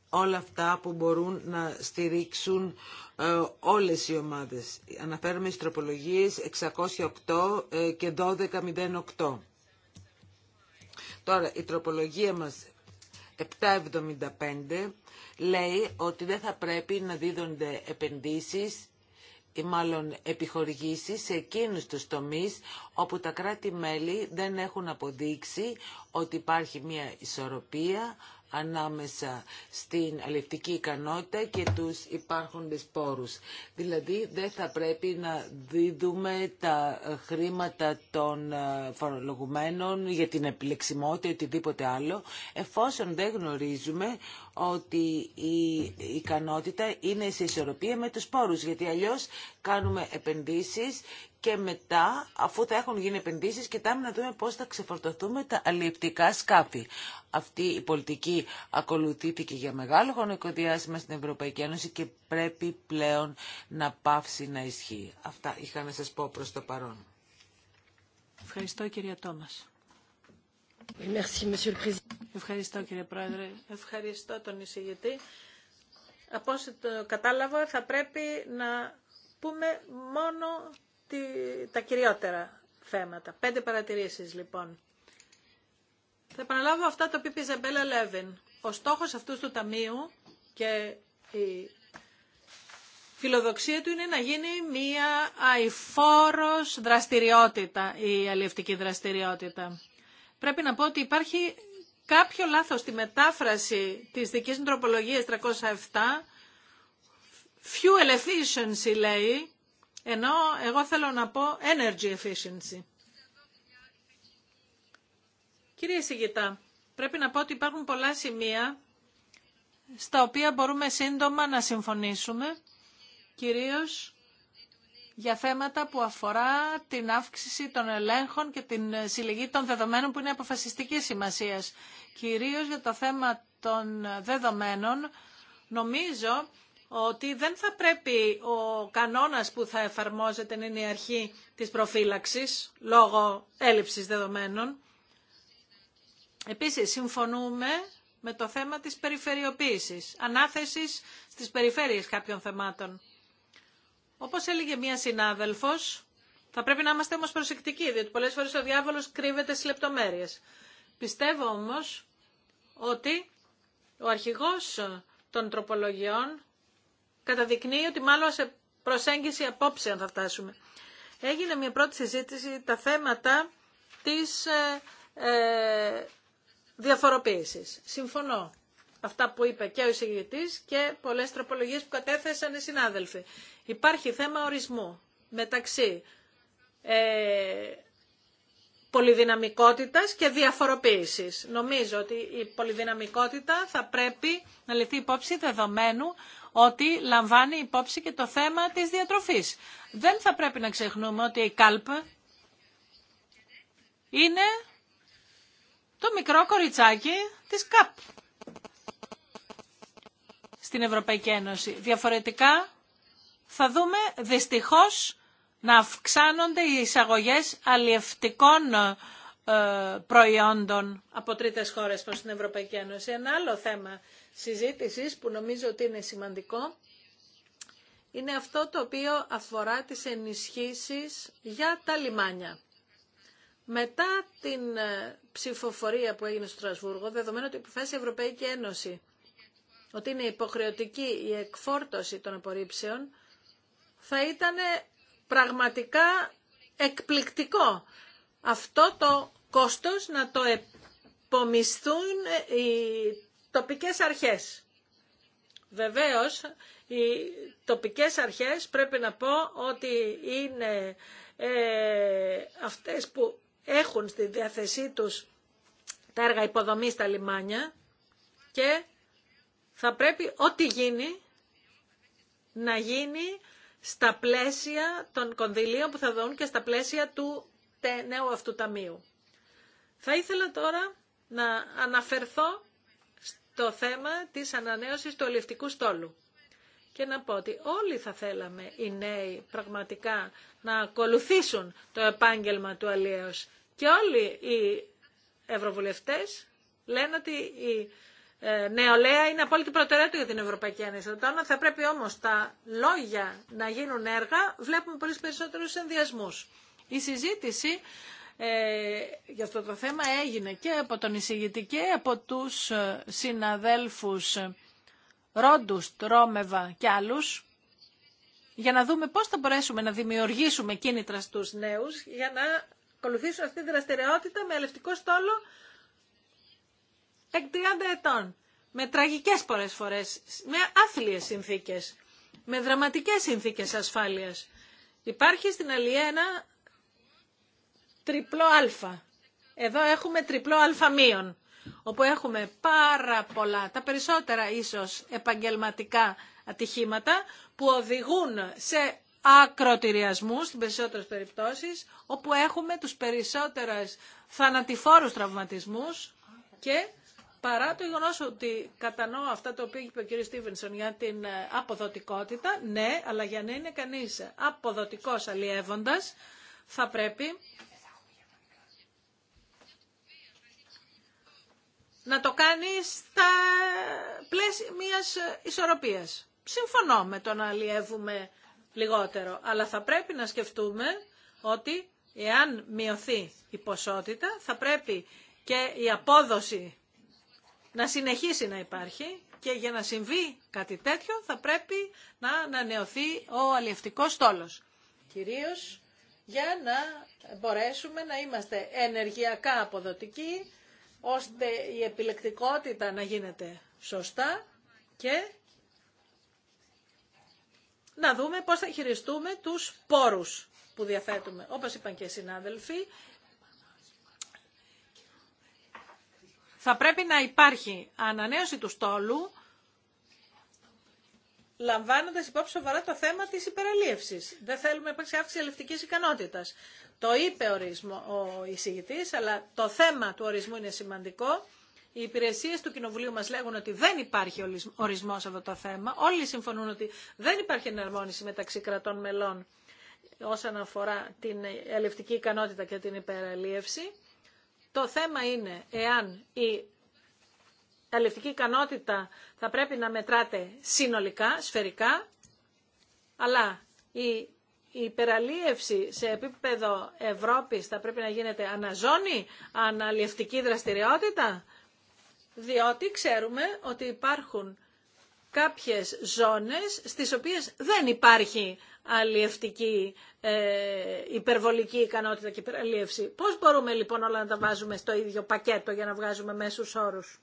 όλα αυτά που μπορούν να στηρίξουν ε, όλες οι ομάδες. Αναφέρομαι στις τροπολογίες 608 ε, και 1208. Τώρα, η τροπολογία μας 775 λέει ότι δεν θα πρέπει να δίδονται επενδύσεις ή μάλλον επιχορηγήσεις σε εκείνους τους τομείς όπου τα κράτη-μέλη δεν έχουν αποδείξει ότι υπάρχει μια ισορροπία ανάμεσα στην αλληλευτική ικανότητα και τους υπάρχοντες πόρους. Δηλαδή δεν θα πρέπει να δίδουμε τα χρήματα των ε, φορολογουμένων για την επιλεξιμότητα ή οτιδήποτε άλλο, εφόσον δεν γνωρίζουμε ότι η ικανότητα είναι σε ισορροπία με τους πόρους, γιατί αλλιώς κάνουμε επενδύσεις και μετά, αφού θα έχουν γίνει επενδύσεις, κοιτάμε να δούμε πώς θα ξεφορτωθούμε τα αλληλεπτικά σκάφη αυτή η πολιτική ακολουθήθηκε για μεγάλο χρονικό διάστημα στην Ευρωπαϊκή Ένωση και πρέπει πλέον να πάυσει να ισχύει. Αυτά είχα να σας πω προς το παρόν. Ευχαριστώ κύριε Τόμας. Ευχαριστώ κύριε Πρόεδρε. Ευχαριστώ τον εισηγητή. Από όσο το κατάλαβα θα πρέπει να πούμε μόνο τα κυριότερα θέματα. Πέντε παρατηρήσεις λοιπόν. Θα επαναλάβω αυτά τα οποία είπε η Ο στόχο αυτού του ταμείου και η φιλοδοξία του είναι να γίνει μία αηφόρο δραστηριότητα, η αλληλευτική δραστηριότητα. Πρέπει να πω ότι υπάρχει κάποιο λάθος στη μετάφραση της δική μου 307, fuel efficiency λέει, ενώ εγώ θέλω να πω energy efficiency. Κύριε Σιγητά, πρέπει να πω ότι υπάρχουν πολλά σημεία στα οποία μπορούμε σύντομα να συμφωνήσουμε, κυρίως για θέματα που αφορά την αύξηση των ελέγχων και την συλλογή των δεδομένων που είναι αποφασιστικής σημασίας. Κυρίως για το θέμα των δεδομένων, νομίζω ότι δεν θα πρέπει ο κανόνας που θα εφαρμόζεται να είναι η αρχή της προφύλαξης λόγω έλλειψης δεδομένων. Επίσης, συμφωνούμε με το θέμα της περιφερειοποίησης, ανάθεσης στις περιφέρειες κάποιων θεμάτων. Όπως έλεγε μία συνάδελφος, θα πρέπει να είμαστε όμως προσεκτικοί, διότι πολλές φορές ο διάβολος κρύβεται στις λεπτομέρειες. Πιστεύω όμως ότι ο αρχηγός των τροπολογιών καταδεικνύει ότι μάλλον σε προσέγγιση απόψε αν θα φτάσουμε. Έγινε μια πρώτη συζήτηση τα θέματα της ε, ε, Διαφοροποίηση. Συμφωνώ. Αυτά που είπε και ο εισηγητή και πολλέ τροπολογίε που κατέθεσαν οι συνάδελφοι. Υπάρχει θέμα ορισμού μεταξύ ε, πολυδυναμικότητας και διαφοροποίησης. Νομίζω ότι η πολυδυναμικότητα θα πρέπει να λυθεί υπόψη δεδομένου ότι λαμβάνει υπόψη και το θέμα της διατροφής. Δεν θα πρέπει να ξεχνούμε ότι η ΚΑΛΠ είναι το μικρό κοριτσάκι της ΚΑΠ στην Ευρωπαϊκή Ένωση. Διαφορετικά θα δούμε δυστυχώς να αυξάνονται οι εισαγωγές αλλιευτικών ε, προϊόντων από τρίτες χώρες προς την Ευρωπαϊκή Ένωση. Ένα άλλο θέμα συζήτησης που νομίζω ότι είναι σημαντικό είναι αυτό το οποίο αφορά τις ενισχύσεις για τα λιμάνια μετά την ε, ψηφοφορία που έγινε στο Στρασβούργο, δεδομένου ότι υποφάσισε η Ευρωπαϊκή Ένωση ότι είναι υποχρεωτική η εκφόρτωση των απορρίψεων, θα ήταν πραγματικά εκπληκτικό αυτό το κόστος να το επομισθούν οι τοπικές αρχές. Βεβαίως, οι τοπικές αρχές πρέπει να πω ότι είναι ε, αυτές που έχουν στη διάθεσή τους τα έργα υποδομή στα λιμάνια και θα πρέπει ό,τι γίνει να γίνει στα πλαίσια των κονδυλίων που θα δουν και στα πλαίσια του νέου αυτού ταμείου. Θα ήθελα τώρα να αναφερθώ στο θέμα της ανανέωσης του ολιευτικού στόλου και να πω ότι όλοι θα θέλαμε οι νέοι πραγματικά να ακολουθήσουν το επάγγελμα του αλλιέως. Και όλοι οι ευρωβουλευτές λένε ότι η ε, νεολαία είναι απόλυτη προτεραιότητα για την Ευρωπαϊκή Ένωση. Τώρα θα πρέπει όμως τα λόγια να γίνουν έργα, βλέπουμε πολύ περισσότερους ενδιασμούς. Η συζήτηση ε, για αυτό το θέμα έγινε και από τον εισηγητή και από τους ε, συναδέλφους Ρόντους, Τρόμεβα και άλλους, για να δούμε πώς θα μπορέσουμε να δημιουργήσουμε κίνητρα στους νέους για να ακολουθήσουν αυτή τη δραστηριότητα με ελευτικό στόλο εκ 30 ετών. Με τραγικές πολλές φορές, με άθλιες συνθήκες, με δραματικές συνθήκες ασφάλειας. Υπάρχει στην Αλία ένα τριπλό αλφα. Εδώ έχουμε τριπλό α όπου έχουμε πάρα πολλά, τα περισσότερα ίσως επαγγελματικά ατυχήματα που οδηγούν σε ακροτηριασμού στις περισσότερες περιπτώσεις, όπου έχουμε τους περισσότερες θανατηφόρους τραυματισμούς και παρά το γεγονό ότι κατανοώ αυτά τα οποία είπε ο κ. Στίβενσον για την ε, αποδοτικότητα, ναι, αλλά για να είναι κανείς αποδοτικός αλλιεύοντας, θα πρέπει να το κάνει στα πλαίσια μιας ισορροπίας. Συμφωνώ με το να αλλιεύουμε λιγότερο, αλλά θα πρέπει να σκεφτούμε ότι εάν μειωθεί η ποσότητα θα πρέπει και η απόδοση να συνεχίσει να υπάρχει και για να συμβεί κάτι τέτοιο θα πρέπει να ανανεωθεί ο αλλιευτικός στόλος. Κυρίως για να μπορέσουμε να είμαστε ενεργειακά αποδοτικοί ώστε η επιλεκτικότητα να γίνεται σωστά και να δούμε πώς θα χειριστούμε τους πόρους που διαθέτουμε. Όπως είπαν και οι συνάδελφοι, θα πρέπει να υπάρχει ανανέωση του στόλου, λαμβάνοντας υπόψη σοβαρά το θέμα της υπεραλίευσης. Δεν θέλουμε να υπάρξει αύξηση ελευτικής ικανότητας. Το είπε ορισμό, ο εισηγητής, αλλά το θέμα του ορισμού είναι σημαντικό. Οι υπηρεσίε του Κοινοβουλίου μα λέγουν ότι δεν υπάρχει ορισμό σε αυτό το θέμα. Όλοι συμφωνούν ότι δεν υπάρχει εναρμόνιση μεταξύ κρατών μελών όσον αφορά την ελευτική ικανότητα και την υπεραλίευση. Το θέμα είναι εάν η ελευτική ικανότητα θα πρέπει να μετράται συνολικά, σφαιρικά, αλλά η η υπεραλίευση σε επίπεδο Ευρώπης θα πρέπει να γίνεται αναζώνη, αναλιευτική δραστηριότητα, διότι ξέρουμε ότι υπάρχουν κάποιες ζώνες στις οποίες δεν υπάρχει αλλιευτική ε, υπερβολική ικανότητα και υπεραλίευση. Πώς μπορούμε λοιπόν όλα να τα βάζουμε στο ίδιο πακέτο για να βγάζουμε μέσους όρους.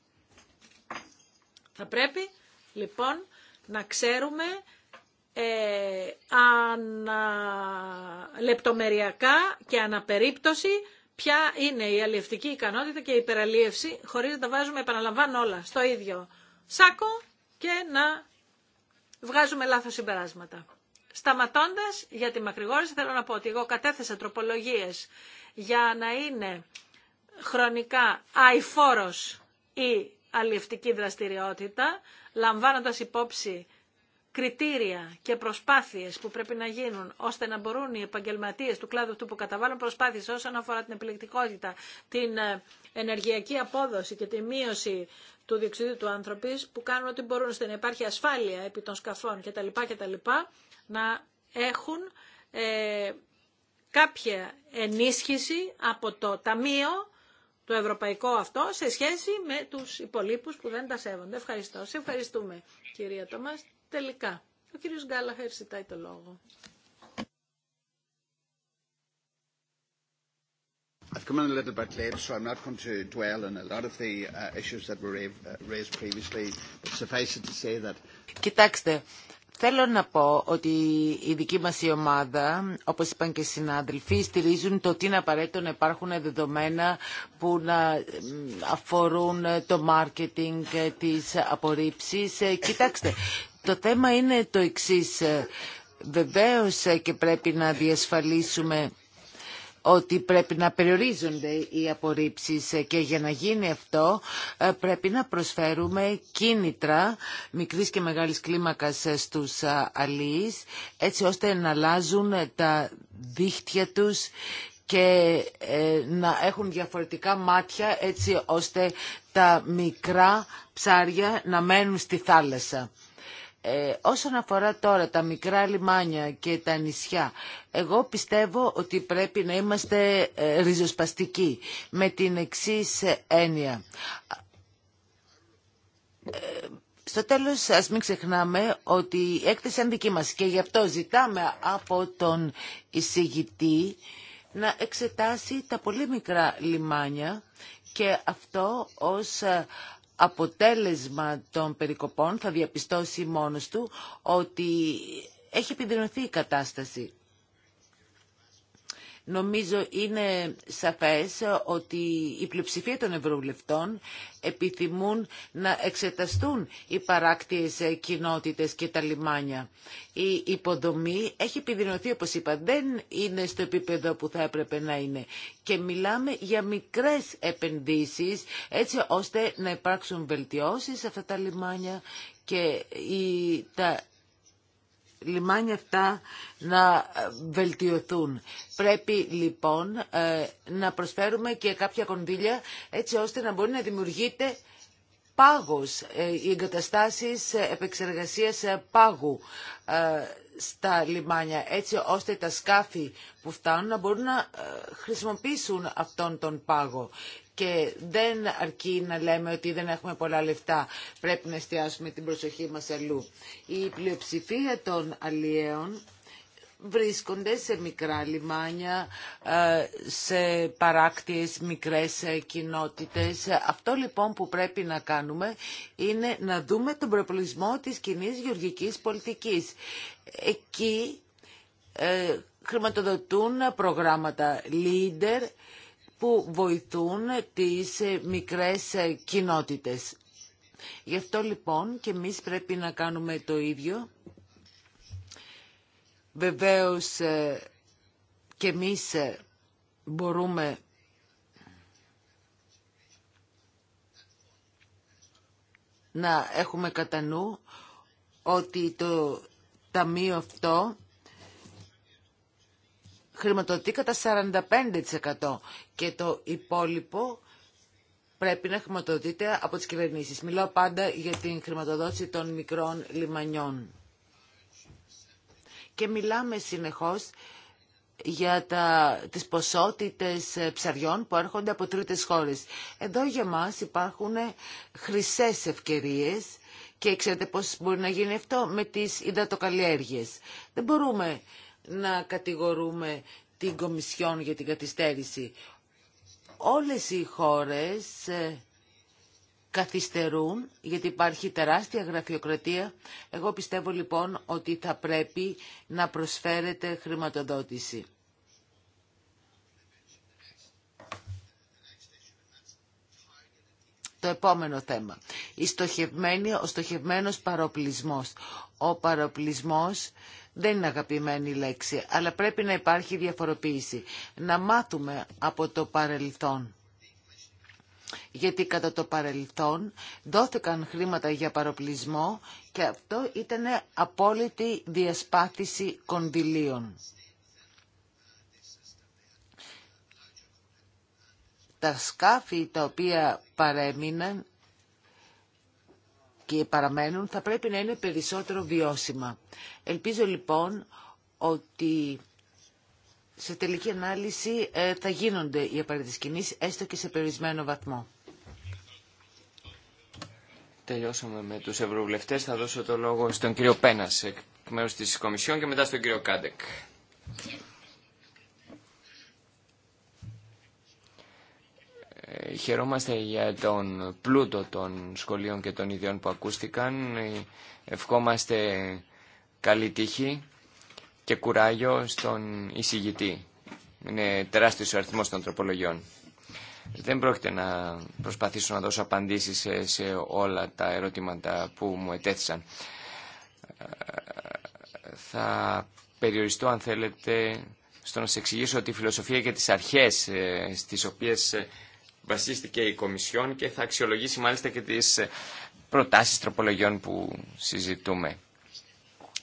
Θα πρέπει λοιπόν να ξέρουμε ε, λεπτομεριακά και αναπερίπτωση ποια είναι η αλλιευτική ικανότητα και η υπεραλίευση χωρίς να τα βάζουμε, επαναλαμβάνω όλα, στο ίδιο σάκο και να βγάζουμε λάθος συμπεράσματα. Σταματώντας για τη μακρηγόρηση θέλω να πω ότι εγώ κατέθεσα τροπολογίες για να είναι χρονικά αηφόρος η αλλιευτική δραστηριότητα, λαμβάνοντας υπόψη κριτήρια και προσπάθειες που πρέπει να γίνουν ώστε να μπορούν οι επαγγελματίες του κλάδου του που καταβάλουν προσπάθειες όσον αφορά την επιλεκτικότητα, την ε, ενεργειακή απόδοση και τη μείωση του διοξιδίου του άνθρωπη, που κάνουν ότι μπορούν ώστε να υπάρχει ασφάλεια επί των σκαφών κτλ. κτλ να έχουν ε, κάποια ενίσχυση από το Ταμείο το ευρωπαϊκό αυτό σε σχέση με τους υπολείπους που δεν τα σέβονται. Ευχαριστώ. Σε ευχαριστούμε κυρία Τόμας. Τελικά, ο κύριος Γκάλαχερ ζητάει το λόγο. I've come in a little bit late, so I'm not going to dwell on a lot of the uh, issues that were uh, raised previously, but suffice it to say that... Κοιτάξτε, θέλω να πω ότι η δική μας η ομάδα, όπως είπαν και οι συνάδελφοι, στηρίζουν το ότι είναι απαραίτητο να υπάρχουν δεδομένα που να αφορούν το μάρκετινγκ, της απορρίψης. Ε, κοιτάξτε, το θέμα είναι το εξής. Βεβαίως και πρέπει να διασφαλίσουμε ότι πρέπει να περιορίζονται οι απορρίψεις και για να γίνει αυτό ε, πρέπει να προσφέρουμε κίνητρα μικρής και μεγάλης κλίμακας στους ε, αλείς έτσι ώστε να αλλάζουν τα δίχτυα τους και ε, να έχουν διαφορετικά μάτια έτσι ώστε τα μικρά ψάρια να μένουν στη θάλασσα. Ε, όσον αφορά τώρα τα μικρά λιμάνια και τα νησιά, εγώ πιστεύω ότι πρέπει να είμαστε ε, ριζοσπαστικοί με την εξής έννοια. Ε, στο τέλος ας μην ξεχνάμε ότι η έκθεση είναι δική μας και γι' αυτό ζητάμε από τον εισηγητή να εξετάσει τα πολύ μικρά λιμάνια και αυτό ως αποτέλεσμα των περικοπών θα διαπιστώσει μόνος του ότι έχει επιδεινωθεί η κατάσταση. Νομίζω είναι σαφές ότι η πλειοψηφία των ευρωβουλευτών επιθυμούν να εξεταστούν οι παράκτιες κοινότητες και τα λιμάνια. Η υποδομή έχει επιδεινωθεί, όπως είπα, δεν είναι στο επίπεδο που θα έπρεπε να είναι. Και μιλάμε για μικρές επενδύσεις, έτσι ώστε να υπάρξουν βελτιώσεις σε αυτά τα λιμάνια και τα λιμάνια αυτά να ε, βελτιωθούν. Πρέπει λοιπόν ε, να προσφέρουμε και κάποια κονδύλια έτσι ώστε να μπορεί να δημιουργείται πάγος, ε, οι εγκαταστάσεις επεξεργασίας πάγου στα λιμάνια, έτσι ώστε τα σκάφη που φτάνουν να μπορούν να χρησιμοποιήσουν αυτόν τον πάγο και δεν αρκεί να λέμε ότι δεν έχουμε πολλά λεφτά. Πρέπει να εστιάσουμε την προσοχή μας αλλού. Η πλειοψηφία των αλλιέων βρίσκονται σε μικρά λιμάνια, ε, σε παράκτιες μικρές ε, κοινότητες. Αυτό λοιπόν που πρέπει να κάνουμε είναι να δούμε τον προπολισμό της κοινή γεωργικής πολιτικής. Εκεί ε, χρηματοδοτούν προγράμματα leader, που βοηθούν τις ε, μικρές ε, κοινότητες. Γι' αυτό λοιπόν και εμείς πρέπει να κάνουμε το ίδιο. Βεβαίως ε, και εμείς μπορούμε να έχουμε κατά νου ότι το ταμείο αυτό χρηματοδοτεί κατά 45% και το υπόλοιπο πρέπει να χρηματοδοτείται από τις κυβερνήσεις. Μιλάω πάντα για την χρηματοδότηση των μικρών λιμανιών. Και μιλάμε συνεχώς για τα, τις ποσότητες ε, ψαριών που έρχονται από τρίτες χώρες. Εδώ για μας υπάρχουν χρυσές ευκαιρίες και ξέρετε πώς μπορεί να γίνει αυτό με τις υδατοκαλλιέργειες. Δεν μπορούμε να κατηγορούμε την Κομισιόν για την καθυστέρηση. Όλες οι χώρες ε, καθυστερούν γιατί υπάρχει τεράστια γραφειοκρατία. Εγώ πιστεύω λοιπόν ότι θα πρέπει να προσφέρεται χρηματοδότηση. Το επόμενο θέμα. ο στοχευμένος παροπλισμός. Ο παροπλισμός δεν είναι αγαπημένη λέξη, αλλά πρέπει να υπάρχει διαφοροποίηση. Να μάθουμε από το παρελθόν. Γιατί κατά το παρελθόν δόθηκαν χρήματα για παροπλισμό και αυτό ήταν απόλυτη διασπάθηση κονδυλίων. Τα σκάφη τα οποία παρέμειναν και παραμένουν θα πρέπει να είναι περισσότερο βιώσιμα. Ελπίζω λοιπόν ότι σε τελική ανάλυση ε, θα γίνονται οι απαραίτητες κινήσεις, έστω και σε περιορισμένο βαθμό. Τελειώσαμε με τους ευρωβουλευτές. Θα δώσω το λόγο στον κύριο Πένας, εκ μέρους της Κομισιόν και μετά στον κύριο Κάντεκ. Χαιρόμαστε για τον πλούτο των σχολείων και των ιδιών που ακούστηκαν. Ευχόμαστε καλή τύχη και κουράγιο στον εισηγητή. Είναι τεράστιος ο αριθμός των τροπολογιών. Δεν πρόκειται να προσπαθήσω να δώσω απαντήσεις σε όλα τα ερωτήματα που μου ετέθησαν. Θα περιοριστώ, αν θέλετε, στο να σας εξηγήσω τη φιλοσοφία και τις αρχές ε, στις οποίες ε, βασίστηκε η Κομισιόν και θα αξιολογήσει μάλιστα και τις ε, προτάσεις τροπολογιών που συζητούμε.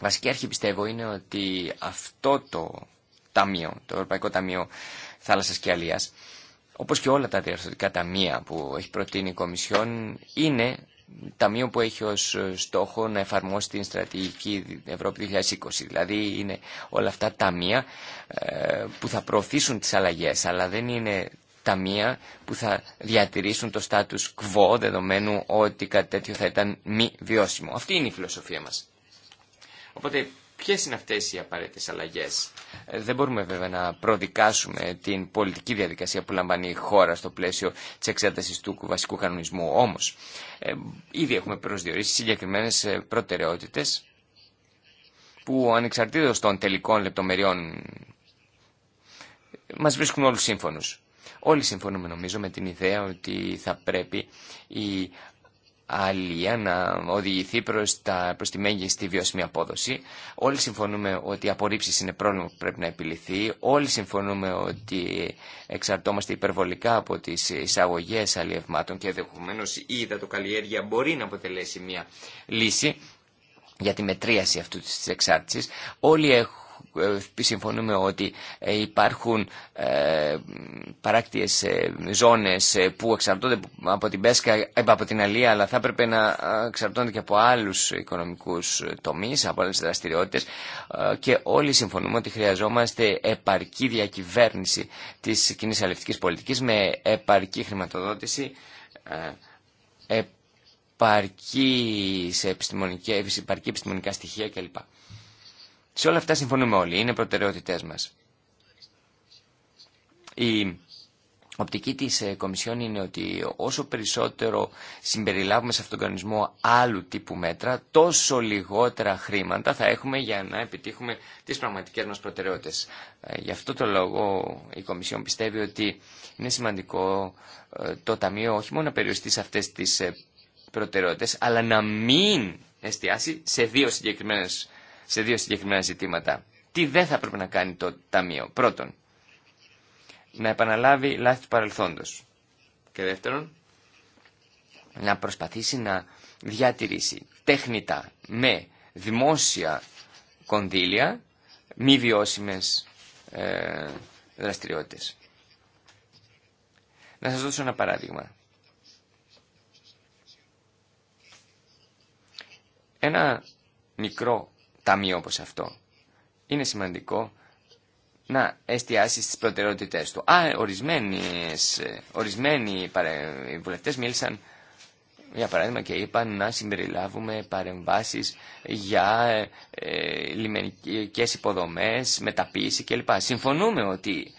Βασική αρχή πιστεύω είναι ότι αυτό το ταμείο, το Ευρωπαϊκό Ταμείο Θάλασσας και Αλίας, όπως και όλα τα διευθυντικά ταμεία που έχει προτείνει η Κομισιόν, είναι ταμείο που έχει ως ε, στόχο να εφαρμόσει την στρατηγική Ευρώπη 2020. Δηλαδή είναι όλα αυτά ταμεία ε, που θα προωθήσουν τις αλλαγές, αλλά δεν είναι ταμεία που θα διατηρήσουν το status quo δεδομένου ότι κάτι τέτοιο θα ήταν μη βιώσιμο. Αυτή είναι η φιλοσοφία μας. Οπότε ποιε είναι αυτές οι απαραίτητες αλλαγές. Ε, δεν μπορούμε βέβαια να προδικάσουμε την πολιτική διαδικασία που λαμβάνει η χώρα στο πλαίσιο της εξέτασης του βασικού κανονισμού. Όμως, ε, ήδη έχουμε προσδιορίσει συγκεκριμένες ε, προτεραιότητες που ανεξαρτήτως των τελικών λεπτομεριών μας βρίσκουν όλους σύμφωνους. Όλοι συμφωνούμε νομίζω με την ιδέα ότι θα πρέπει η αλληλεία να οδηγηθεί προς, τα, προς τη μέγιστη βιώσιμη απόδοση. Όλοι συμφωνούμε ότι οι απορρίψεις είναι πρόβλημα που πρέπει να επιληθεί. Όλοι συμφωνούμε ότι εξαρτώμαστε υπερβολικά από τις εισαγωγές αλλιευμάτων και ενδεχομένω η υδατοκαλλιέργεια μπορεί να αποτελέσει μια λύση για τη μετρίαση αυτού της εξάρτησης. Όλοι ε, συμφωνούμε ότι ε, υπάρχουν ε, παράκτιες ζώνες που εξαρτώνται από την πέσκα, από την αλία, αλλά θα έπρεπε να εξαρτώνται και από άλλους οικονομικούς τομείς, από άλλες δραστηριότητες και όλοι συμφωνούμε ότι χρειαζόμαστε επαρκή διακυβέρνηση της κοινή αλληλευτικής πολιτικής με επαρκή χρηματοδότηση, επαρκή επιστημονικά στοιχεία κλπ. Σε όλα αυτά συμφωνούμε όλοι, είναι προτεραιότητές μας. Η οπτική της ε, Κομισιόν είναι ότι όσο περισσότερο συμπεριλάβουμε σε αυτόν τον κανονισμό άλλου τύπου μέτρα, τόσο λιγότερα χρήματα θα έχουμε για να επιτύχουμε τις πραγματικές μας προτεραιότητες. Ε, γι' αυτό το λόγο η Κομισιόν πιστεύει ότι είναι σημαντικό ε, το Ταμείο όχι μόνο να περιοριστεί σε αυτές τις προτεραιότητες, αλλά να μην εστιάσει σε δύο συγκεκριμένες σε δύο συγκεκριμένα ζητήματα. Τι δεν θα πρέπει να κάνει το Ταμείο. Πρώτον, να επαναλάβει λάθη του παρελθόντος. Και δεύτερον, να προσπαθήσει να διατηρήσει τέχνητα με δημόσια κονδύλια μη βιώσιμες ε, δραστηριότητες. Να σας δώσω ένα παράδειγμα. Ένα μικρό ταμείο όπως αυτό. Είναι σημαντικό να εστιάσει στις προτεραιότητές του. Α, ε, ορισμένοι οι βουλευτές μίλησαν για παράδειγμα και είπαν να συμπεριλάβουμε παρεμβάσεις για ε, ε, λιμενικές υποδομές, μεταποίηση κλπ. Συμφωνούμε ότι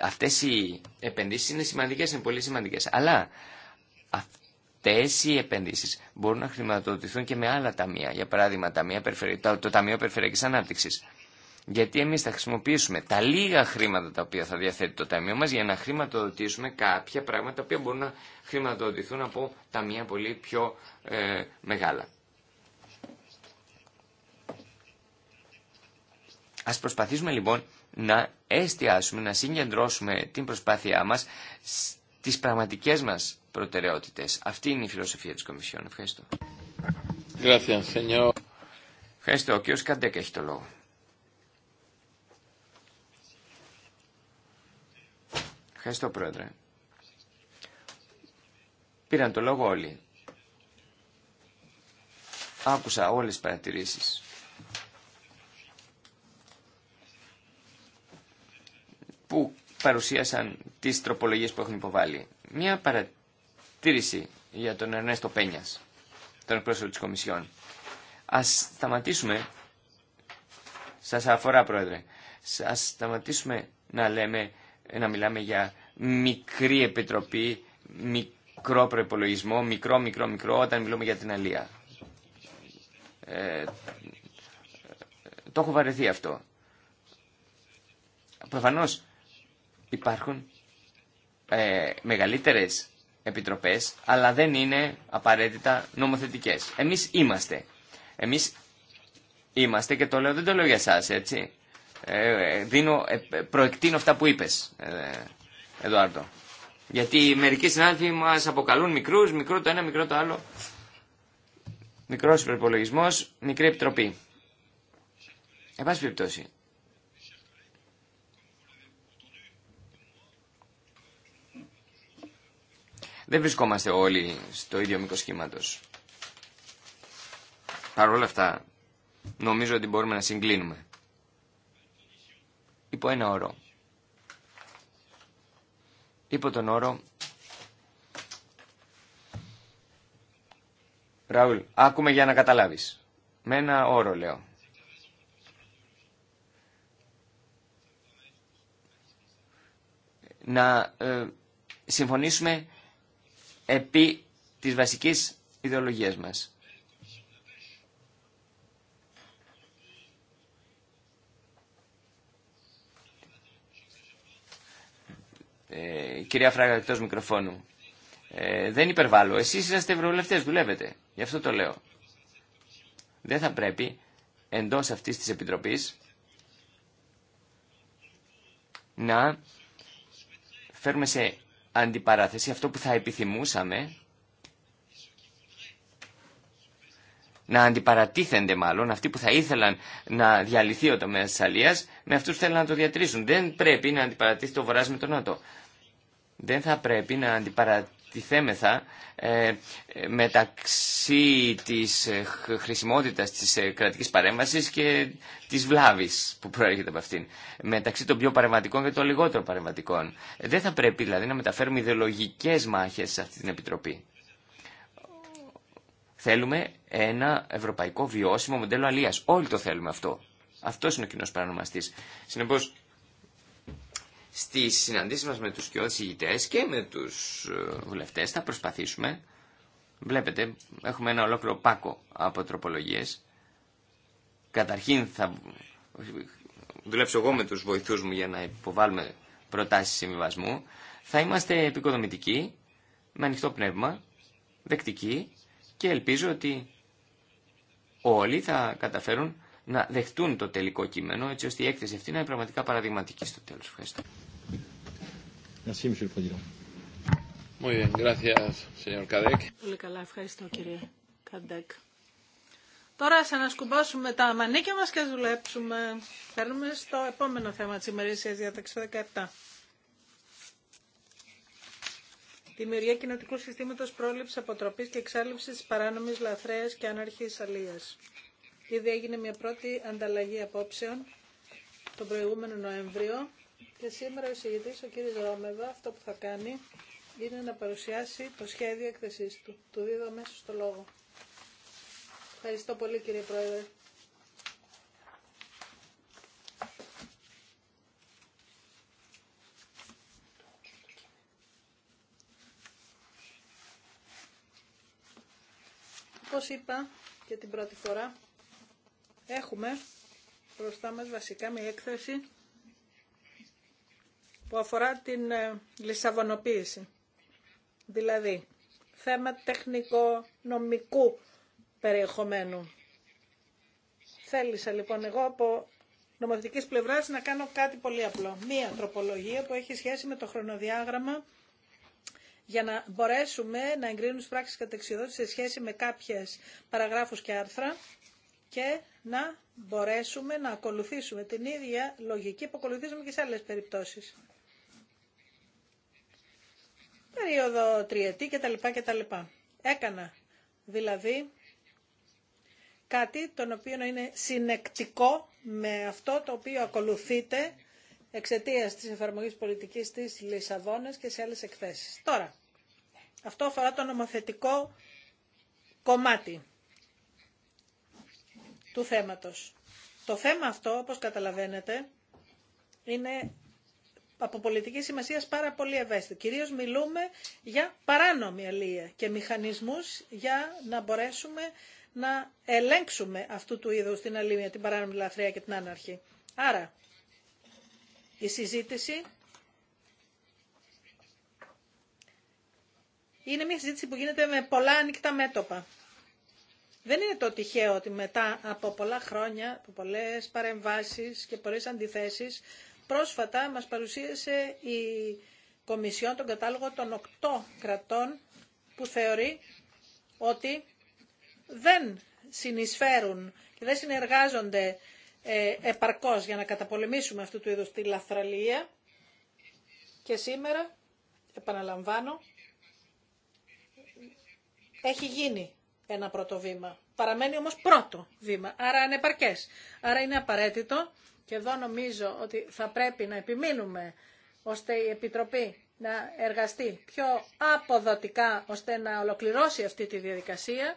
αυτές οι επενδύσεις είναι σημαντικές, είναι πολύ σημαντικές. Αλλά αυτές οι επενδύσεις μπορούν να χρηματοδοτηθούν και με άλλα ταμεία. Για παράδειγμα, το Ταμείο Περιφερειακής Ανάπτυξης. Γιατί εμείς θα χρησιμοποιήσουμε τα λίγα χρήματα τα οποία θα διαθέτει το Ταμείο μας για να χρηματοδοτήσουμε κάποια πράγματα τα οποία μπορούν να χρηματοδοτηθούν από ταμεία πολύ πιο ε, μεγάλα. Ας προσπαθήσουμε λοιπόν να εστιάσουμε, να συγκεντρώσουμε την προσπάθειά μας τις πραγματικές μας προτεραιότητες. Αυτή είναι η φιλοσοφία της Κομισιόν. Ευχαριστώ. Ευχαριστώ. Ο κ. Καντέκ έχει το λόγο. Ευχαριστώ, Πρόεδρε. Πήραν το λόγο όλοι. Άκουσα όλες τις παρατηρήσεις. Που παρουσίασαν τι τροπολογίε που έχουν υποβάλει. Μια παρατήρηση για τον Ερνέστο Πένια, τον εκπρόσωπο της Κομισιόν. Ας σταματήσουμε, Σα αφορά πρόεδρε, ας σταματήσουμε να λέμε, να μιλάμε για μικρή επιτροπή, μικρό προπολογισμό, μικρό, μικρό, μικρό, όταν μιλούμε για την αλία. Ε, το έχω βαρεθεί αυτό. Προφανώς υπάρχουν ε, μεγαλύτερες επιτροπές, αλλά δεν είναι απαραίτητα νομοθετικές. Εμείς είμαστε. Εμείς είμαστε και το λέω, δεν το λέω για εσάς, έτσι. Ε, δίνω, ε, προεκτείνω αυτά που είπες, ε, Γιατί μερικοί συνάδελφοι μας αποκαλούν μικρούς, μικρό το ένα, μικρό το άλλο. Μικρός προπολογισμό, μικρή επιτροπή. Εν πάση Δεν βρισκόμαστε όλοι στο ίδιο μήκο σχήματο. Παρ' όλα αυτά, νομίζω ότι μπορούμε να συγκλίνουμε. Υπό ένα όρο. Υπό τον όρο. Ραούλ, άκουμε για να καταλάβεις. Με ένα όρο λέω. Να ε, συμφωνήσουμε επί της βασικής ιδεολογίας μας. Ε, κυρία Φράγα, εκτός μικροφώνου. Ε, δεν υπερβάλλω. Εσείς είσαστε ευρωβουλευτές, δουλεύετε. Γι' αυτό το λέω. Δεν θα πρέπει εντός αυτής της Επιτροπής να φέρουμε σε αντιπαράθεση, αυτό που θα επιθυμούσαμε να αντιπαρατίθενται μάλλον αυτοί που θα ήθελαν να διαλυθεί ο τομέα τη Αλία με αυτού που θέλουν να το διατρίσουν. Δεν πρέπει να αντιπαρατίθεται το Βορρά με τον Νότο. Δεν θα πρέπει να αντιπαρατίθεται τη θέμεθα ε, μεταξύ της ε, χρησιμότητας της ε, κρατικής παρέμβασης και της βλάβης που προέρχεται από αυτήν. Μεταξύ των πιο παρεμβατικών και των λιγότερο παρεμβατικών. Δεν θα πρέπει δηλαδή να μεταφέρουμε ιδεολογικές μάχες σε αυτή την Επιτροπή. Θέλουμε ένα ευρωπαϊκό βιώσιμο μοντέλο αλίας. Όλοι το θέλουμε αυτό. Αυτό είναι ο κοινό παρανομαστή. Στι συναντήσει μα με του κοινού ηγητές και με του ε, βουλευτέ, θα προσπαθήσουμε. Βλέπετε, έχουμε ένα ολόκληρο πάκο από τροπολογίε, Καταρχήν θα δουλέψω εγώ με του βοηθού μου για να υποβάλουμε προτάσει συμβιβασμού. Θα είμαστε επικοδομητικοί, με ανοιχτό πνεύμα, δεκτικοί και ελπίζω ότι όλοι θα καταφέρουν να δεχτούν το τελικό κείμενο έτσι ώστε η έκθεση αυτή να είναι πραγματικά παραδειγματική στο τέλος. Ευχαριστώ. Merci, Monsieur le Muy bien, gracias, señor Πολύ καλά, ευχαριστώ κύριε Καντέκ. Τώρα ας τα μανίκια μας και δουλέψουμε. Παίρνουμε στο επόμενο θέμα της ημερήσιας διάταξης 17. Δημιουργία κοινοτικού συστήματος πρόληψης, αποτροπής και εξάλληψης της παράνομης λαθρέας και άναρχης αλίας. Ήδη έγινε μια πρώτη ανταλλαγή απόψεων τον προηγούμενο Νοέμβριο και σήμερα ο εισηγητής, ο κύριος Ρόμεβα, αυτό που θα κάνει είναι να παρουσιάσει το σχέδιο εκθεσής του. Του δίδω αμέσως το λόγο. Ευχαριστώ πολύ κύριε Πρόεδρε. Όπως είπα και την πρώτη φορά, έχουμε μπροστά μας βασικά μια έκθεση που αφορά την ε, λισαβονοποίηση. Δηλαδή, θέμα τεχνικο-νομικού περιεχομένου. Θέλησα λοιπόν εγώ από νομοθετικής πλευράς να κάνω κάτι πολύ απλό. Μία τροπολογία που έχει σχέση με το χρονοδιάγραμμα για να μπορέσουμε να εγκρίνουμε τις πράξεις κατεξιδότησης σε σχέση με κάποιες παραγράφους και άρθρα και να μπορέσουμε να ακολουθήσουμε την ίδια λογική που ακολουθήσαμε και σε άλλες περιπτώσεις περίοδο τριετή κτλ. κτλ. Έκανα δηλαδή κάτι το οποίο είναι συνεκτικό με αυτό το οποίο ακολουθείτε εξαιτίας της εφαρμογής πολιτικής της Λισαβόνας και σε άλλες εκθέσεις. Τώρα, αυτό αφορά το νομοθετικό κομμάτι του θέματος. Το θέμα αυτό, όπως καταλαβαίνετε, είναι από πολιτική σημασία πάρα πολύ ευαίσθητο. Κυρίως μιλούμε για παράνομη αλληλεία και μηχανισμούς για να μπορέσουμε να ελέγξουμε αυτού του είδους την αλληλεία, την παράνομη λαθρεία και την άναρχη. Άρα, η συζήτηση είναι μια συζήτηση που γίνεται με πολλά ανοιχτά μέτωπα. Δεν είναι το τυχαίο ότι μετά από πολλά χρόνια, από πολλές παρεμβάσεις και πολλές αντιθέσεις, Πρόσφατα μας παρουσίασε η Κομισιόν τον κατάλογο των οκτώ κρατών που θεωρεί ότι δεν συνεισφέρουν και δεν συνεργάζονται ε, επαρκώς για να καταπολεμήσουμε αυτού του είδους τη λαθραλία και σήμερα, επαναλαμβάνω, έχει γίνει ένα πρώτο βήμα. Παραμένει όμως πρώτο βήμα, άρα επαρκές, Άρα είναι απαραίτητο και εδώ νομίζω ότι θα πρέπει να επιμείνουμε ώστε η Επιτροπή να εργαστεί πιο αποδοτικά ώστε να ολοκληρώσει αυτή τη διαδικασία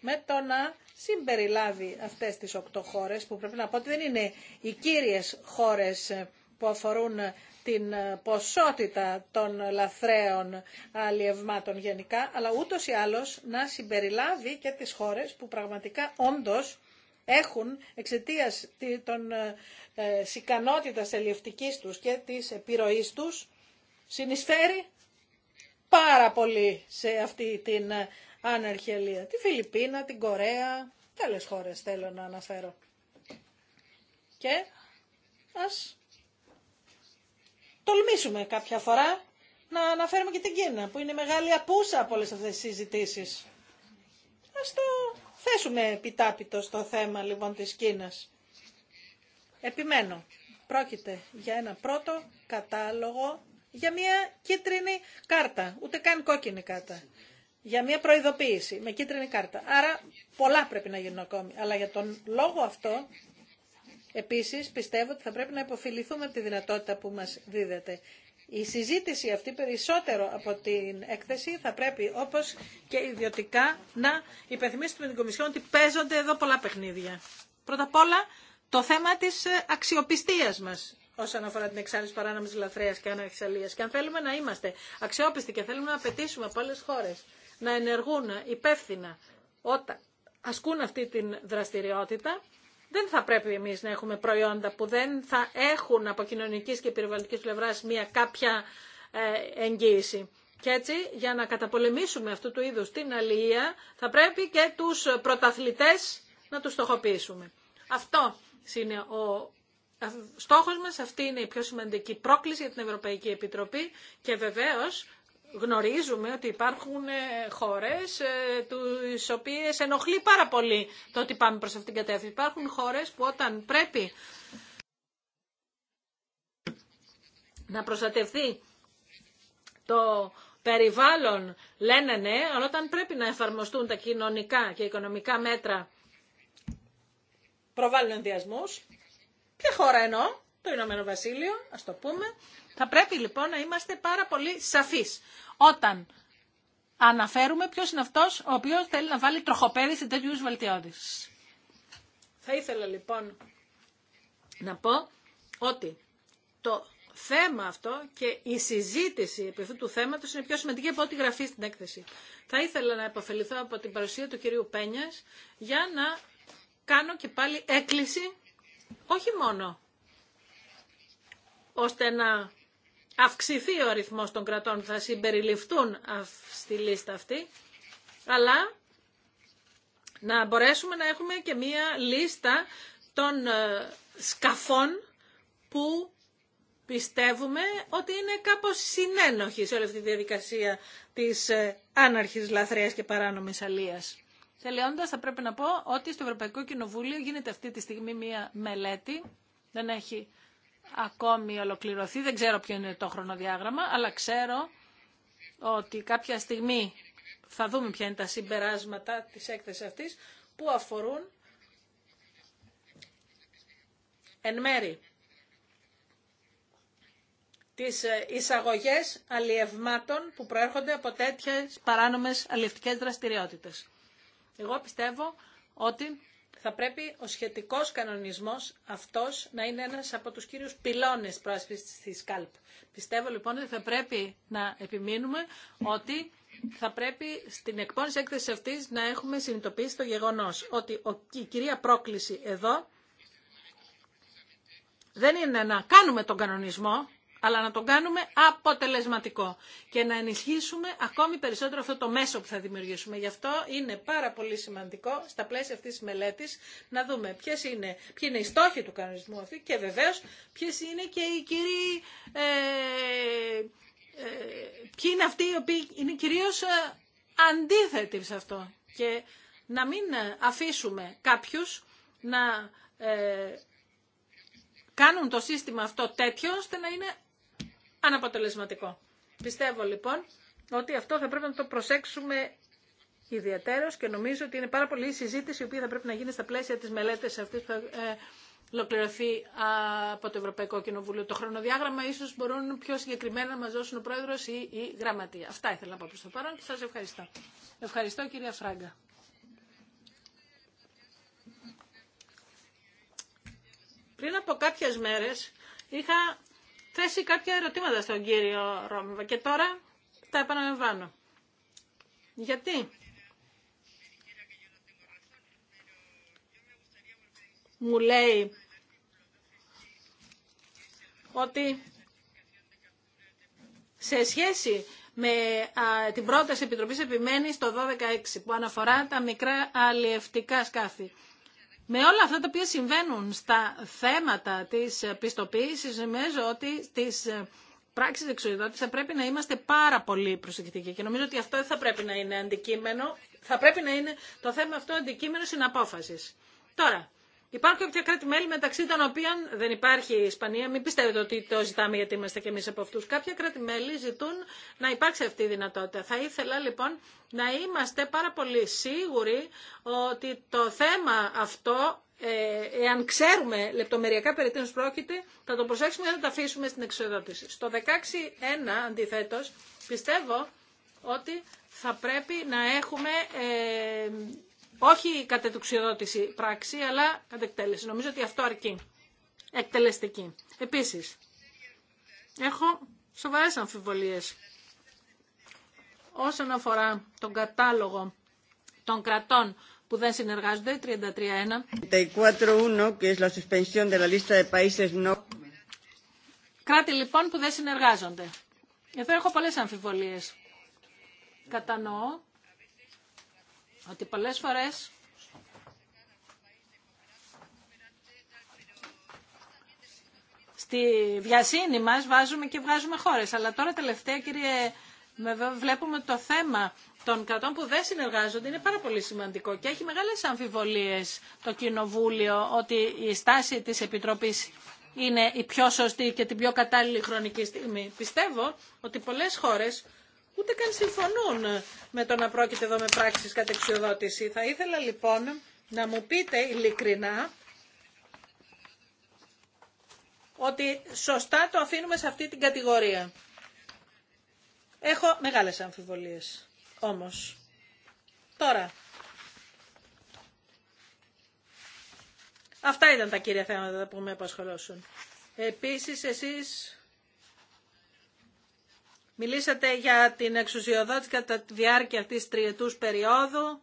με το να συμπεριλάβει αυτές τις οκτώ χώρες που πρέπει να πω ότι δεν είναι οι κύριες χώρες που αφορούν την ποσότητα των λαθρέων αλλιευμάτων γενικά, αλλά ούτως ή άλλως να συμπεριλάβει και τις χώρες που πραγματικά όντως έχουν εξαιτία των ε, ε ικανότητα τους και της επιρροή τους συνεισφέρει πάρα πολύ σε αυτή την ε, άνερχη ελεία. Τη Φιλιππίνα, την Κορέα, και άλλες χώρες θέλω να αναφέρω. Και ας τολμήσουμε κάποια φορά να αναφέρουμε και την Κίνα που είναι μεγάλη απούσα από όλες αυτές τις συζητήσεις. Ας το θέσουμε επιτάπητο στο θέμα λοιπόν της Κίνας. Επιμένω, πρόκειται για ένα πρώτο κατάλογο για μια κίτρινη κάρτα, ούτε καν κόκκινη κάρτα. Για μια προειδοποίηση με κίτρινη κάρτα. Άρα πολλά πρέπει να γίνουν ακόμη. Αλλά για τον λόγο αυτό, επίσης πιστεύω ότι θα πρέπει να υποφιληθούμε από τη δυνατότητα που μας δίδεται. Η συζήτηση αυτή περισσότερο από την έκθεση θα πρέπει όπως και ιδιωτικά να υπενθυμίσουμε την Κομισιόν ότι παίζονται εδώ πολλά παιχνίδια. Πρώτα απ' όλα το θέμα της αξιοπιστίας μας όσον αφορά την εξάλληση παράνομη λαθρέας και αναεξαλία. Και αν θέλουμε να είμαστε αξιόπιστοι και θέλουμε να απαιτήσουμε από άλλε χώρε να ενεργούν υπεύθυνα όταν ασκούν αυτή την δραστηριότητα, δεν θα πρέπει εμείς να έχουμε προϊόντα που δεν θα έχουν από κοινωνική και περιβαλλοντική πλευρά μια κάποια ε, εγγύηση. Και έτσι, για να καταπολεμήσουμε αυτού του είδους την αλληλεία, θα πρέπει και τους πρωταθλητές να τους στοχοποιήσουμε. Αυτό είναι ο στόχος μας, αυτή είναι η πιο σημαντική πρόκληση για την Ευρωπαϊκή Επιτροπή και βεβαίως γνωρίζουμε ότι υπάρχουν ε, χώρες ε, τις οποίες ενοχλεί πάρα πολύ το ότι πάμε προς αυτήν την κατεύθυνση. Υπάρχουν χώρες που όταν πρέπει να προστατευτεί το περιβάλλον λένε ναι, αλλά όταν πρέπει να εφαρμοστούν τα κοινωνικά και οικονομικά μέτρα προβάλλουν ενδιασμούς. Ποια χώρα εννοώ? το Ηνωμένο Βασίλειο, ας το πούμε. Θα πρέπει λοιπόν να είμαστε πάρα πολύ σαφείς όταν αναφέρουμε ποιο είναι αυτό ο οποίο θέλει να βάλει τροχοπέδι σε τέτοιου βελτιώδεις. Θα ήθελα λοιπόν να πω ότι το θέμα αυτό και η συζήτηση επί αυτού του θέματος είναι πιο σημαντική από ό,τι γραφεί στην έκθεση. Θα ήθελα να επωφεληθώ από την παρουσία του κυρίου Πένιας για να κάνω και πάλι έκκληση όχι μόνο ώστε να αυξηθεί ο αριθμός των κρατών που θα συμπεριληφθούν στη λίστα αυτή, αλλά να μπορέσουμε να έχουμε και μία λίστα των ε, σκαφών που πιστεύουμε ότι είναι κάπως συνένοχοι σε όλη αυτή τη διαδικασία της ε, άναρχης λαθρέας και παράνομης αλίας. Τελειώντα, θα πρέπει να πω ότι στο Ευρωπαϊκό Κοινοβούλιο γίνεται αυτή τη στιγμή μία μελέτη. Δεν έχει ακόμη ολοκληρωθεί. Δεν ξέρω ποιο είναι το χρονοδιάγραμμα, αλλά ξέρω ότι κάποια στιγμή θα δούμε ποια είναι τα συμπεράσματα της έκθεσης αυτής που αφορούν εν μέρη τις ε, εισαγωγές αλλιευμάτων που προέρχονται από τέτοιες παράνομες αλλιευτικές δραστηριότητες. Εγώ πιστεύω ότι θα πρέπει ο σχετικός κανονισμός αυτός να είναι ένας από τους κύριους πυλώνες πρόσφυσης τη ΚΑΛΠ. Πιστεύω λοιπόν ότι θα πρέπει να επιμείνουμε ότι θα πρέπει στην εκπόνηση έκθεση αυτή να έχουμε συνειδητοποιήσει το γεγονός ότι η κυρία πρόκληση εδώ δεν είναι να κάνουμε τον κανονισμό, αλλά να τον κάνουμε αποτελεσματικό και να ενισχύσουμε ακόμη περισσότερο αυτό το μέσο που θα δημιουργήσουμε. Γι' αυτό είναι πάρα πολύ σημαντικό στα πλαίσια αυτής της μελέτης να δούμε ποιες είναι, ποιοι είναι οι στόχοι του κανονισμού αυτή και βεβαίως ποιες είναι και οι κύριοι, ε, ε ποιοι είναι αυτοί οι οποίοι είναι κυρίως ε, αντίθετοι σε αυτό και να μην αφήσουμε κάποιους να ε, κάνουν το σύστημα αυτό τέτοιο ώστε να είναι αναποτελεσματικό. Πιστεύω λοιπόν ότι αυτό θα πρέπει να το προσέξουμε ιδιαίτερος και νομίζω ότι είναι πάρα πολύ η συζήτηση η οποία θα πρέπει να γίνει στα πλαίσια της μελέτης αυτής που θα ε, ολοκληρωθεί από το Ευρωπαϊκό Κοινοβούλιο. Το χρονοδιάγραμμα ίσως μπορούν πιο συγκεκριμένα να μας δώσουν ο Πρόεδρος ή η Γραμματεία. Αυτά ήθελα να πω προς το παρόν και σας ευχαριστώ. Ευχαριστώ κυρία Φράγκα. Πριν από κάποιες μέρες είχα θέσει κάποια ερωτήματα στον κύριο Ρόμβα και τώρα τα επαναλαμβάνω. Γιατί μου λέει ότι σε σχέση με την πρόταση Επιτροπής επιμένει στο 12.6 που αναφορά τα μικρά αλλιευτικά σκάφη με όλα αυτά τα οποία συμβαίνουν στα θέματα της πιστοποίησης, νομίζω ότι στις ε, πράξεις εξουσιοδότησης θα πρέπει να είμαστε πάρα πολύ προσεκτικοί και νομίζω ότι αυτό θα πρέπει να είναι αντικείμενο, θα πρέπει να είναι το θέμα αυτό αντικείμενο συναπόφασης. Τώρα, Υπάρχουν κάποια κράτη-μέλη μεταξύ των οποίων δεν υπάρχει η Ισπανία. Μην πιστεύετε ότι το ζητάμε γιατί είμαστε κι εμεί από αυτού. Κάποια κράτη-μέλη ζητούν να υπάρξει αυτή η δυνατότητα. Θα ήθελα λοιπόν να είμαστε πάρα πολύ σίγουροι ότι το θέμα αυτό, ε, εάν ξέρουμε λεπτομεριακά περί τίνο πρόκειται, θα το προσέξουμε και θα το αφήσουμε στην εξοδότηση. Στο 16.1 αντιθέτω πιστεύω ότι θα πρέπει να έχουμε. Ε, όχι κατ' εξουσιοδότηση πράξη, αλλά κατ' εκτέλεση. Νομίζω ότι αυτό αρκεί. Εκτελεστική. Επίσης, έχω σοβαρές αμφιβολίες όσον αφορά τον κατάλογο των κρατών που δεν συνεργάζονται, 33.1. Κράτη λοιπόν που δεν συνεργάζονται. Εδώ έχω πολλές αμφιβολίες. Κατανοώ ότι πολλές φορές στη βιασύνη μας βάζουμε και βγάζουμε χώρες. Αλλά τώρα τελευταία, κύριε, βλέπουμε το θέμα των κρατών που δεν συνεργάζονται είναι πάρα πολύ σημαντικό και έχει μεγάλες αμφιβολίες το Κοινοβούλιο ότι η στάση της Επιτροπής είναι η πιο σωστή και την πιο κατάλληλη χρονική στιγμή. Πιστεύω ότι πολλές χώρες ούτε καν συμφωνούν με το να πρόκειται εδώ με πράξεις κατεξιοδότηση. Θα ήθελα λοιπόν να μου πείτε ειλικρινά ότι σωστά το αφήνουμε σε αυτή την κατηγορία. Έχω μεγάλες αμφιβολίες όμως. Τώρα, αυτά ήταν τα κύρια θέματα που με απασχολώσουν. Επίσης εσείς Μιλήσατε για την εξουσιοδότηση κατά τη διάρκεια αυτής της τριετούς περίοδου.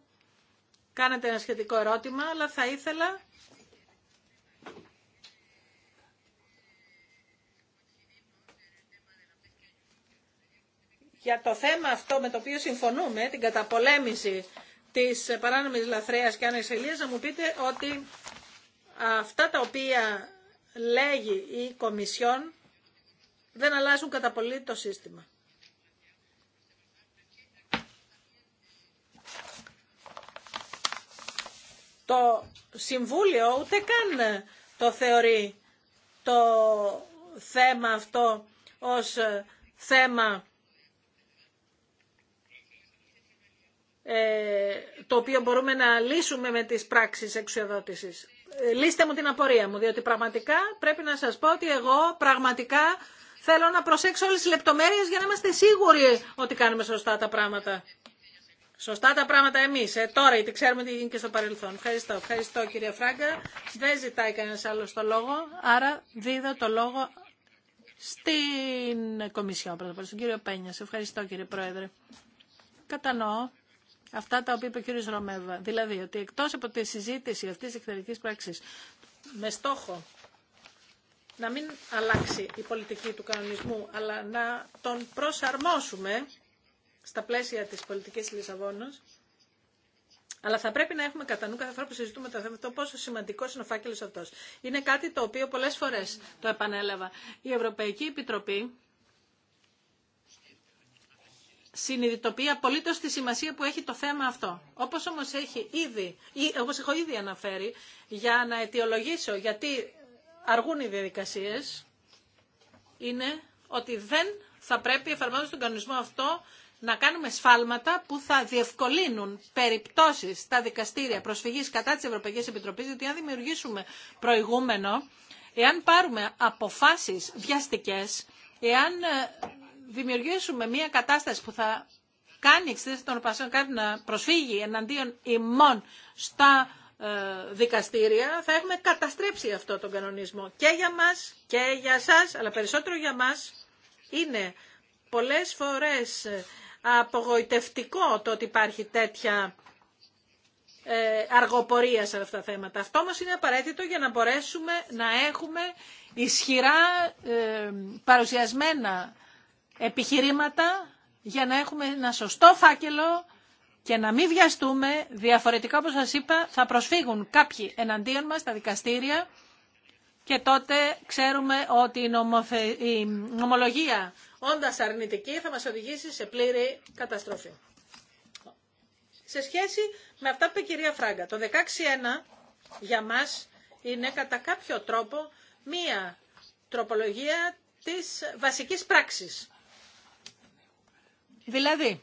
Κάνετε ένα σχετικό ερώτημα, αλλά θα ήθελα... Για το θέμα αυτό με το οποίο συμφωνούμε, την καταπολέμηση της παράνομης λαθρέας και ανεξελίας, να μου πείτε ότι αυτά τα οποία λέγει η Κομισιόν δεν αλλάζουν κατά πολύ το σύστημα. το Συμβούλιο ούτε καν το θεωρεί το θέμα αυτό ως θέμα ε, το οποίο μπορούμε να λύσουμε με τις πράξεις εξουσιοδότησης. Ε, λύστε μου την απορία μου, διότι πραγματικά πρέπει να σας πω ότι εγώ πραγματικά θέλω να προσέξω όλες τις λεπτομέρειες για να είμαστε σίγουροι ότι κάνουμε σωστά τα πράγματα. Σωστά τα πράγματα εμεί. Ε, τώρα, γιατί ξέρουμε τι γίνει και στο παρελθόν. Ευχαριστώ. Ευχαριστώ, κύριε Φράγκα. Δεν ζητάει κανένα άλλο το λόγο, άρα δίδω το λόγο στην Κομισιόν πρώτα στον κύριο Πένια. Ευχαριστώ, κύριε Πρόεδρε. Κατανοώ αυτά τα οποία είπε ο κύριο Ρωμέβα. Δηλαδή, ότι εκτό από τη συζήτηση αυτή τη εκτελεστική πράξη με στόχο να μην αλλάξει η πολιτική του κανονισμού, αλλά να τον προσαρμόσουμε στα πλαίσια της πολιτικής λισαβόνος. Αλλά θα πρέπει να έχουμε κατά νου κάθε φορά που συζητούμε το θέμα αυτό πόσο σημαντικό είναι ο φάκελο αυτό. Είναι κάτι το οποίο πολλέ φορέ το επανέλαβα. Η Ευρωπαϊκή Επιτροπή συνειδητοποιεί απολύτω τη σημασία που έχει το θέμα αυτό. Όπω όμω έχει ήδη, ή, όπως έχω ήδη αναφέρει, για να αιτιολογήσω γιατί αργούν οι διαδικασίε, είναι ότι δεν θα πρέπει εφαρμόζοντα τον κανονισμό αυτό να κάνουμε σφάλματα που θα διευκολύνουν περιπτώσεις στα δικαστήρια προσφυγής κατά τη Ευρωπαϊκή Επιτροπή, γιατί αν δημιουργήσουμε προηγούμενο, εάν πάρουμε αποφάσεις βιαστικέ, εάν ε, δημιουργήσουμε μια κατάσταση που θα κάνει των πασών κάτι να προσφύγει εναντίον ημών στα ε, δικαστήρια, θα έχουμε καταστρέψει αυτό τον κανονισμό και για μας και για σας, αλλά περισσότερο για μας είναι πολλές φορές ε, απογοητευτικό το ότι υπάρχει τέτοια ε, αργοπορία σε αυτά τα θέματα. Αυτό όμως είναι απαραίτητο για να μπορέσουμε να έχουμε ισχυρά ε, παρουσιασμένα επιχειρήματα για να έχουμε ένα σωστό φάκελο και να μην βιαστούμε. Διαφορετικά, όπως σας είπα, θα προσφύγουν κάποιοι εναντίον μας στα δικαστήρια και τότε ξέρουμε ότι η, η νομολογία όντα αρνητική θα μας οδηγήσει σε πλήρη καταστροφή. Σε σχέση με αυτά που είπε η κυρία Φράγκα, το 16.1 για μας είναι κατά κάποιο τρόπο μία τροπολογία της βασικής πράξης. Δηλαδή,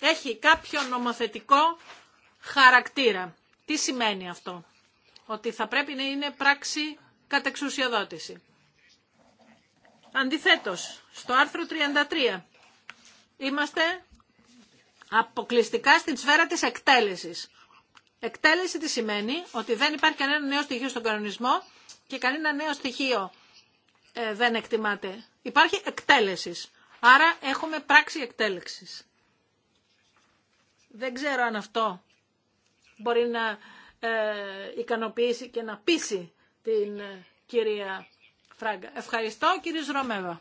έχει κάποιο νομοθετικό χαρακτήρα. Τι σημαίνει αυτό. Ότι θα πρέπει να είναι πράξη κατεξουσιοδότηση. Αντιθέτως, στο άρθρο 33 είμαστε αποκλειστικά στην σφαίρα της εκτέλεσης. Εκτέλεση τι σημαίνει ότι δεν υπάρχει κανένα νέο στοιχείο στον κανονισμό και κανένα νέο στοιχείο ε, δεν εκτιμάται. Υπάρχει εκτέλεση. Άρα έχουμε πράξη εκτέλεξης. Δεν ξέρω αν αυτό μπορεί να ε, ικανοποιήσει και να πείσει την ε, κυρία Φράγκα. Ευχαριστώ κύριε Ρωμέβα.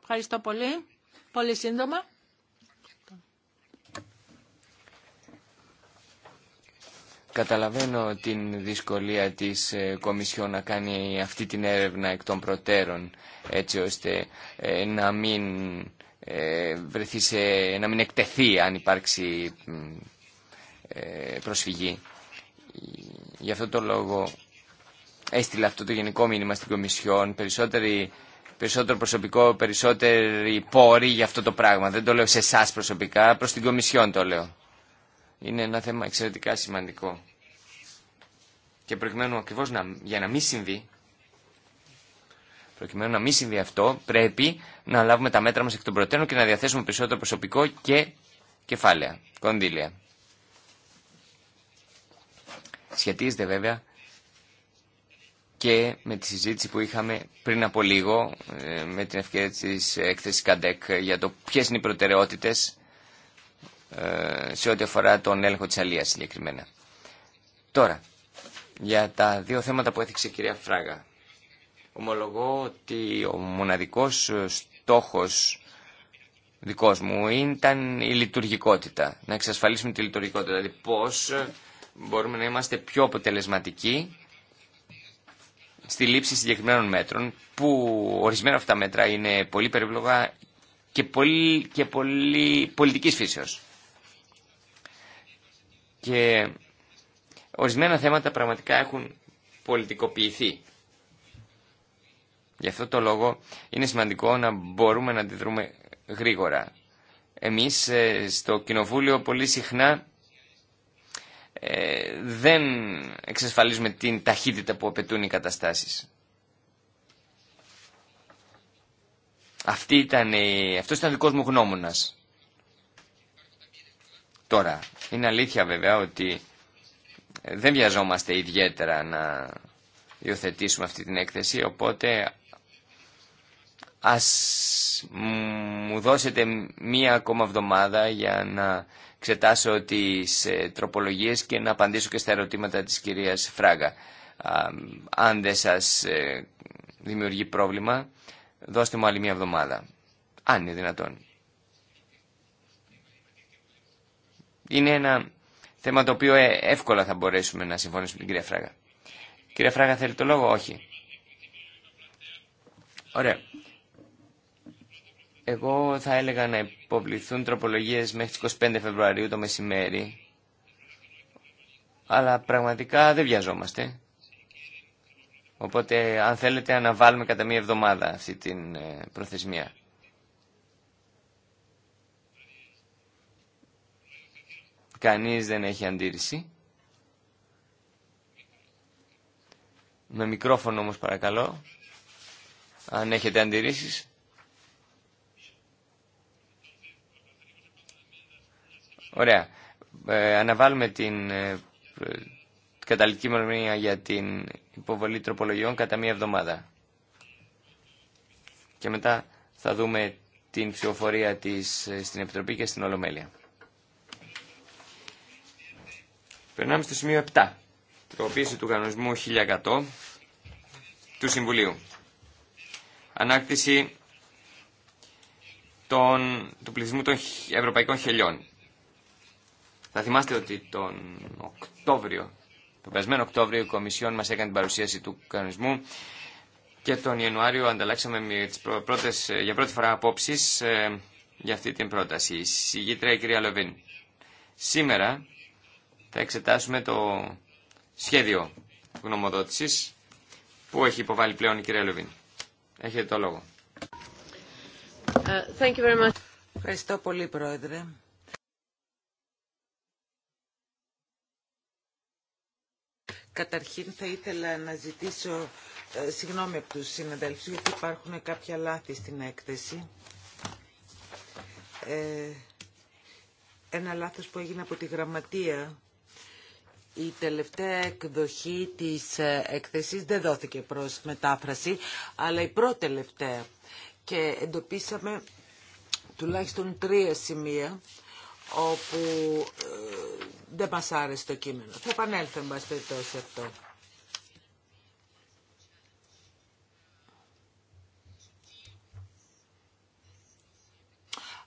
Ευχαριστώ πολύ. Πολύ σύντομα. Καταλαβαίνω την δυσκολία της ε, Κομισιόν να κάνει αυτή την έρευνα εκ των προτέρων έτσι ώστε ε, να μην, ε, βρεθεί να μην εκτεθεί αν υπάρξει προσφυγή. Γι' αυτό το λόγο έστειλα αυτό το γενικό μήνυμα στην Κομισιόν. Περισσότερη, περισσότερο προσωπικό, περισσότεροι πόροι για αυτό το πράγμα. Δεν το λέω σε εσά προσωπικά, προ την Κομισιόν το λέω. Είναι ένα θέμα εξαιρετικά σημαντικό. Και προκειμένου ακριβώ για να μην συμβεί, προκειμένου να μην συμβεί αυτό, πρέπει να λάβουμε τα μέτρα μα εκ των προτέρων και να διαθέσουμε περισσότερο προσωπικό και κεφάλαια, κονδύλια. Σχετίζεται βέβαια και με τη συζήτηση που είχαμε πριν από λίγο ε, με την ευκαιρία της έκθεσης ΚΑΝΤΕΚ για το ποιες είναι οι προτεραιότητες ε, σε ό,τι αφορά τον έλεγχο της αλίας συγκεκριμένα. Τώρα, για τα δύο θέματα που έθιξε η κυρία Φράγα. Ομολογώ ότι ο μοναδικός στόχος δικός μου ήταν η λειτουργικότητα. Να εξασφαλίσουμε τη λειτουργικότητα. Δηλαδή πώς μπορούμε να είμαστε πιο αποτελεσματικοί στη λήψη συγκεκριμένων μέτρων που ορισμένα αυτά μέτρα είναι πολύ περίπλογα και πολύ, και πολύ πολιτικής φύσεως. Και ορισμένα θέματα πραγματικά έχουν πολιτικοποιηθεί. Γι' αυτό το λόγο είναι σημαντικό να μπορούμε να αντιδρούμε γρήγορα. Εμείς ε, στο Κοινοβούλιο πολύ συχνά ε, δεν εξασφαλίζουμε την ταχύτητα που απαιτούν οι καταστάσεις. Αυτή ήταν Αυτός ήταν ο δικός μου γνώμονας. Τώρα, είναι αλήθεια βέβαια ότι δεν βιαζόμαστε ιδιαίτερα να υιοθετήσουμε αυτή την έκθεση, οπότε ας μου δώσετε μία ακόμα εβδομάδα για να εξετάσω τις ε, τροπολογίες και να απαντήσω και στα ερωτήματα της κυρίας Φράγκα. Αν δεν σας ε, δημιουργεί πρόβλημα, δώστε μου άλλη μια εβδομάδα. Αν είναι δυνατόν. Είναι ένα θέμα το οποίο ε, εύκολα θα μπορέσουμε να συμφωνήσουμε με την κυρία Φράγα. Κυρία Φράγα θέλει το λόγο, όχι. Ωραία. Εγώ θα έλεγα να υποβληθούν τροπολογίες μέχρι τις 25 Φεβρουαρίου το μεσημέρι. Αλλά πραγματικά δεν βιαζόμαστε. Οπότε αν θέλετε αναβάλουμε κατά μία εβδομάδα αυτή την ε, προθεσμία. Κανείς δεν έχει αντίρρηση. Με μικρόφωνο όμως παρακαλώ. Αν έχετε αντιρρήσεις. Ωραία. Ε, αναβάλουμε την ε, ε καταληκτική μορφή για την υποβολή τροπολογιών κατά μία εβδομάδα. Και μετά θα δούμε την ψηφοφορία της ε, στην Επιτροπή και στην Ολομέλεια. Περνάμε στο σημείο 7. Τροποποίηση του κανονισμού 1100 του Συμβουλίου. Ανάκτηση των, του πληθυσμού των ευρωπαϊκών χελιών. Θα θυμάστε ότι τον Οκτώβριο, τον περασμένο Οκτώβριο, η Κομισιόν μας έκανε την παρουσίαση του κανονισμού και τον Ιανουάριο ανταλλάξαμε τις πρώτες, ε, για πρώτη φορά απόψεις ε, για αυτή την πρόταση. Η συγγήτρια η κυρία Λοβίν. Σήμερα θα εξετάσουμε το σχέδιο γνωμοδότησης που έχει υποβάλει πλέον η κυρία Λοβίν. Έχετε το λόγο. Ε, thank you very Ευχαριστώ πολύ, Πρόεδρε. Καταρχήν θα ήθελα να ζητήσω ε, συγγνώμη από τους συναδέλφους γιατί υπάρχουν κάποια λάθη στην έκθεση. Ε, ένα λάθος που έγινε από τη γραμματεία. Η τελευταία εκδοχή της ε, έκθεσης δεν δόθηκε προς μετάφραση, αλλά η πρώτη τελευταία. Και εντοπίσαμε τουλάχιστον τρία σημεία όπου ε, δεν μας άρεσε το κείμενο. Θα επανέλθω, εν πάση περιπτώσει, αυτό.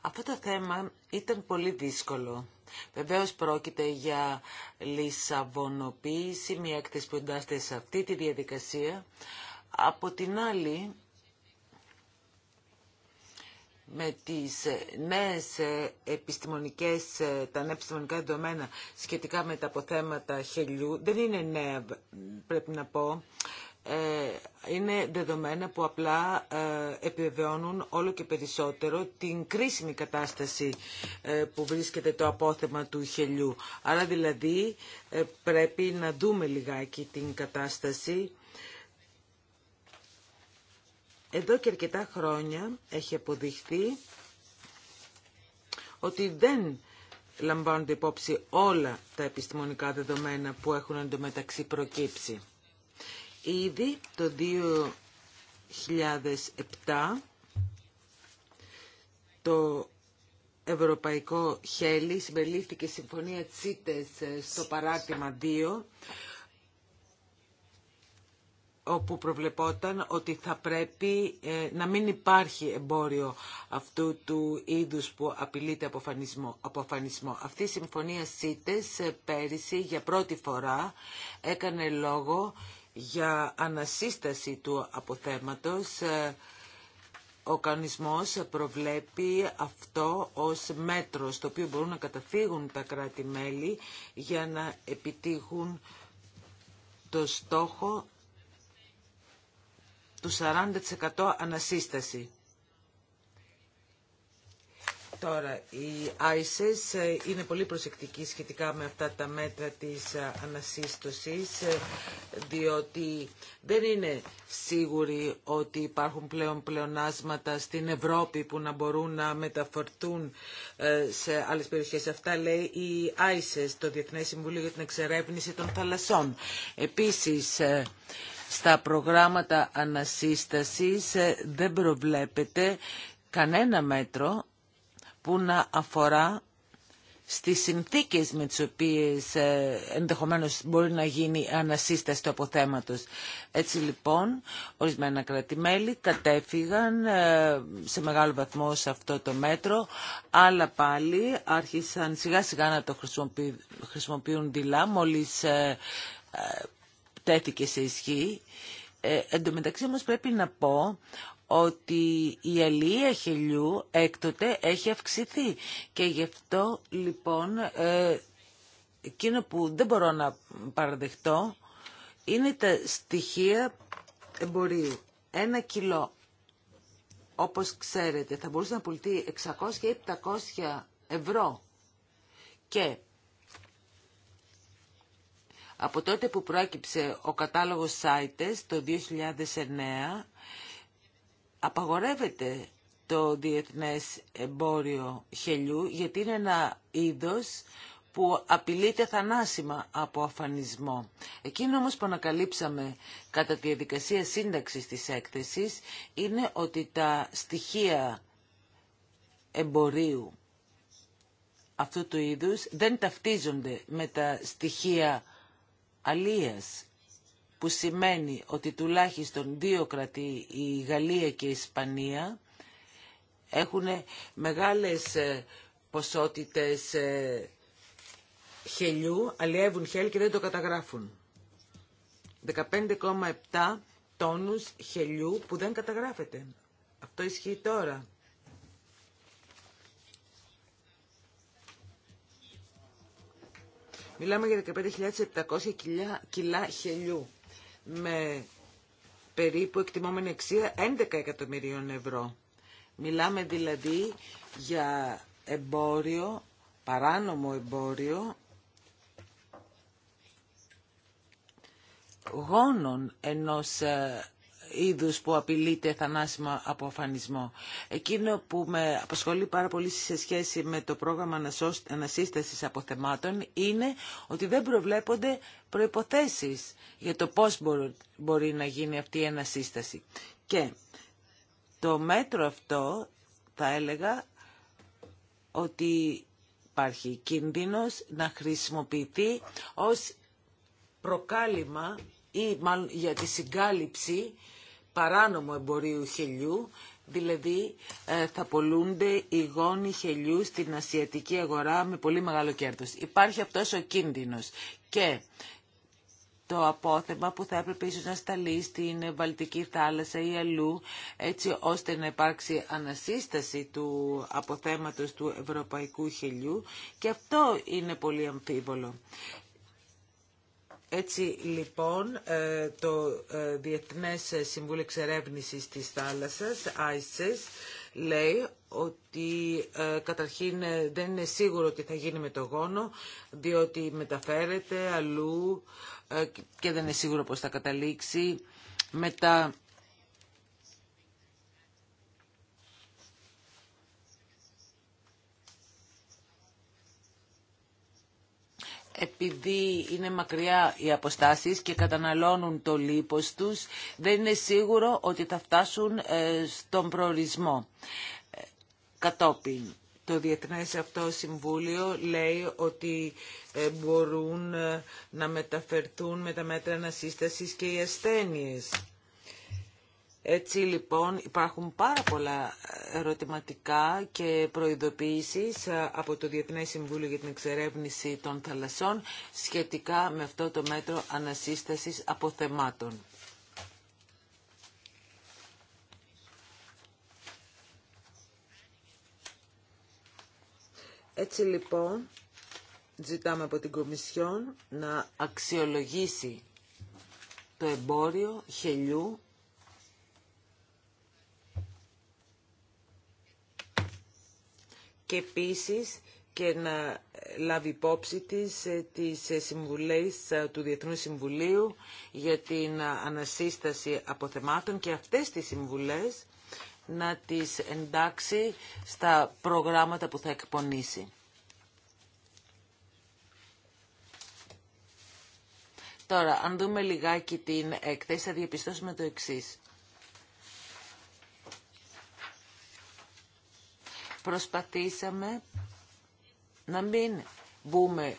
Αυτό το θέμα ήταν πολύ δύσκολο. Βεβαίως πρόκειται για λισαβονοποίηση, μια που σε αυτή τη διαδικασία. Από την άλλη, με τις ε, νέες ε, επιστημονικές, ε, τα νέα επιστημονικά δεδομένα σχετικά με τα αποθέματα χελιού, δεν είναι νέα πρέπει να πω, είναι δεδομένα που απλά επιβεβαιώνουν όλο και περισσότερο την κρίσιμη κατάσταση που βρίσκεται το απόθεμα του χελιού. Άρα δηλαδή πρέπει να δούμε λιγάκι την κατάσταση εδώ και αρκετά χρόνια έχει αποδειχθεί ότι δεν λαμβάνονται υπόψη όλα τα επιστημονικά δεδομένα που έχουν εντωμεταξύ προκύψει. Ήδη το 2007 το ευρωπαϊκό χέλη συμπεριλήφθηκε συμφωνία Τσίτες στο παράρτημα 2 όπου προβλεπόταν ότι θα πρέπει ε, να μην υπάρχει εμπόριο αυτού του είδους που απειλείται από αφανισμό. Αυτή η συμφωνία ΣΥΤΕΣ ε, πέρυσι για πρώτη φορά έκανε λόγο για ανασύσταση του αποθέματος. Ε, ο κανονισμός προβλέπει αυτό ως μέτρο στο οποίο μπορούν να καταφύγουν τα κράτη-μέλη για να επιτύχουν το στόχο του 40% ανασύσταση. Τώρα, οι ISIS ε, είναι πολύ προσεκτική σχετικά με αυτά τα μέτρα της ε, ανασύστοσης, ε, διότι δεν είναι σίγουροι ότι υπάρχουν πλέον πλεονάσματα στην Ευρώπη που να μπορούν να μεταφορτούν σε άλλες περιοχές. Αυτά λέει η ISIS, το Διεθνές Συμβούλιο για την Εξερεύνηση των Θαλασσών. Επίσης, στα προγράμματα ανασύστασης ε, δεν προβλέπεται κανένα μέτρο που να αφορά στις συνθήκες με τις οποίες ε, ενδεχομένως μπορεί να γίνει ανασύσταση του αποθέματος. Έτσι λοιπόν, ορισμένα κρατημέλη κατέφυγαν ε, σε μεγάλο βαθμό σε αυτό το μέτρο, αλλά πάλι άρχισαν σιγά σιγά να το χρησιμοποιούν δειλά, μόλις τέθηκε σε ισχύ. Ε, εν τω μεταξύ όμως πρέπει να πω ότι η αλληλεία χελιού έκτοτε έχει αυξηθεί και γι' αυτό λοιπόν ε, εκείνο που δεν μπορώ να παραδεχτώ είναι τα στοιχεία εμπορίου. Ένα κιλό, όπως ξέρετε, θα μπορούσε να πουλτεί 600 ή 700 ευρώ. Και από τότε που προέκυψε ο κατάλογος CITES το 2009, απαγορεύεται το διεθνές εμπόριο χελιού, γιατί είναι ένα είδος που απειλείται θανάσιμα από αφανισμό. Εκείνο όμως που ανακαλύψαμε κατά τη διαδικασία σύνταξης της έκθεσης είναι ότι τα στοιχεία εμπορίου αυτού του είδους δεν ταυτίζονται με τα στοιχεία αλίας που σημαίνει ότι τουλάχιστον δύο κρατή, η Γαλλία και η Ισπανία, έχουν μεγάλες ε, ποσότητες ε, χελιού, αλλιεύουν χέλ και δεν το καταγράφουν. 15,7 τόνους χελιού που δεν καταγράφεται. Αυτό ισχύει τώρα. Μιλάμε για 15.700 κιλά, χελιού με περίπου εκτιμόμενη αξία 11 εκατομμυρίων ευρώ. Μιλάμε δηλαδή για εμπόριο, παράνομο εμπόριο γόνων ενός ε, είδους που απειλείται θανάσιμο από αφανισμό. Εκείνο που με απασχολεί πάρα πολύ σε σχέση με το πρόγραμμα ανασύστασης αποθεμάτων είναι ότι δεν προβλέπονται προϋποθέσεις για το πώς μπορεί να γίνει αυτή η ανασύσταση. Και το μέτρο αυτό θα έλεγα ότι υπάρχει κίνδυνος να χρησιμοποιηθεί ως προκάλημα ή μάλλον για τη συγκάλυψη Παράνομο εμπορίου χελιού, δηλαδή ε, θα πολλούνται οι γόνοι χελιού στην ασιατική αγορά με πολύ μεγάλο κέρδος. Υπάρχει αυτός ο κίνδυνος και το απόθεμα που θα έπρεπε ίσως να σταλεί στην Βαλτική θάλασσα ή αλλού, έτσι ώστε να υπάρξει ανασύσταση του αποθέματος του ευρωπαϊκού χελιού και αυτό είναι πολύ αμφίβολο. Έτσι λοιπόν ε, το ε, Διεθνές Συμβούλιο Εξερεύνησης της Θάλασσας, ΆΙΣΕΣ, λέει ότι ε, καταρχήν δεν είναι σίγουρο τι θα γίνει με το γόνο, διότι μεταφέρεται αλλού και δεν είναι σίγουρο πώς θα καταλήξει. Μετά επειδή είναι μακριά οι αποστάσεις και καταναλώνουν το λίπος τους, δεν είναι σίγουρο ότι θα φτάσουν ε, στον προορισμό. Ε, κατόπιν, το Διεθνές Αυτό Συμβούλιο λέει ότι ε, μπορούν να μεταφερθούν με τα μέτρα ανασύστασης και οι ασθένειες. Έτσι λοιπόν υπάρχουν πάρα πολλά ερωτηματικά και προειδοποιήσεις ε, από το Διεθνές Συμβούλιο για την Εξερεύνηση των Θαλασσών σχετικά με αυτό το μέτρο ανασύστασης αποθεμάτων. Έτσι λοιπόν ζητάμε από την Κομισιόν να αξιολογήσει το εμπόριο χελιού και επίσης και να λάβει υπόψη της ε, τις ε, συμβουλές ε, του Διεθνού Συμβουλίου για την ανασύσταση αποθεμάτων και αυτές τις συμβουλές να τις εντάξει στα προγράμματα που θα εκπονήσει. Τώρα, αν δούμε λιγάκι την έκθεση, θα διαπιστώσουμε το εξής. Προσπαθήσαμε να μην μπούμε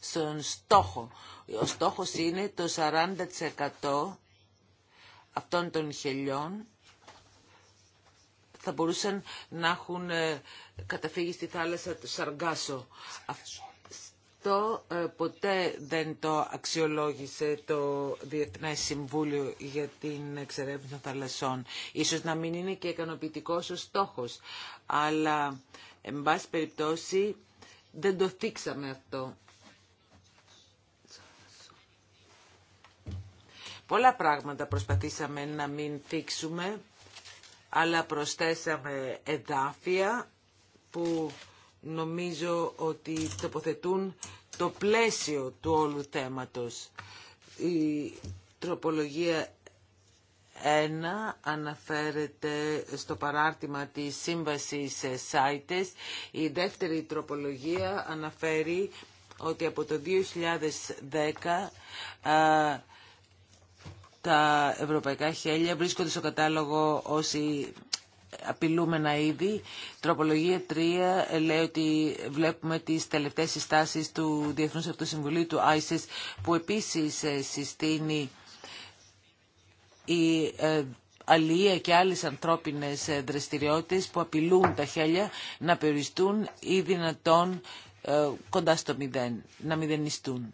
στον στόχο. Ο στόχος είναι το 40% αυτών των χελιών θα μπορούσαν να έχουν ε, καταφύγει στη θάλασσα του Σαργκάσο. Αυτό ε, ποτέ δεν το αξιολόγησε το Διεθνές Συμβούλιο για την Εξερεύνηση των Θαλασσών. Ίσως να μην είναι και ικανοποιητικό ο στόχος. Αλλά, εν πάση περιπτώσει, δεν το θίξαμε αυτό. Πολλά πράγματα προσπαθήσαμε να μην θίξουμε, αλλά προσθέσαμε εδάφια που νομίζω ότι τοποθετούν το πλαίσιο του όλου θέματος. Η τροπολογία 1 αναφέρεται στο παράρτημα της σύμβασης ΣΑΙΤΕΣ. Η δεύτερη τροπολογία αναφέρει ότι από το 2010 τα ευρωπαϊκά χέλια βρίσκονται στο κατάλογο όσοι απειλούμενα είδη. Τροπολογία 3 λέει ότι βλέπουμε τις τελευταίες συστάσεις του Διεθνούς Αυτοσυμβουλίου του ISIS που επίσης ε, συστήνει η ε, αλληλεία και άλλες ανθρώπινες ε, δραστηριότητες που απειλούν τα χέλια να περιστούν ή δυνατόν κοντά στο μηδέν, να μηδενιστούν.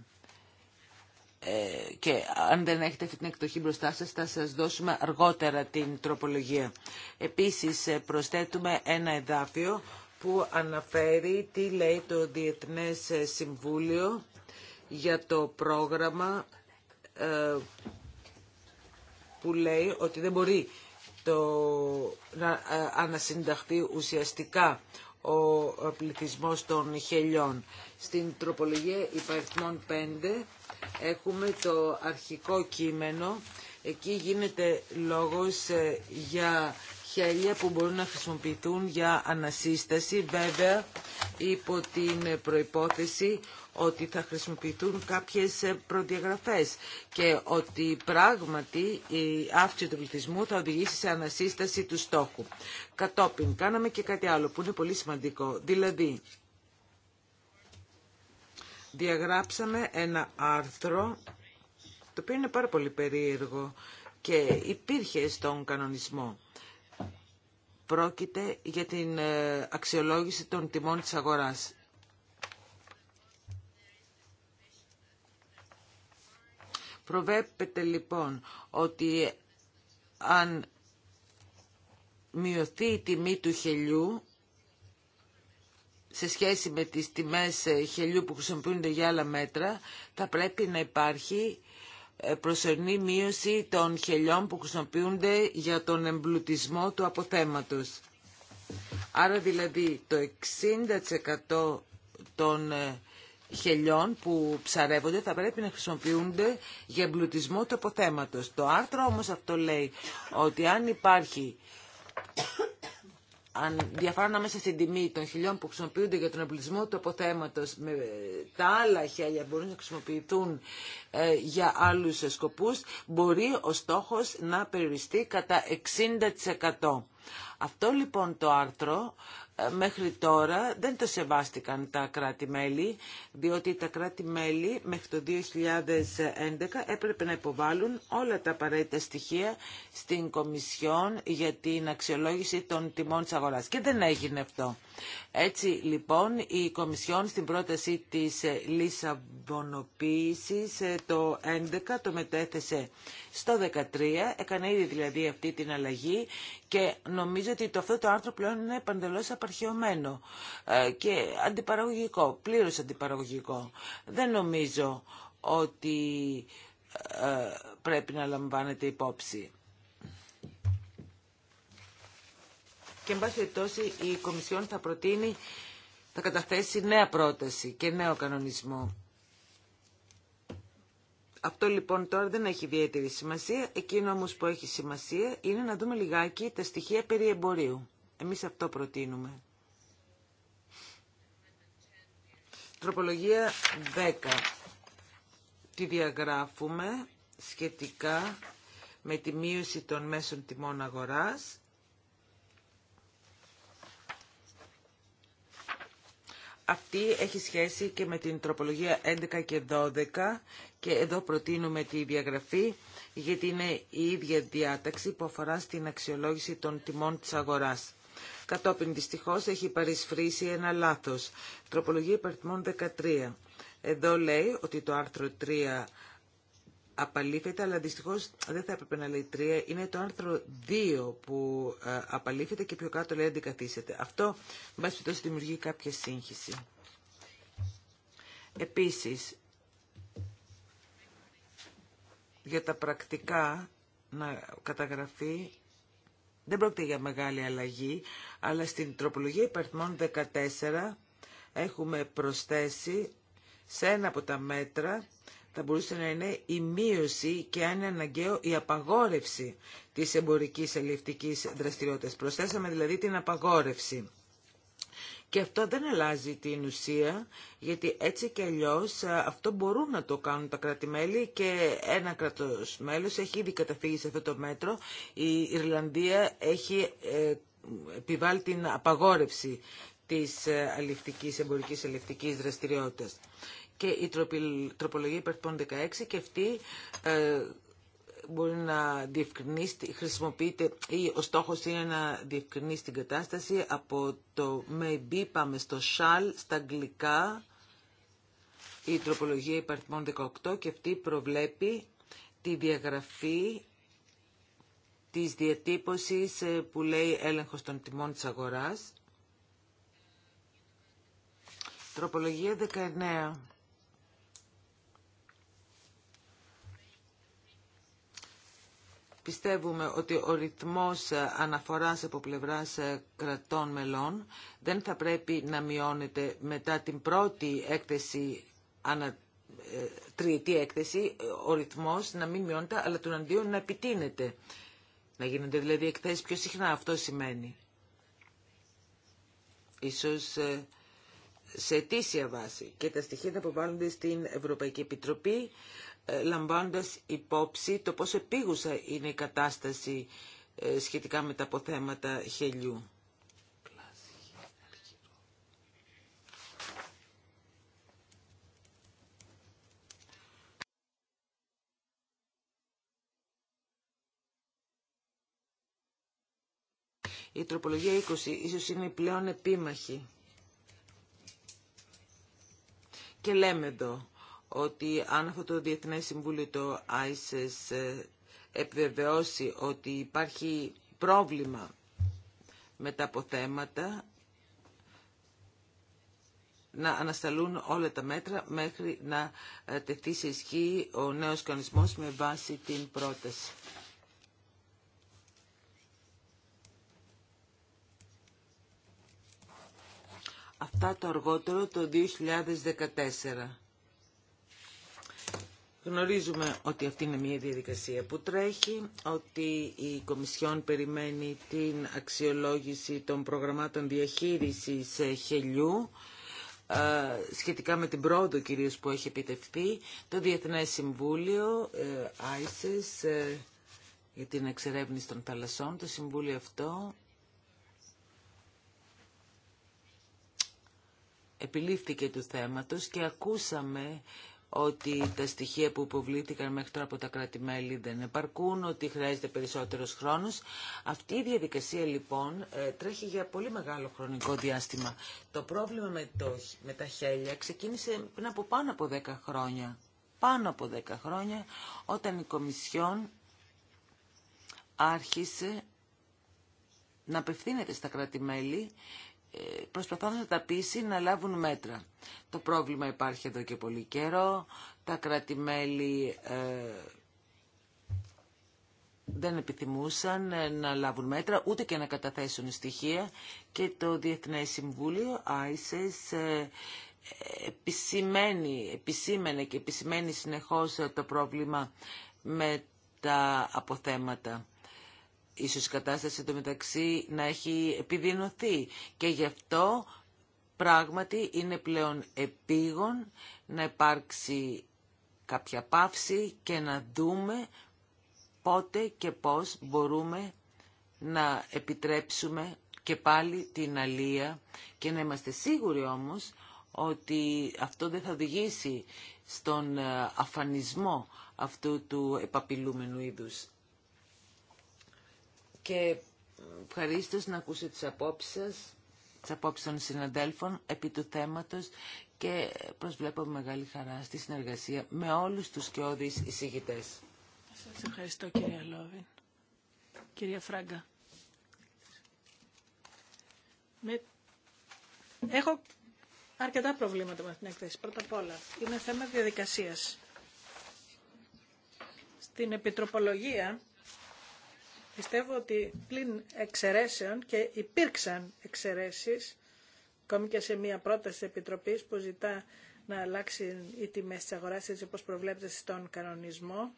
Ε, και αν δεν έχετε αυτή την εκδοχή μπροστά σας θα σας δώσουμε αργότερα την τροπολογία. Επίσης ε, προσθέτουμε ένα εδάφιο που αναφέρει τι λέει το Διεθνές Συμβούλιο για το πρόγραμμα ε, που λέει ότι δεν μπορεί το, να ανασυνταχθεί ουσιαστικά ο πληθυσμός των χελιών. Στην τροπολογία υπαριθμών 5 έχουμε το αρχικό κείμενο. Εκεί γίνεται λόγος ε, για χέλια που μπορούν να χρησιμοποιηθούν για ανασύσταση, βέβαια υπό την προϋπόθεση ότι θα χρησιμοποιηθούν κάποιες ε, προδιαγραφές και ότι πράγματι η αύξηση του πληθυσμού θα οδηγήσει σε ανασύσταση του στόχου. Κατόπιν, κάναμε και κάτι άλλο που είναι πολύ σημαντικό, δηλαδή διαγράψαμε ένα άρθρο το οποίο είναι πάρα πολύ περίεργο και υπήρχε στον κανονισμό. Πρόκειται για την ε, αξιολόγηση των τιμών της αγοράς. Προβέπεται λοιπόν ότι αν μειωθεί η τιμή του χελιού, σε σχέση με τις τιμές ε, χελιού που χρησιμοποιούνται για άλλα μέτρα, θα πρέπει να υπάρχει ε, προσωρινή μείωση των χελιών που χρησιμοποιούνται για τον εμπλουτισμό του αποθέματος. Άρα δηλαδή το 60% των ε, χελιών που ψαρεύονται θα πρέπει να χρησιμοποιούνται για εμπλουτισμό του αποθέματος. Το άρθρο όμως αυτό λέει ότι αν υπάρχει αν διαφορά μέσα στην τιμή των χιλιών που χρησιμοποιούνται για τον εμπλισμό του αποθέματος με ε, τα άλλα χέρια που μπορούν να χρησιμοποιηθούν ε, για άλλους σκοπούς, μπορεί ο στόχος να περιοριστεί κατά 60%. Αυτό λοιπόν το άρθρο ε, μέχρι τώρα δεν το σεβάστηκαν τα κράτη-μέλη, διότι τα κράτη-μέλη μέχρι το 2011 έπρεπε να υποβάλουν όλα τα απαραίτητα στοιχεία στην Κομισιόν για την αξιολόγηση των τιμών της αγοράς. Και δεν έγινε αυτό. Έτσι λοιπόν η Κομισιόν στην πρόταση της λισαβονοποίησης ε, το 2011 το μετέθεσε στο 2013, έκανε ήδη δηλαδή αυτή την αλλαγή και νομίζω ότι το, αυτό το άρθρο πλέον είναι παντελώς απαρχαιωμένο ε, και αντιπαραγωγικό, πλήρω αντιπαραγωγικό. Δεν νομίζω ότι ε, πρέπει να λαμβάνεται υπόψη. Και εν πάση περιπτώσει η Κομισιόν θα προτείνει, θα καταθέσει νέα πρόταση και νέο κανονισμό. Αυτό λοιπόν τώρα δεν έχει ιδιαίτερη σημασία. Εκείνο όμως που έχει σημασία είναι να δούμε λιγάκι τα στοιχεία περί εμπορίου. Εμείς αυτό προτείνουμε. Τροπολογία 10. Τη διαγράφουμε σχετικά με τη μείωση των μέσων τιμών αγοράς. Αυτή έχει σχέση και με την τροπολογία 11 και 12 και εδώ προτείνουμε τη διαγραφή γιατί είναι η ίδια διάταξη που αφορά στην αξιολόγηση των τιμών της αγοράς. Κατόπιν δυστυχώς έχει παρισφρήσει ένα λάθος. Τροπολογία υπερτιμών 13. Εδώ λέει ότι το άρθρο 3 απαλήφεται, αλλά δυστυχώς δεν θα έπρεπε να λέει 3. Είναι το άρθρο 2 που ε, απαλήφεται και πιο κάτω λέει αντικαθίσεται. Αυτό, με πάση δημιουργεί κάποια σύγχυση. Επίσης, για τα πρακτικά να καταγραφεί δεν πρόκειται για μεγάλη αλλαγή, αλλά στην τροπολογία υπερθμών 14 έχουμε προσθέσει σε ένα από τα μέτρα θα μπορούσε να είναι η μείωση και αν είναι αναγκαίο η απαγόρευση της εμπορικής ελληνικής δραστηριότητας. Προσθέσαμε δηλαδή την απαγόρευση. Και αυτό δεν αλλάζει την ουσία, γιατί έτσι και αλλιώ αυτό μπορούν να το κάνουν τα κράτη-μέλη και ένα κρατος μέλος έχει ήδη καταφύγει σε αυτό το μέτρο. Η Ιρλανδία έχει ε, επιβάλει την απαγόρευση της ε, αληφτικής, εμπορικής αληφτικής δραστηριότητας. Και η τροπολογία υπερθών 16 και αυτή ε, μπορεί να διευκρινίσει, ή ο στόχος είναι να διευκρινίσει την κατάσταση από το maybe πάμε στο shall στα αγγλικά η τροπολογία υπαρθμών 18 και αυτή προβλέπει τη διαγραφή της διατύπωσης ε, που λέει έλεγχος των τιμών της αγοράς. Τροπολογία 19 Πιστεύουμε ότι ο ρυθμός ε, αναφοράς από πλευράς ε, κρατών μελών δεν θα πρέπει να μειώνεται μετά την πρώτη έκθεση ε, τριετή έκθεση, ο ρυθμός να μην μειώνεται, αλλά τον αντίον να επιτείνεται. Να γίνονται δηλαδή εκθέσεις πιο συχνά, αυτό σημαίνει. Ίσως σε αιτήσια βάση και τα στοιχεία θα αποβάλλονται στην Ευρωπαϊκή Επιτροπή ε, λαμβάνοντας υπόψη το πόσο επίγουσα είναι η κατάσταση ε, σχετικά με τα αποθέματα χελιού. Η τροπολογία 20 ίσως είναι πλέον επίμαχη. Και λέμε εδώ, ότι αν αυτό το Διεθνές Συμβούλιο το ISIS ε, επιβεβαιώσει ότι υπάρχει πρόβλημα με τα αποθέματα, να ανασταλούν όλα τα μέτρα μέχρι να ε, τεθεί σε ισχύ ο νέος κανονισμός με βάση την πρόταση. Αυτά το αργότερο το 2014. Γνωρίζουμε ότι αυτή είναι μια διαδικασία που τρέχει, ότι η Κομισιόν περιμένει την αξιολόγηση των προγραμμάτων διαχείρισης ε, χελιού ε, σχετικά με την πρόοδο κυρίως που έχει επιτευχθεί, το Διεθνές Συμβούλιο ε, ISIS για την εξερεύνηση των θαλασσών, το Συμβούλιο αυτό επιλήφθηκε του θέματος και ακούσαμε ότι τα στοιχεία που υποβλήθηκαν μέχρι τώρα από τα κράτη-μέλη δεν επαρκούν, ότι χρειάζεται περισσότερος χρόνος. Αυτή η διαδικασία λοιπόν ε, τρέχει για πολύ μεγάλο χρονικό διάστημα. Το πρόβλημα με, το, με τα χέλια ξεκίνησε πριν από πάνω από 10 χρόνια. Πάνω από 10 χρόνια όταν η Κομισιόν άρχισε να απευθύνεται στα κράτη-μέλη προσπαθώντας να τα πείσει να λάβουν μέτρα. Το πρόβλημα υπάρχει εδώ και πολύ καιρό. Τα κρατη ε, δεν επιθυμούσαν ε, να λάβουν μέτρα, ούτε και να καταθέσουν στοιχεία και το Διεθνές Συμβούλιο, ISIS, ε, επισήμενε και επισημαίνει συνεχώς το πρόβλημα με τα αποθέματα. Ίσως η κατάσταση το μεταξύ να έχει επιδεινωθεί και γι' αυτό πράγματι είναι πλέον επίγον να υπάρξει κάποια πάυση και να δούμε πότε και πώς μπορούμε να επιτρέψουμε και πάλι την αλία και να είμαστε σίγουροι όμως ότι αυτό δεν θα οδηγήσει στον ε, αφανισμό αυτού του επαπειλούμενου είδους και ευχαρίστω να ακούσω τις απόψεις σας, τις απόψεις των συναντέλφων επί του θέματος και προσβλέπω μεγάλη χαρά στη συνεργασία με όλους τους κοιόδης εισηγητές. Σας ευχαριστώ κυρία Λόβιν. Κυρία Φράγκα. Έχω αρκετά προβλήματα με την έκθεση. Πρώτα απ' όλα, είναι θέμα διαδικασίας. Στην επιτροπολογία Πιστεύω ότι πλην εξαιρέσεων και υπήρξαν εξαιρέσει, ακόμη και σε μία πρόταση Επιτροπής που ζητά να αλλάξει οι τιμές της αγοράς έτσι όπως προβλέπεται στον κανονισμό,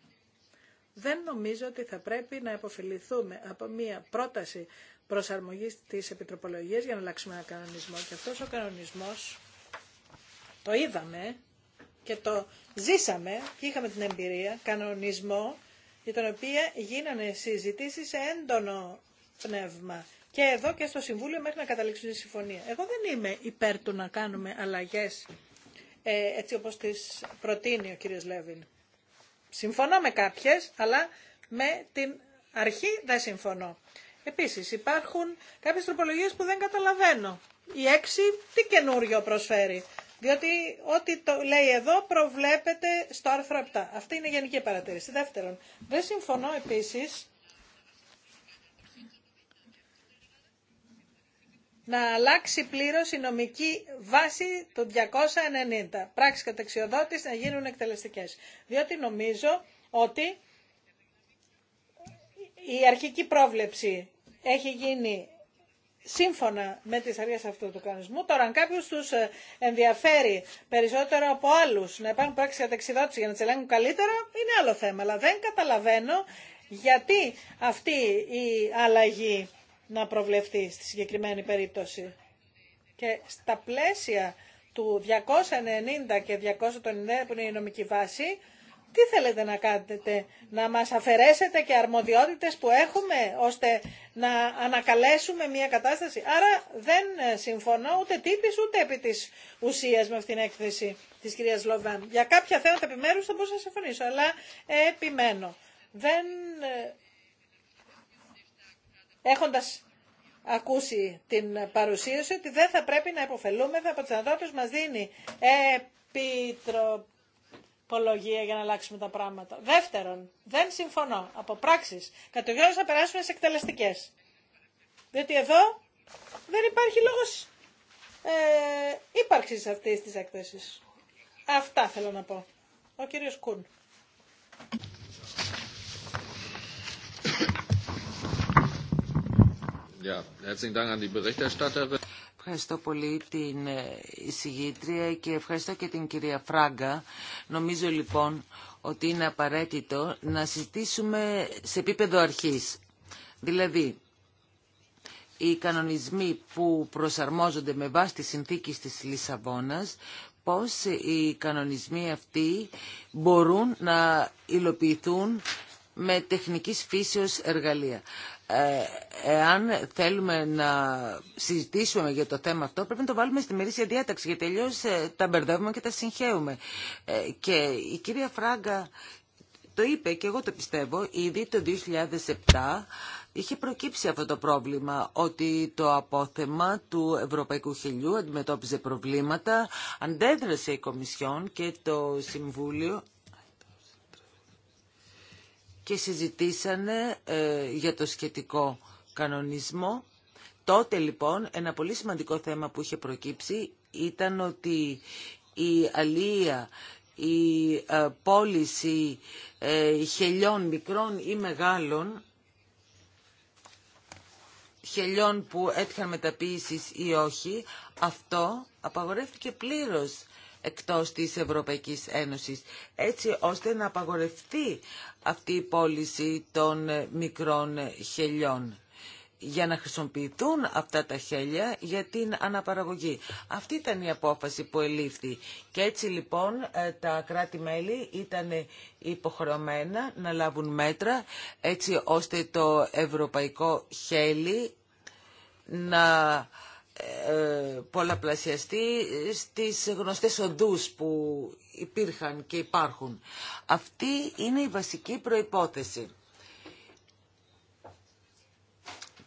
δεν νομίζω ότι θα πρέπει να αποφεληθούμε από μία πρόταση προσαρμογής της επιτροπολογίας για να αλλάξουμε ένα κανονισμό. Και αυτός ο κανονισμός το είδαμε και το ζήσαμε και είχαμε την εμπειρία, κανονισμό για τον οποίο γίνανε συζητήσεις σε έντονο πνεύμα. Και εδώ και στο Συμβούλιο μέχρι να καταλήξουν τη συμφωνία. Εγώ δεν είμαι υπέρ του να κάνουμε αλλαγέ ε, έτσι όπως τις προτείνει ο κύριος Λέβιν. Συμφωνώ με κάποιε, αλλά με την αρχή δεν συμφωνώ. Επίση, υπάρχουν κάποιες τροπολογίες που δεν καταλαβαίνω. Η έξι τι καινούριο προσφέρει. Διότι ό,τι το λέει εδώ προβλέπεται στο άρθρο 7. Αυτή είναι η γενική παρατήρηση. Δεύτερον, δεν συμφωνώ επίσης να αλλάξει πλήρω η νομική βάση του 290. Πράξεις καταξιοδότης να γίνουν εκτελεστικές. Διότι νομίζω ότι η αρχική πρόβλεψη έχει γίνει σύμφωνα με τις αρχές αυτού του κανονισμού. Τώρα, αν κάποιο τους ε, ενδιαφέρει περισσότερο από άλλους να υπάρχουν πράξεις καταξιδότηση για να τις ελέγχουν καλύτερα, είναι άλλο θέμα. Αλλά δεν καταλαβαίνω γιατί αυτή η αλλαγή να προβλεφθεί στη συγκεκριμένη περίπτωση. Και στα πλαίσια του 290 και 290 που είναι η νομική βάση, τι θέλετε να κάνετε, να μας αφαιρέσετε και αρμοδιότητες που έχουμε ώστε να ανακαλέσουμε μια κατάσταση. Άρα δεν συμφωνώ ούτε τύπης ούτε επί της ουσίας με αυτήν την έκθεση της κυρίας Λοβάν. Για κάποια θέματα επιμέρους θα μπορούσα να συμφωνήσω, αλλά επιμένω. Δεν ε, έχοντας ακούσει την παρουσίαση ότι δεν θα πρέπει να θα από τις ανθρώπες μας δίνει επιτροπή Πολλογία για να αλλάξουμε τα πράγματα. Δεύτερον, δεν συμφωνώ από πράξει. Κατογιώ να περάσουμε σε εκτελεστικέ. Διότι εδώ δεν υπάρχει λόγο ε, ύπαρξη αυτή τη έκθεση. Αυτά θέλω να πω. Ο κύριο Κούν. herzlichen Dank an die Berichterstatterin. Ευχαριστώ πολύ την ε, εισηγήτρια και ευχαριστώ και την κυρία Φράγκα. Νομίζω λοιπόν ότι είναι απαραίτητο να συζητήσουμε σε επίπεδο αρχής. Δηλαδή, οι κανονισμοί που προσαρμόζονται με βάση τη συνθήκη της Λισαβόνας, πώς οι κανονισμοί αυτοί μπορούν να υλοποιηθούν με τεχνικής φύσεως εργαλεία. Ε, εάν θέλουμε να συζητήσουμε για το θέμα αυτό, πρέπει να το βάλουμε στη μερίσια διάταξη, γιατί τελείω τα μπερδεύουμε και τα συγχαίουμε. Ε, και η κυρία Φράγκα το είπε και εγώ το πιστεύω, ήδη το 2007 είχε προκύψει αυτό το πρόβλημα ότι το απόθεμα του Ευρωπαϊκού Χελιού αντιμετώπιζε προβλήματα, αντέδρασε η Κομισιόν και το Συμβούλιο και συζητήσανε ε, για το σχετικό κανονισμό. Τότε λοιπόν ένα πολύ σημαντικό θέμα που είχε προκύψει ήταν ότι η αλία, η ε, πώληση ε, χελιών μικρών ή μεγάλων, χελιών που έτυχαν μεταποίησης ή όχι, αυτό απαγορεύτηκε πλήρως εκτός της Ευρωπαϊκής Ένωσης, έτσι ώστε να απαγορευτεί αυτή η πώληση των μικρών χελιών για να χρησιμοποιηθούν αυτά τα χέλια για την αναπαραγωγή. Αυτή ήταν η απόφαση που ελήφθη. Και έτσι λοιπόν ε, τα κράτη-μέλη ήταν υποχρεωμένα να λάβουν μέτρα έτσι ώστε το ευρωπαϊκό χέλι να πολλαπλασιαστεί στις γνωστές οδούς που υπήρχαν και υπάρχουν. Αυτή είναι η βασική προϋπόθεση.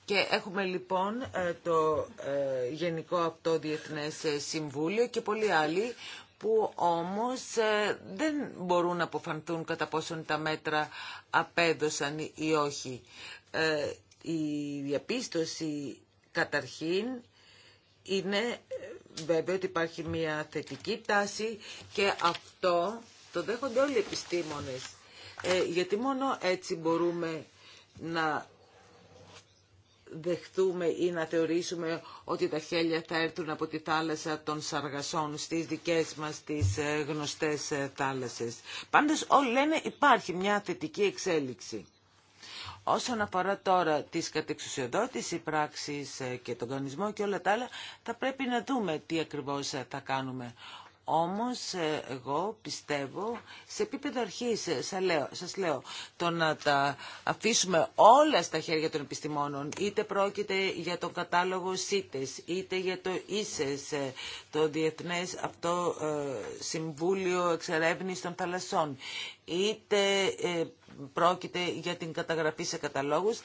Και έχουμε λοιπόν ε, το ε, Γενικό αυτό Διεθνές Συμβούλιο και πολλοί άλλοι που όμως ε, δεν μπορούν να αποφανθούν κατά πόσον τα μέτρα απέδωσαν ή όχι. Η διαπίστωση καταρχήν είναι ε, βέβαια ότι υπάρχει μια θετική τάση και αυτό το δέχονται όλοι οι επιστήμονες. Ε, γιατί μόνο έτσι μπορούμε να δεχτούμε ή να θεωρήσουμε ότι τα χέλια θα έρθουν από τη θάλασσα των Σαργασών στις δικές μας τις ε, γνωστές θάλασσες. Πάντως όλοι λένε υπάρχει μια θετική εξέλιξη. Όσον αφορά τώρα τις κατεξουσιοδότηση πράξεις ε, και τον κανονισμό και όλα τα άλλα, θα πρέπει να δούμε τι ακριβώς ε, θα κάνουμε. Όμως ε, εγώ πιστεύω σε επίπεδο αρχής, ε, σας λέω, σας λέω, το να τα αφήσουμε όλα στα χέρια των επιστημόνων, είτε πρόκειται για τον κατάλογο ΣΥΤΕΣ, είτε για το ΙΣΕΣ, ε, το Διεθνές αυτό Συμβούλιο Εξερεύνησης των Θαλασσών, είτε πρόκειται για την καταγραφή σε καταλόγους,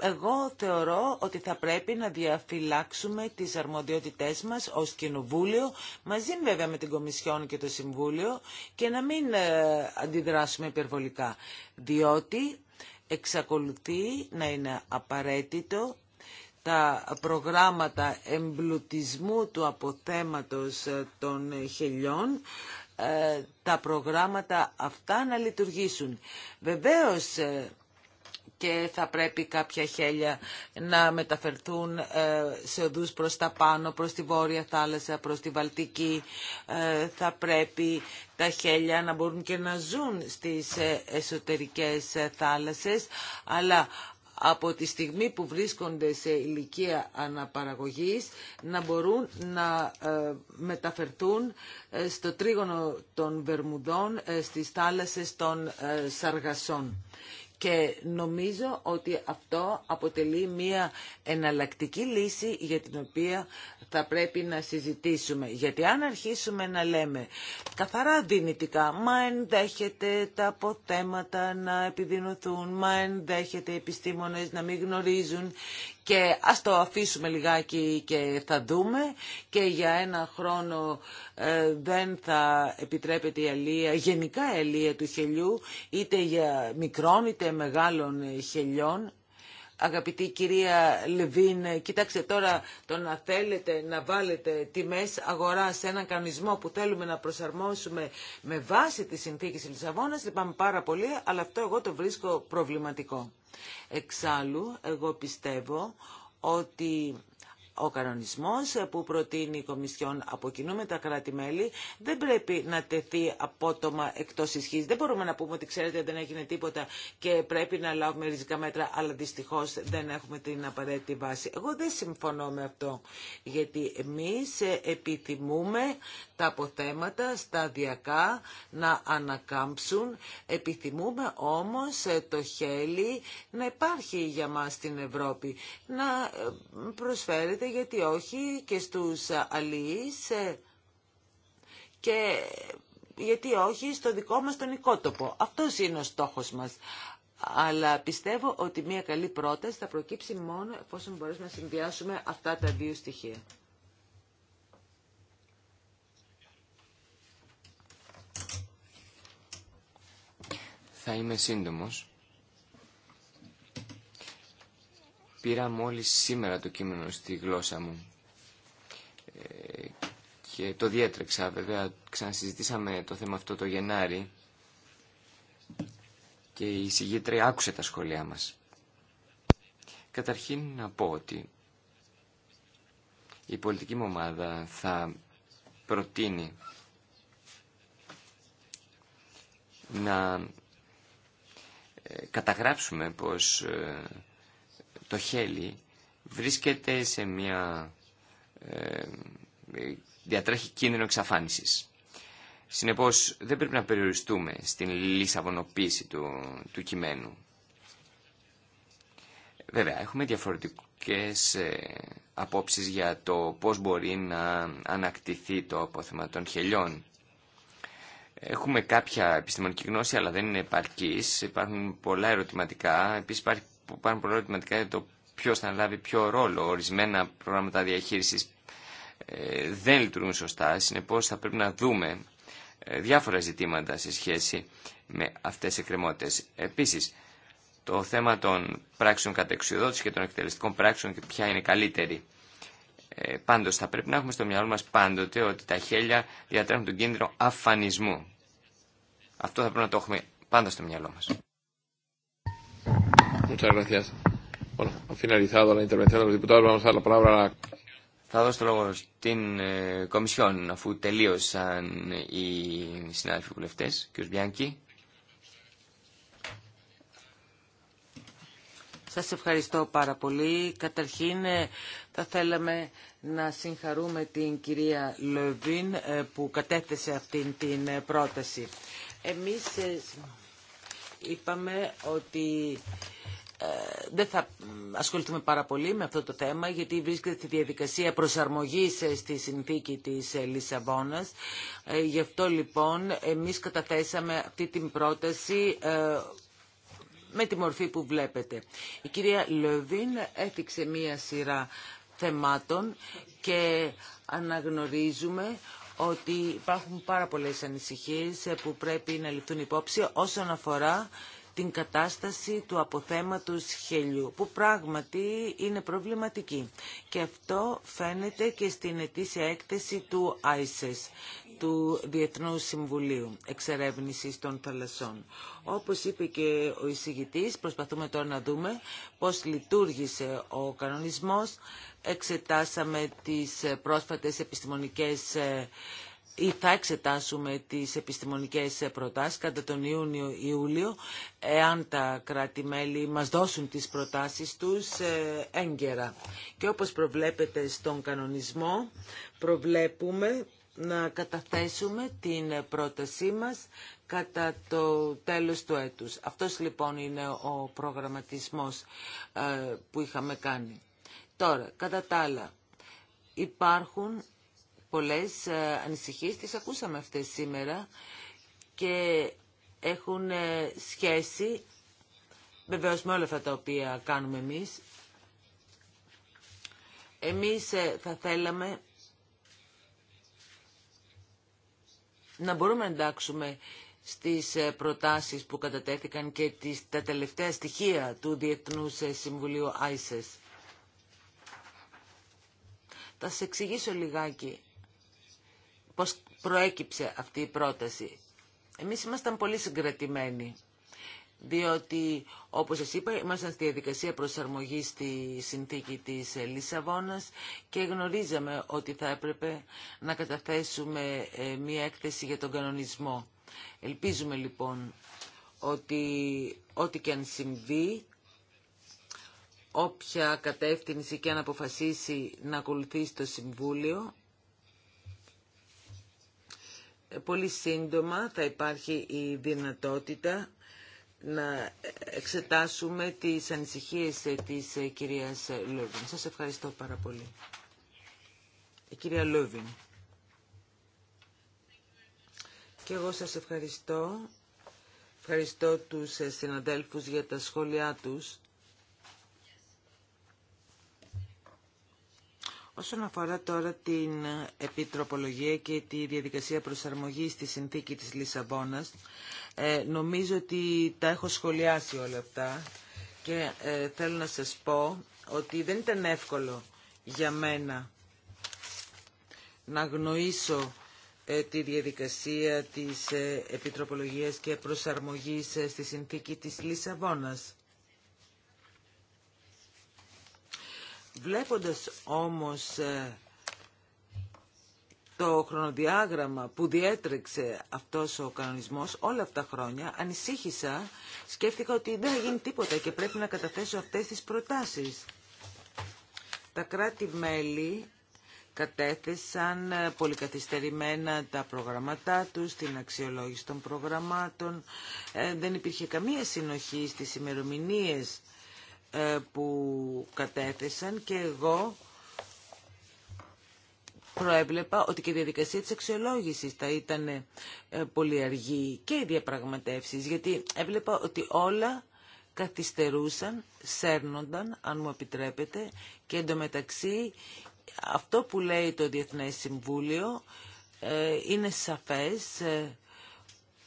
εγώ θεωρώ ότι θα πρέπει να διαφυλάξουμε τις αρμοδιότητές μας ως Κοινοβούλιο, μαζί βέβαια με την Κομισιόν και το Συμβούλιο, και να μην ε, αντιδράσουμε υπερβολικά, διότι εξακολουθεί να είναι απαραίτητο τα προγράμματα εμπλουτισμού του αποθέματος ε, των χελιών, ε, τα προγράμματα αυτά να λειτουργήσουν. Βεβαίως και θα πρέπει κάποια χέλια να μεταφερθούν ε, σε οδούς προς τα πάνω, προς τη Βόρεια Θάλασσα, προς τη Βαλτική. Ε, θα πρέπει τα χέλια να μπορούν και να ζουν στις ε, εσωτερικές θάλασσες, αλλά από τη στιγμή που βρίσκονται σε ηλικία αναπαραγωγής να μπορούν να μεταφερθούν στο τρίγωνο των Βερμουδών στις θάλασσες των Σαργασών. Και νομίζω ότι αυτό αποτελεί μια εναλλακτική λύση για την οποία θα πρέπει να συζητήσουμε. Γιατί αν αρχίσουμε να λέμε καθαρά δυνητικά, μα ενδέχεται τα αποτέματα να επιδεινωθούν, μα ενδέχεται οι επιστήμονες να μην γνωρίζουν και ας το αφήσουμε λιγάκι και θα δούμε και για ένα χρόνο ε, δεν θα επιτρέπεται η αλία, γενικά η αλία του χελιού είτε για μικρών είτε μεγάλων χελιών Αγαπητή κυρία Λεβίν, κοιτάξτε τώρα το να θέλετε να βάλετε τιμές αγοράς σε έναν κανονισμό που θέλουμε να προσαρμόσουμε με βάση τη συνθήκη της Λισαβόνας, λυπάμαι πάρα πολύ, αλλά αυτό εγώ το βρίσκω προβληματικό. Εξάλλου, εγώ πιστεύω ότι ο κανονισμός που προτείνει η Κομισιόν από κοινού με τα κράτη-μέλη δεν πρέπει να τεθεί απότομα εκτός ισχύς. Δεν μπορούμε να πούμε ότι ξέρετε δεν έγινε τίποτα και πρέπει να λάβουμε ριζικά μέτρα, αλλά δυστυχώς δεν έχουμε την απαραίτητη βάση. Εγώ δεν συμφωνώ με αυτό, γιατί εμείς επιθυμούμε τα αποθέματα σταδιακά να ανακάμψουν. Επιθυμούμε όμως το χέλι να υπάρχει για μας στην Ευρώπη, να προσφέρεται γιατί όχι, και στους αλληλείς ε, και γιατί όχι στο δικό μας τον οικότοπο. Αυτός είναι ο στόχος μας. Αλλά πιστεύω ότι μια καλή πρόταση θα προκύψει μόνο εφόσον μπορέσουμε να συνδυάσουμε αυτά τα δύο στοιχεία. Θα είμαι σύντομος. πήρα μόλις σήμερα το κείμενο στη γλώσσα μου ε, και το διέτρεξα βέβαια. Ξανασυζητήσαμε το θέμα αυτό το Γενάρη και η συγγήτρια άκουσε τα σχόλιά μας. Καταρχήν να πω ότι η πολιτική μου ομάδα θα προτείνει να ε, καταγράψουμε πως ε, το χέλι βρίσκεται σε μια... Ε, διατρέχει κίνδυνο εξαφάνισης. Συνεπώς δεν πρέπει να περιοριστούμε στην λισαβονοποίηση του, του κειμένου. Βέβαια, έχουμε διαφορετικές ε, απόψεις για το πώς μπορεί να ανακτηθεί το απόθεμα των χελιών. Έχουμε κάποια επιστημονική γνώση, αλλά δεν είναι επαρκής. Υπάρχουν πολλά ερωτηματικά. Επίσης υπάρχει που πάνε πολύ ερωτηματικά για το ποιο θα λάβει ποιο ρόλο. Ορισμένα προγράμματα διαχείριση ε, δεν λειτουργούν σωστά, συνεπώ θα πρέπει να δούμε ε, διάφορα ζητήματα σε σχέση με αυτέ τι εκκρεμότητε. Επίση, το θέμα των πράξεων κατεξουδότηση και των εκτελεστικών πράξεων και ποια είναι καλύτερη. Ε, πάντως, θα πρέπει να έχουμε στο μυαλό μα πάντοτε ότι τα χέλια διατρέχουν τον κίνδυνο αφανισμού. Αυτό θα πρέπει να το έχουμε πάντα στο μυαλό μας. Muchas gracias. Bueno, ha finalizado la intervención de los diputados. Vamos a dar la palabra a la... Θα δώσω το λόγο στην ε, Κομισιόν, αφού τελείωσαν οι συνάδελφοι βουλευτέ, κ. Μπιάνκη. Σας ευχαριστώ πάρα πολύ. Καταρχήν ε, θα θέλαμε να συγχαρούμε την κυρία Λεβίν ε, που κατέθεσε αυτήν την ε, πρόταση. Εμείς είπαμε ότι ε, δεν θα ασχοληθούμε πάρα πολύ με αυτό το θέμα γιατί βρίσκεται στη διαδικασία προσαρμογής ε, στη συνθήκη της ε, Λισαβόνας. Γι' αυτό λοιπόν εμείς καταθέσαμε αυτή την πρόταση με τη μορφή που βλέπετε. Η κυρία Λεβίν έφτιαξε μία σειρά θεμάτων και αναγνωρίζουμε ότι υπάρχουν πάρα πολλές ανησυχίες που πρέπει να ληφθούν υπόψη όσον αφορά την κατάσταση του αποθέματος χελιού, που πράγματι είναι προβληματική. Και αυτό φαίνεται και στην ετήσια έκθεση του ISIS, του Διεθνούς Συμβουλίου Εξερεύνησης των Θαλασσών. Όπως είπε και ο εισηγητής, προσπαθούμε τώρα να δούμε πώς λειτουργήσε ο κανονισμός. Εξετάσαμε τις πρόσφατες επιστημονικές ε, ή θα εξετάσουμε τις επιστημονικές προτάσεις κατά τον Ιούνιο-Ιούλιο εάν τα κράτη-μέλη μας δώσουν τις προτάσεις τους ε, έγκαιρα. Και όπως προβλέπετε στον κανονισμό προβλέπουμε να καταθέσουμε την πρότασή μας κατά το τέλος του έτους. Αυτός λοιπόν είναι ο προγραμματισμός ε, που είχαμε κάνει. Τώρα, κατά τα άλλα, υπάρχουν πολλές ε, ανησυχίες, τις ακούσαμε αυτές σήμερα και έχουν ε, σχέση βεβαίως με όλα αυτά τα οποία κάνουμε εμείς. Εμείς ε, θα θέλαμε να μπορούμε να εντάξουμε στις προτάσεις που κατατέθηκαν και τις, τα τελευταία στοιχεία του Διεθνούς Συμβουλίου ISIS. E θα σας εξηγήσω λιγάκι πώς προέκυψε αυτή η πρόταση. Εμείς ήμασταν πολύ συγκρατημένοι, διότι όπως σας είπα ήμασταν στη διαδικασία προσαρμογής στη συνθήκη της Λισαβόνας και γνωρίζαμε ότι θα έπρεπε να καταθέσουμε ε, μία έκθεση για τον κανονισμό. Ελπίζουμε λοιπόν ότι ό,τι και αν συμβεί, όποια κατεύθυνση και αν αποφασίσει να ακολουθήσει το Συμβούλιο, πολύ σύντομα θα υπάρχει η δυνατότητα να εξετάσουμε τις ανησυχίες της κυρίας Λόβιν. Σας ευχαριστώ πάρα πολύ. Η ε, κυρία Λόβιν. Και εγώ σας ευχαριστώ. Ευχαριστώ τους συναδέλφους για τα σχόλιά τους. Όσον αφορά τώρα την επιτροπολογία και τη διαδικασία προσαρμογής στη συνθήκη της Λισαβόνας, ε, νομίζω ότι τα έχω σχολιάσει όλα αυτά και ε, θέλω να σας πω ότι δεν ήταν εύκολο για μένα να γνωρίσω ε, τη διαδικασία της επιτροπολογίας και προσαρμογής στη συνθήκη της Λισαβόνας. Βλέποντας όμως ε, το χρονοδιάγραμμα που διέτρεξε αυτός ο κανονισμός όλα αυτά τα χρόνια, ανησύχησα, σκέφτηκα ότι δεν θα γίνει τίποτα και πρέπει να καταθέσω αυτές τις προτάσεις. Τα κράτη-μέλη κατέθεσαν ε, πολυκαθυστερημένα τα προγραμματά τους, την αξιολόγηση των προγραμμάτων. Ε, δεν υπήρχε καμία συνοχή στις ημερομηνίες ε, που κατέθεσαν και εγώ προέβλεπα ότι και η διαδικασία της αξιολόγησης θα ήταν ε, πολύ αργή και οι διαπραγματεύσεις, γιατί έβλεπα ότι όλα καθυστερούσαν, σέρνονταν, αν μου επιτρέπετε, και εντωμεταξύ αυτό που λέει το Διεθνές Συμβούλιο ε, είναι σαφές,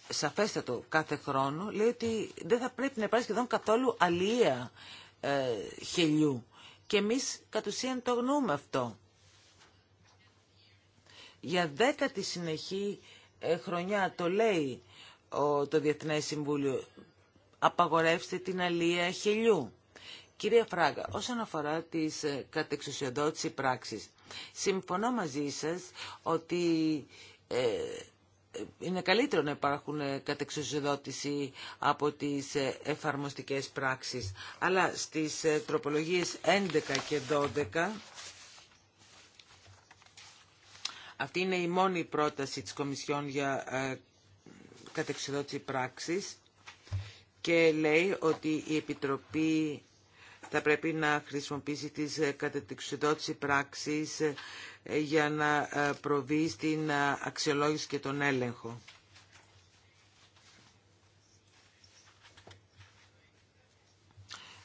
σαφέστατο κάθε χρόνο, λέει ότι δεν θα πρέπει να υπάρχει σχεδόν καθόλου αλία ε, χελιού. Και εμείς κατ' ουσίαν το γνωρούμε αυτό. Για δέκατη συνεχή ε, χρονιά το λέει το Διεθνές Συμβούλιο απαγορεύστε την αλία χελιού. Κυρία Φράγκα, όσον αφορά τις ε, κατεξουσιοδότηση πράξεις, συμφωνώ μαζί σας ότι είναι καλύτερο να υπάρχουν ε, από τις ε, εφαρμοστικές πράξεις. Αλλά στις ε, τροπολογίες 11 και 12... Αυτή είναι η μόνη πρόταση της Κομισιόν για κατεξοδότηση πράξης και λέει ότι η Επιτροπή θα πρέπει να χρησιμοποιήσει τις ε, κατατεξιδότηση πράξεις ε, για να ε, προβεί στην αξιολόγηση και τον έλεγχο.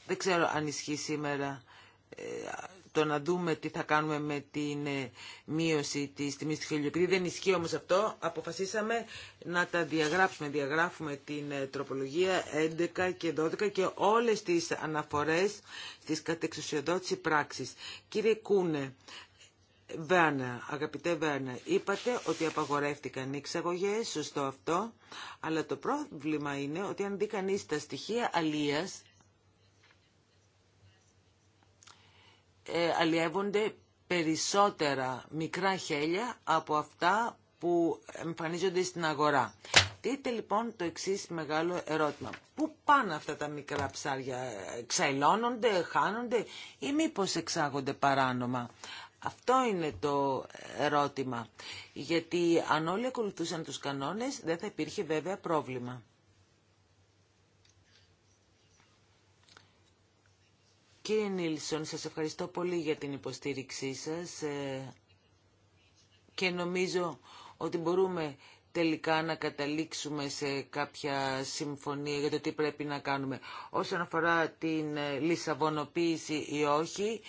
Δεν ξέρω αν ισχύει σήμερα το να δούμε τι θα κάνουμε με την ε, μείωση της τιμή του χελιού. δεν ισχύει όμω αυτό, αποφασίσαμε να τα διαγράψουμε. Διαγράφουμε την ε, τροπολογία 11 και 12 και όλες τις αναφορές στις κατεξουσιοδότηση πράξη. Κύριε Κούνε, Βέρνα, αγαπητέ Βέρνα, είπατε ότι απαγορεύτηκαν οι εξαγωγέ σωστό αυτό, αλλά το πρόβλημα είναι ότι αν δει κανεί τα στοιχεία αλίας, Ε, αλλιεύονται περισσότερα μικρά χέλια από αυτά που εμφανίζονται στην αγορά. Τείτε λοιπόν το εξή μεγάλο ερώτημα. Πού πάνε αυτά τα μικρά ψάρια, ξαϊλώνονται, χάνονται ή μήπως εξάγονται παράνομα. Αυτό είναι το ερώτημα. Γιατί αν όλοι ακολουθούσαν τους κανόνες δεν θα υπήρχε βέβαια πρόβλημα. Κύριε Νίλσον, σας ευχαριστώ πολύ για την υποστήριξή σας ε, και νομίζω ότι μπορούμε τελικά να καταλήξουμε σε κάποια συμφωνία για το τι πρέπει να κάνουμε όσον αφορά την ε, λισαβονοποίηση ή όχι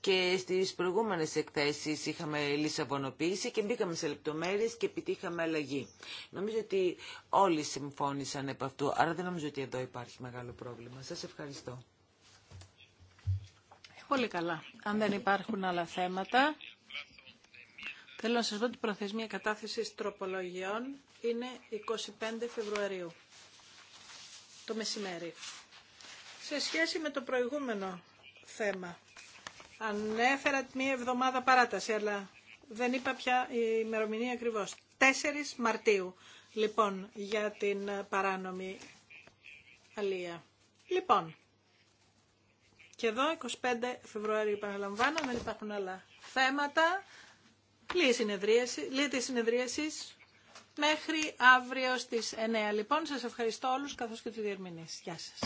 και στις προηγούμενες εκθέσεις είχαμε λισαβονοποίηση και μπήκαμε σε λεπτομέρειες και επιτύχαμε αλλαγή. Νομίζω ότι όλοι συμφώνησαν επ' αυτού, άρα δεν νομίζω ότι εδώ υπάρχει μεγάλο πρόβλημα. Σας ευχαριστώ. Πολύ καλά. Αν δεν υπάρχουν άλλα θέματα, θέλω να σας πω ότι η προθεσμία κατάθεσης τροπολογιών είναι 25 Φεβρουαρίου, το μεσημέρι. Σε σχέση με το προηγούμενο θέμα, ανέφερα μία εβδομάδα παράταση, αλλά δεν είπα πια η ημερομηνία ακριβώς. 4 Μαρτίου, λοιπόν, για την παράνομη αλία. Λοιπόν, και εδώ 25 Φεβρουαρίου επαναλαμβάνω, δεν υπάρχουν άλλα θέματα. Λύτε συνεδρίαση, μέχρι αύριο στις 9. Λοιπόν, σας ευχαριστώ όλους καθώς και τους διερμηνείς. Γεια σας.